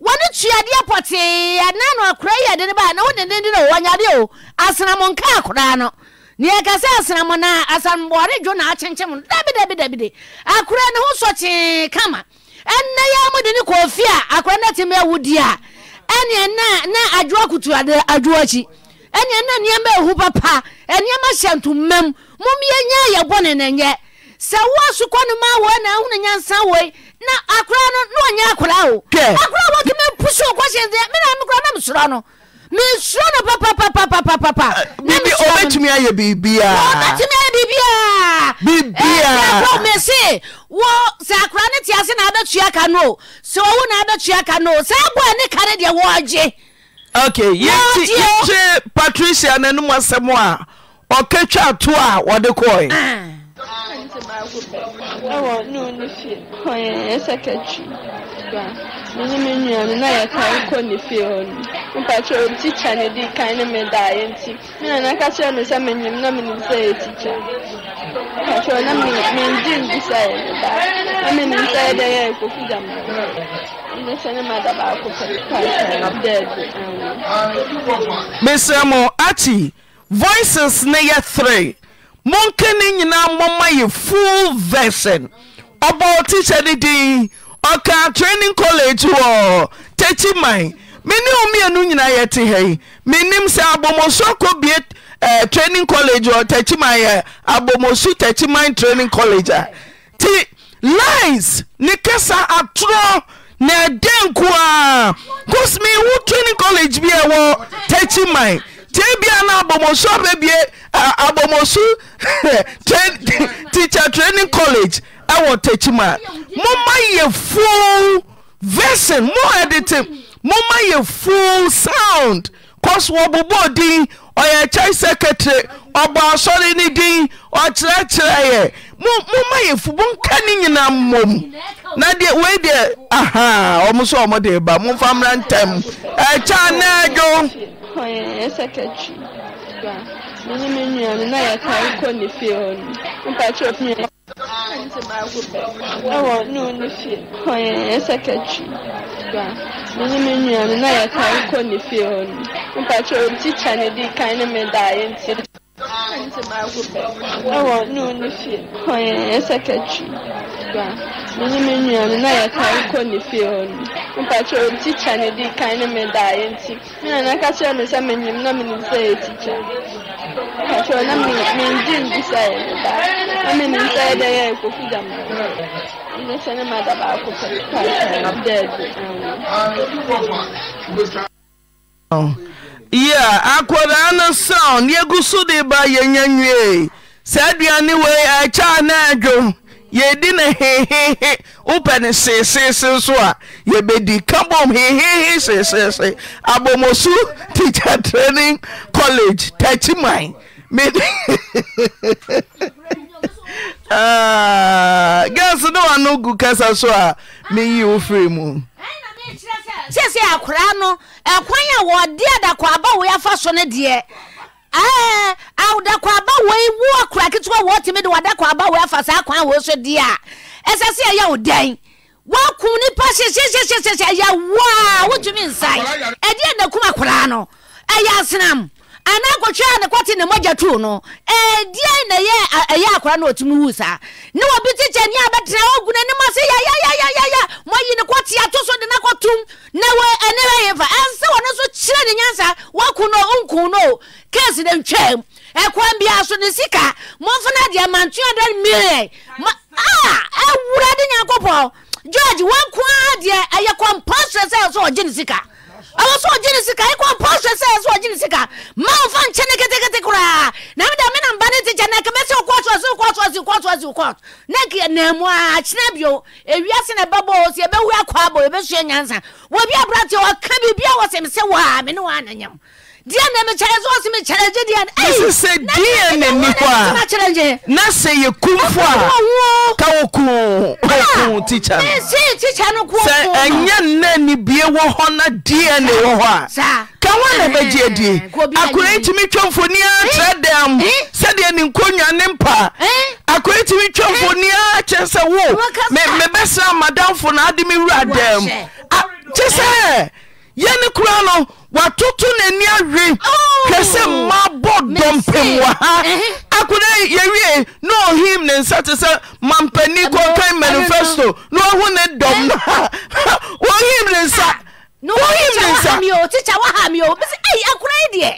wɔne tuadeɛ pɔte ana no akra ɛden an wodeeyadeo asenam nka koaa no neyɛkasɛ asam no asredwonakykymo aiie akra ne ho sɔ kyee kama nɛ yɛ mde ne kofi a aka ɛ tim awo di a awoa kotodwoaki nanoma h papa noɔma hyɛntomam momynyaa yɛbɔne nyɛ sɛ wosok nomanhunnyansai n kora no na ɔnyɛ akorao oratmpsokneana msor no mesor norɛ brsesɛ akora ne tease naaka nsɛ ɔonaka n sɛ ɔne ka ne deɛ wɔgyeyɛe patricia na nomsɛm a ɔkatwa to a wɔde kɔe ah. ɛwɔ ne wo ne fie ɔyɛ yɛ sɛkɛtri ba mene me nuano na yɛtare kɔ ne fie hɔ no mepakyɛ ɔm tikya ne di kan ne medaeɛ nti me nana ka kyerɛ me sɛ menyim na menim sɛ yɛ tikya pakyɛ na mengye ndi sɛ yɛ ne baa na menim sɛ yɛ dɛ yɛ ɛkɔfu gyama mesrɛ mo akyi voices near three monkne nyina mɔma yɛ full verson ɔbɔ te kyɛne din ɔka training college wɔ takima enein nyinayɛtehi menim sɛ abɔmɔsuo kɔbie traning college ɔ takimaɛ abmɔsu takima training college a ti lis ne kɛsa atorɔ nadɛnko a smwo training college biawɔ takima tibina abɔmɔsu abebi abomosu teacher training college ɛwɔ tekyima momma yɛ full version mo editing momma yɛ full sound cause wɔbobɔ din ɔyɛ kyɛn secretary ɔbɔ asɔre ne din ɔkyerɛkyerɛ yɛ momma yɛ full monka ne nyinaa mmom na deɛ wei deɛ aha ɔmo so ɔmo de ba momfa mmra ntɛm ɛkyɛ eh, anaa dwo ɔyɛ secretary me ne oh, me nua no na yɛkae kɔ ne fie hɔ no mpakyerɛ ɔfi yɛ ɛwɔ ne wo ne fie me ne me nua no na yɛkae kɔ ne fie no mpakyerɛ ɔtikya ne di kan ne medaaeɛ nti ɛwɔ ne wo ne fie hɔ yɛyɛ sɛkatri ba me na yɛkae kɔ ne fie ne di kan ne nti me nana ka kyerɛ me sɛ menyim Sure, na mi mi gye ngu sa mi mi nsa yɛ dɛ yɛ kofi ne sɛ da baako pɛ Yeah, um, akwadaa no sound yɛgu so de ba yɛnya nwie saa aduane wei ɛkyɛ a na ɛdwo yɛdi ne hehee wopɛ no seesese so a yɛbɛdi ka bom hehehe esese abɔmɔso teacher training college tachi man gɛs ne wano gu kɛsa so a meyi wo fri mu kyeɛsɛ akoraa no kwan a wɔde ada kɔ aba oyɛafa so no deɛ ɛɛ eh, awudakɔ aba wei wu akura ketewa wɔ tìmi de wadakɔ aba wei afa saa kwan wɔ so di a ɛsɛ sɛ ɛyɛ o dɛn wakun nipa hyehyɛhyɛhyɛhyɛ ɛyɛ waa wotumi nsa yi ɛdeɛ na kum akwaraa no ɛyɛ asenam. ana kɔtweɛa nekɔte ne mɔgya too no dɛ nayɛ akra na ɔtumo wu sa ne ɔbi tekɛ nea bɛtera guna no msɛ mɔyine kteato so de nannsɛn o kyerɛne nyasa u n nko no kesi dɛ ntɛm kwabiaso ne sika mɔfanadeɛ mat00mwrade nyankopɔ g deɛyɛ omposrɛ sɛsɛɔgyene ska soene seka oeenseka maa kene ke a okun okun teacher no ɛnyɛ nna nibie wɔ hɔ na dna wɔ hɔ a ka ho na bɛgye adie akora ntumi twa mfoni a eh? kyerɛ dɛm eh? sɛdeɛ ne nkonnwa ne mpa eh? akora ntumi twa mfoni a kyerɛ sɛ wo mebɛsra madamfo na ade me wura dɛm kyɛ sɛ yɛne kora no wototo no ni awe kɛ oh, sɛ mabɔ dɔmpɛmwa akonai yɛwie na ɔhim ne nsa te sɛ mampani kɔnkan manifesto na ɔhu ne dɔm n h ne ns ne nsa eɛ ne oyɛ meh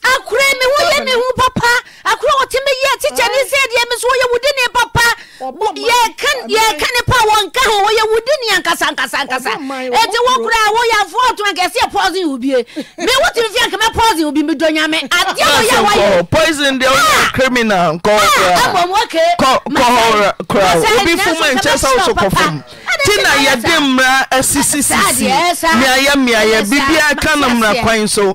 akr meho le meho papa akr ɔtemeyɛ tekyɛ ne sɛd mɛ ne pamalkina ah! ah! yɛde mmra sesissi mebibia kano mrakso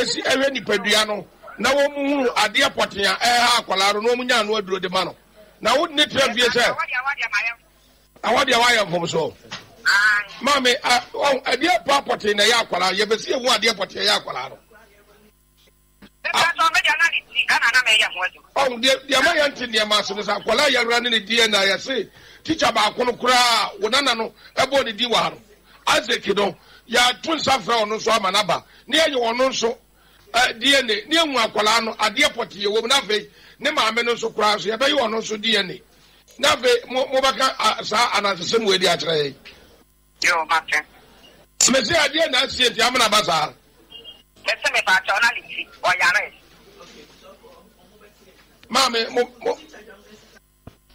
esi ɛhwɛ nipadua no na wɔn mu huru adeɛ pɔtene a ɛha akwadaa no na wɔn nya ano aduro de na wɔn ne tira fie sɛ awɔ deɛ wɔayɛ maame adeɛ pa na ɛyɛ akwadaa yɛ bɛsi adeɛ ɛyɛ akwadaa no. deɛ ma yɛn ti nneɛma ase no akwadaa yɛwura ne ne die na yɛse tikya baako no koraa nana no ɛbɔ ne di ha no azeki no nsa fɛ ɔno nso ama n'aba ne Eh, dna ne ehu akwaraa no adeɛ pɔtee wɔ mu n'afɛ ne maame no nso koraa nso yɛbɛyɛ ɔno nso dna n'afɛ mo mo bɛka saa anansese mu edi akyerɛ yɛ. yoo ma fɛ. mesi adeɛ na asie ti amuna ba saa. mesi mi ba kyɛw na le ti ɔyare. maame mo mo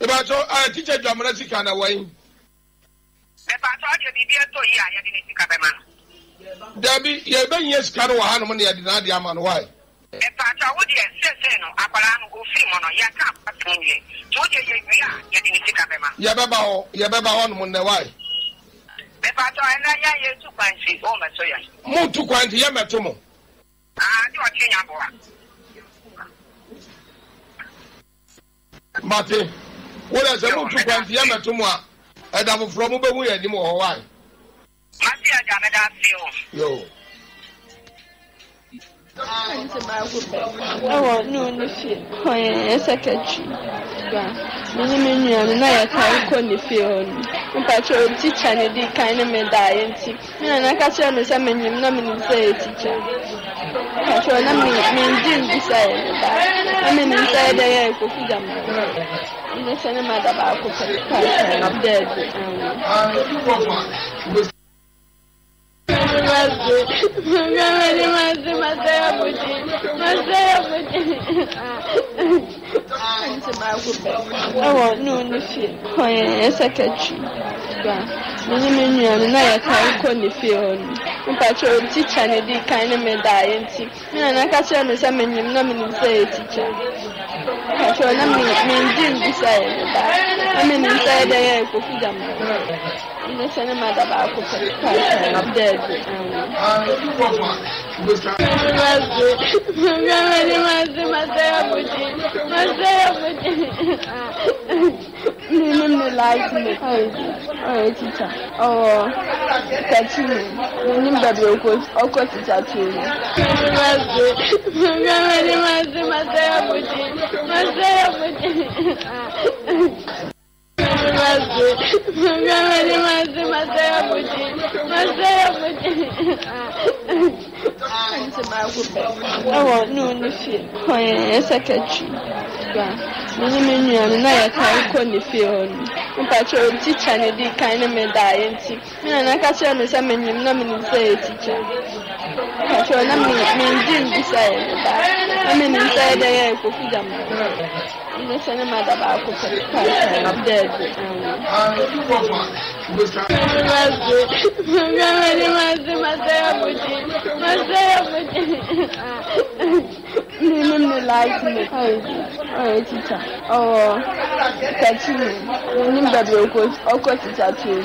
ìbàtɔ ɛɛ títsɛ jɔmɔnɛ sika na wɔyi. mɛ bàtɔ ɔdi o bíbí ɛtò yìí a yɛ di ni sika bɛ ma dabi yɛbɛnyɛ sika no wɔ ha nom ne yɛde naade ama no wae mpatsɔ awo deɛ sɛsɛ no akwadaa no ofiri mu no yɛka apatom yɛ tí o deɛ yɛ wi a yɛde ne sika bɛma. yɛbɛba hɔ yɛbɛba hɔ nom nnɛ wae. mpatsɔ ɛnna yɛ yɛ tu kwanti o mɛ so yɛ. mo tu kwanti yɛ mɛ to mo. aa ní ɔtí nya bɔ a. mate wo de sɛ mo tu kwanti yɛ mɛ to mo a ɛda foforɔ mo bɛ hu yɛ anim wɔ wae. Mati a jame da se o. Yo. ɛwɔ ne wo ne fie ɔyɛ yɛ sɛkɛtri ba mene me nuame na yɛtare kɔ ne fie hɔ no mepakyɛ ɔtikya ne di kan ne medaeɛ nti me nana ka kyerɛ me sɛ menyim na menim sɛ yɛ tikya pakyɛ na mengye ndi sɛ yɛ meda na menim sɛ yɛdɛ yɛ ɛkɔfu gyama ne sɛ ne mada baako pɛ pakyɛ dɛɛbi Muhammad masu masaya buci, masaya buci. Awa nuna fi kwanyan ya saka ci ba. Nini min nuna ya tari ko ni fi onu. Mun pace o teacher ne di kai ne da yin ti. Mina na ka cire misa min yin na min sai ya teacher. Pace o na min din bisa ya da. Na min sai da ya yi kofi da mu mmesia ne mada baako pɛ dɛɛdi mazu mamadi mazu masaya budi masaya budi ne ne mu like me ɔyɛ tita ɔwɔ kɛkyi mi ne bɛbi ɔkɔ ɔkɔ tita tu mi mazu mamadi mazu masaya budi masaya budi. masai é masai masai masai masai ɛwɔ ne wo ne fie hɔn yɛ sɛkɛtri ba no, no, no, like me. Oh, teacher. Oh, catching me. Name that we coach. Oh, coach teacher too.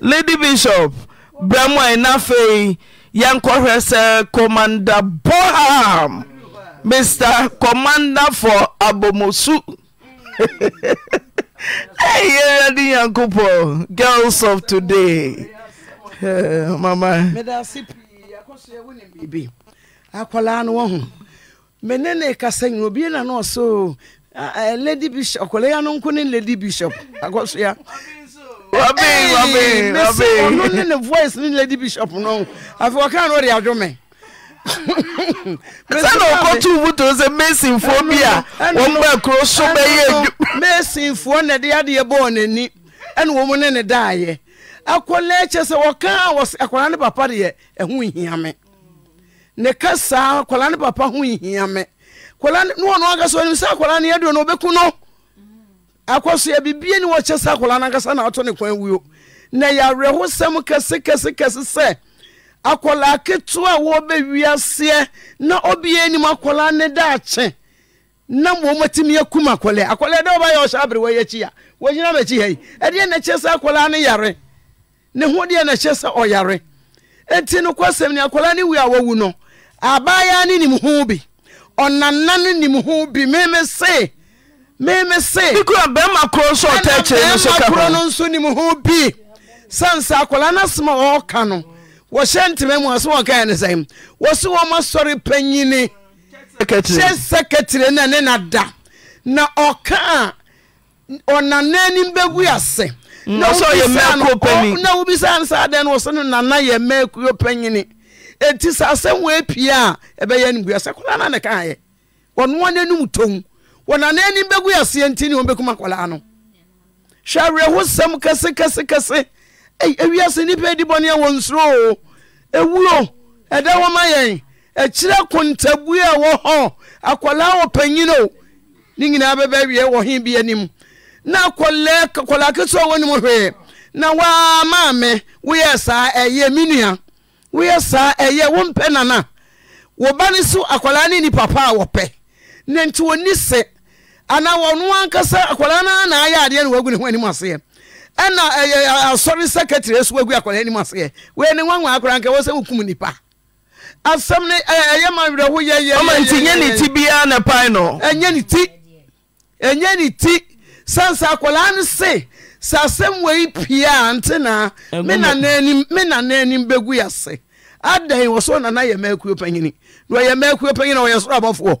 Lady Bishop, Bramu Enafei, Yankore sɛ Commander Boham, Mr. Commander for Abomosu hey, yɛrɛde couple, girls of today uh, mama akwaraa no wɔ ho mene ne kasa nyina obie na na ɔso lady bishop akwaraa ya no nko ne lady bishop akɔsoa wabe wabe wabe ɔno ne ne voice ni lady bishop no afei ɔka na ɔde sana okotubu to sɛ mesinfoɔ bi a ah? wɔmba kuro eh? so bɛyɛ mesinfoɔ nɛ de yadeɛ bɔɔ n'ani ɛne wɔ mu ne ne daayɛ akɔlɛ kyɛ sɛ wɔkaa akwara ne papa de ɛho hia me ne ka saa akwara ne papa ho hia me kwala ne wɔn aka so anim sɛ akwara ne yɛdeɛ no obɛku no akɔ so yɛ bibie ne wɔkyɛ sɛ akwara no ankasa na ɔtɔ ne kwan wuo na yɛawerɛho sɛm kɛsekɛsekɛse sɛ akwaraa ketewa a wɔbɛwi aseɛ na obi yɛ anim akwaraa ne da akye na wɔn atumi akum akwaraa akwaraa dɛ ɔbɛyɛ ɔhyɛ abiri wɔyɛ akyi a wɔgyina m'akyi ha yi ɛdeɛ na ɛkyɛ sɛ akwaraa ne yare ne ho deɛ na ɛkyɛ sɛ ɔyare eti no kɔsɛm ne akwaraa ne wi a wɔwu no abaayaa ne nim ho bi ɔnana ne nim ho bi mɛmɛ see mɛmɛ see. bikura bɛrima koro nso ɔtɛ akyire no so ka ho ɛna bɛrima koro no nso nim ho bi sansa akwaraa n'asoma ɔɔka no. wɔsyɛ ntema mu asɛ wɔkaɛne sɛ wɔsɛ wɔma sɔre panyinɛɛmak ain nti sasɛm wpe ɛyɛ nɛ a ɛweɛho mm. sɛ ewiase nnipa adi bɔne a wɔ nsuro o ɛwuro ɛda wɔma yɛn ɛkyerɛ kontabue a wɔ hɔ Akwadaa wɔ panyin o ne nyinaa bɛbɛ wie wɔ he bi anim na akwadaa akɔlaa kɛsɛ a wɔnim hwee na waa maa woyɛ saa ɛyɛ e minua. woyɛ saa ɛyɛ e wompɛ nana wɔba ne so akɔlaa ne nipa pa a wɔpɛ na nti wɔni sɛ anaa wɔno ankasa akɔlaa no anaayɛ adeɛ na wagu ne ho anim aseɛ ɛna ɛyɛ asɔre esu nso wagu akwadaa anim aseɛ wei ne nwa nwa akwadaa nka wɔsɛ wokum nipa asɛm ne ɛyɛ ma werɛ ho yɛ yɛ ɔma nti nyɛ ne ti biara na pan no ɛnyɛ ne ti ɛnyɛ ne ti sansa akwadaa no se sɛ asɛm wei pia a nte na me na n'anim me na n'anim bɛgu yɛ ase adan wɔ so nana yɛ mɛkuo panyini na ɔyɛ mɛkuo panyini na ɔyɛ soro abɔfoɔ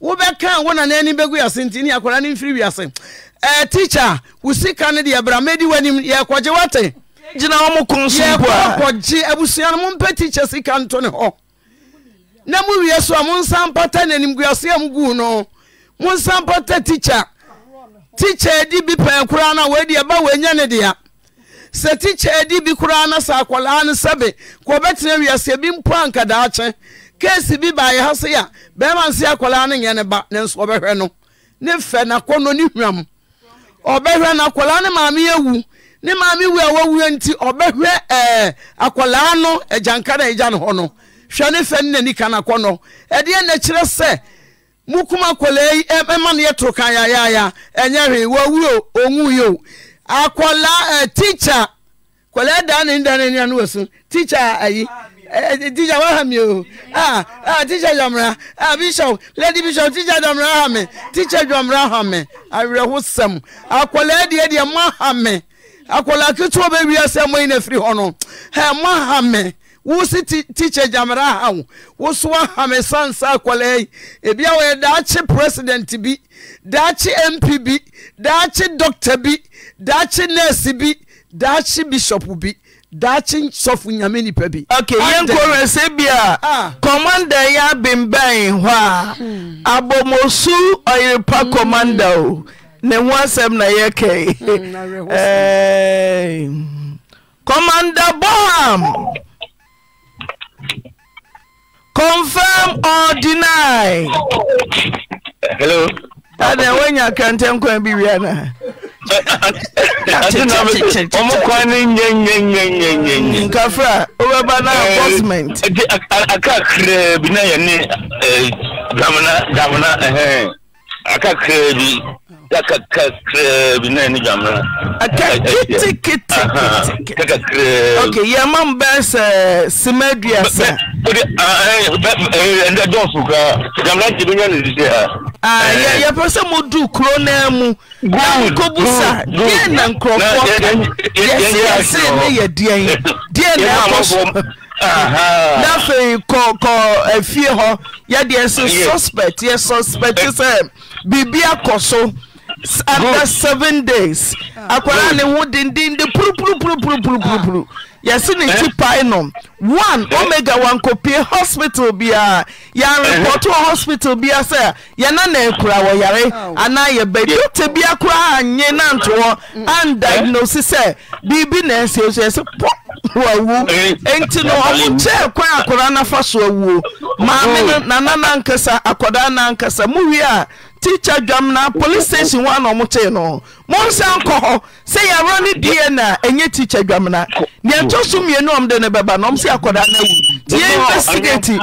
wobɛka wo na n'ani bɛgu yase nti ne akwadaa ne mfiri wiase ɛɛ tikya wo sika ne deɛ bra mɛdi w'anim yɛkɔgye wate gyina wɔn mo kun so bua yɛkɔkɔgye abusua no mompɛ teacher sika nto ne hɔ na mo wie so a mo nsa mpata n'animguase a mo no mo nsa mpata teacher tikya edi bi pɛn koraa na wɔadi ɛba wɔanya ne dea sɛ teacher edi bi koraa na sɛ akwadaa ne sɛbe kɔbɛtena wiase bi mpo ankadaakye keesi bi baayɛ ha sɛ yɛ a bɛrima nse akwaraa no nyɛ ne ba ne nso ɔbɛhwɛ no ne fɛ n'akɔnnɔ ne hwam ɔbɛhwɛ no akwaraa ne maame awu ne maame wu a wawuo nti ɔbɛhwɛ ɛɛ eh, akwaraa no agyanka na agya ne hɔ no hwɛ ne fɛ ne n'ani ka n'akɔnnɔ ɛdeɛ na kyerɛ sɛ mukum akwaraa yi ɛma no yɛ toro kan yaayaaya ɛnyɛ hwee wawuo onwu yi o akwaraa ɛɛ eh, tikya akwaraa dan ne dan ne nua no wɔ so tikya ayi. Eh, eh, teacher wa hàn mí o ah ah teacher jọmọra ah bishop lady bishop teacher jọmọra hàn mí teacher jọmọra hàn mí awerɛho sɛm akwadaa deɛ deɛ mo hàn mí akwadaa ketewa bɛ wi asɛm yi na firi hɔ no hɛ mo hàn mí wosi teacher jọmọra hàn wo woso hàn mí sansa akwadaa yi ebi a wɔyɛ daakye president bi daakye mp bi daakye doctor bi daakye nurse bi daakye bishop bi. daakye sɔfo nyame nipa bi yɛnkorɛ sɛ bi a kɔmmanda ah. yɛ abembɛn hɔ a hmm. abɔmɔsu ɔyerepa kɔmmanda hmm. o ne ho asɛm na yɛkɛe kɔmmanda hmm, boam confirm or deny hello ade woanya krantɛ nkwan bi na. agye na ɔmo kwan ne nyenyenyenyenyenye. nkafra oweba na appointment. ɛti akakra bi na yɛ ne eh, damuna damuna eh, eh. akakra bi kakakakra bi na ɛni jamana. kete kete kete. kakakra. ok yɛn mɔ n bɛ sɛ sima duasa. o de ɛɛ ɛɛ dɔɔsu ka jamana ti bi ɲɛ nin sise ha. yɛ yɛ pɛsɛ mo du kuro n'a mu. n'an ko na nkurɔfoɔ kan ne yɛ diɛ ye na ɛkɔ so. n'afɛ kɔ kɔ hɔ yɛ deɛ suspect yɛ suspect sɛ biribi akɔ so. after seven days ah. akwara ne puru puru puru yɛse ne ti pae nom one eh? omega wankopie hospital biaa yɛarepɔto wɔ hospital bia eh? sɛ yɛna na akura wɔ yare oh. ana anaa yɛbadi ɔte bia koraa anye nantoɔ andiagnose sɛ biribi na ɛsɛ mm. eh? so yɛsɛ pɔ wawu enti oh. no ɔmo kyɛɛ kwan akwadaa no afa so awuo maame no nanana ankasa akwadaa no ankasa muwie a teacher dwam na police station ho ana ɔmokyee no monsa nkɔ hɔ sɛ yɛawerɛ ne diɛ na ɛnyɛ tikha dwamena na ɛtɔ so mmienu ɔmde ne bɛba na ɔm sɛ akɔdaa no awu nti kọmanda investigati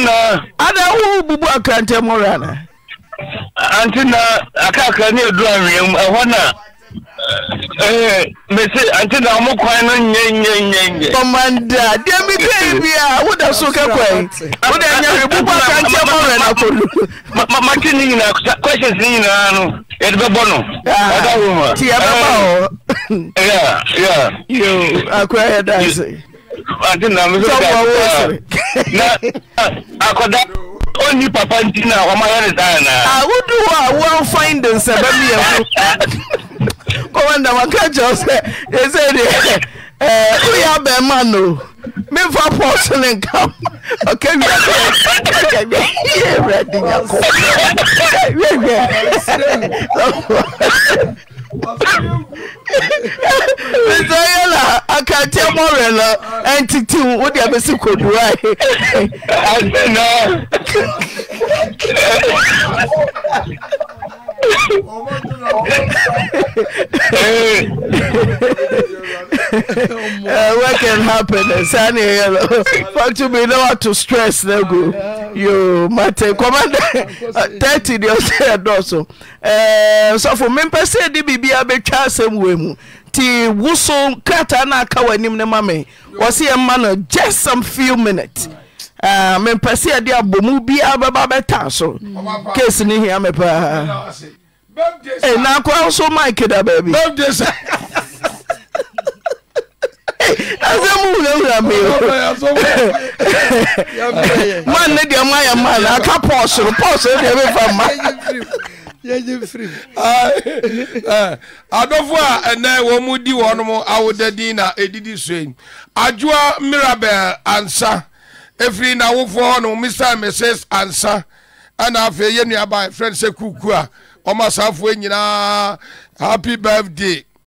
na ada wowo bubu akrantɛmmɔrɛ ana Eh, mese ante na ɔmo kwan no nye nye nye nye. kɔmanda deɛ mi dee bi a woda so kɛkɔɛ woda nya fi bubɔ akante ɛmɔ rɛ na kɔlu. maki ne nyinaa questions ne nyinaa no yɛde bɛbɔ no ɔda ah, wo ma. ti yɛ bɛbɔ o. ya eh, ya. yo akora yɛ da ase. ante na mi sɛ ɔda na ah, akɔda ó ní papa ntina ọmọ yẹn ní sáyẹn náà. àwùjọ àwọn fáìndì nsẹ̀bẹ̀ mi yẹn fún kọmanda waka kyerɛ sɛ ɛsɛ deɛ woyɛ abɛɛma no memfa pɔso ne nkam ɔka wiɛwurade nyakɔ mesɛ yɛla akateɛ mɔwerɛ no ɛntetem wode abɛsi kɔdua asena uh, what can happen? Eh, Sunny eh, yellow. Fuck to me, no to stress. No go. You mate, commander. Thirty years old also. So for me, per se, the baby I be chasing with ti wusu krata na aka wɔ anim ne ma me wɔsi yɛ ma no just some few minutes. Ah, mempɛ sɛ yɛde abɔ mu biaa bɛba bɛtaa so kase ne hia me paa na ha so mike da baabi ha ha ha ha ha ha deɛ ha ha ha aka ha ha deɛ ha ma adɔfo a ɛnɛ wɔ mu di wɔnom awoda din na ɛdidi soe adwoa mirabel ansa efiri n'awofoɔ hɔnom mr and mrs ansa ɛna afei yɛ nuaba efrɛ no sɛ kuku a wɔn asaafoɔ nyinaa happy birthday.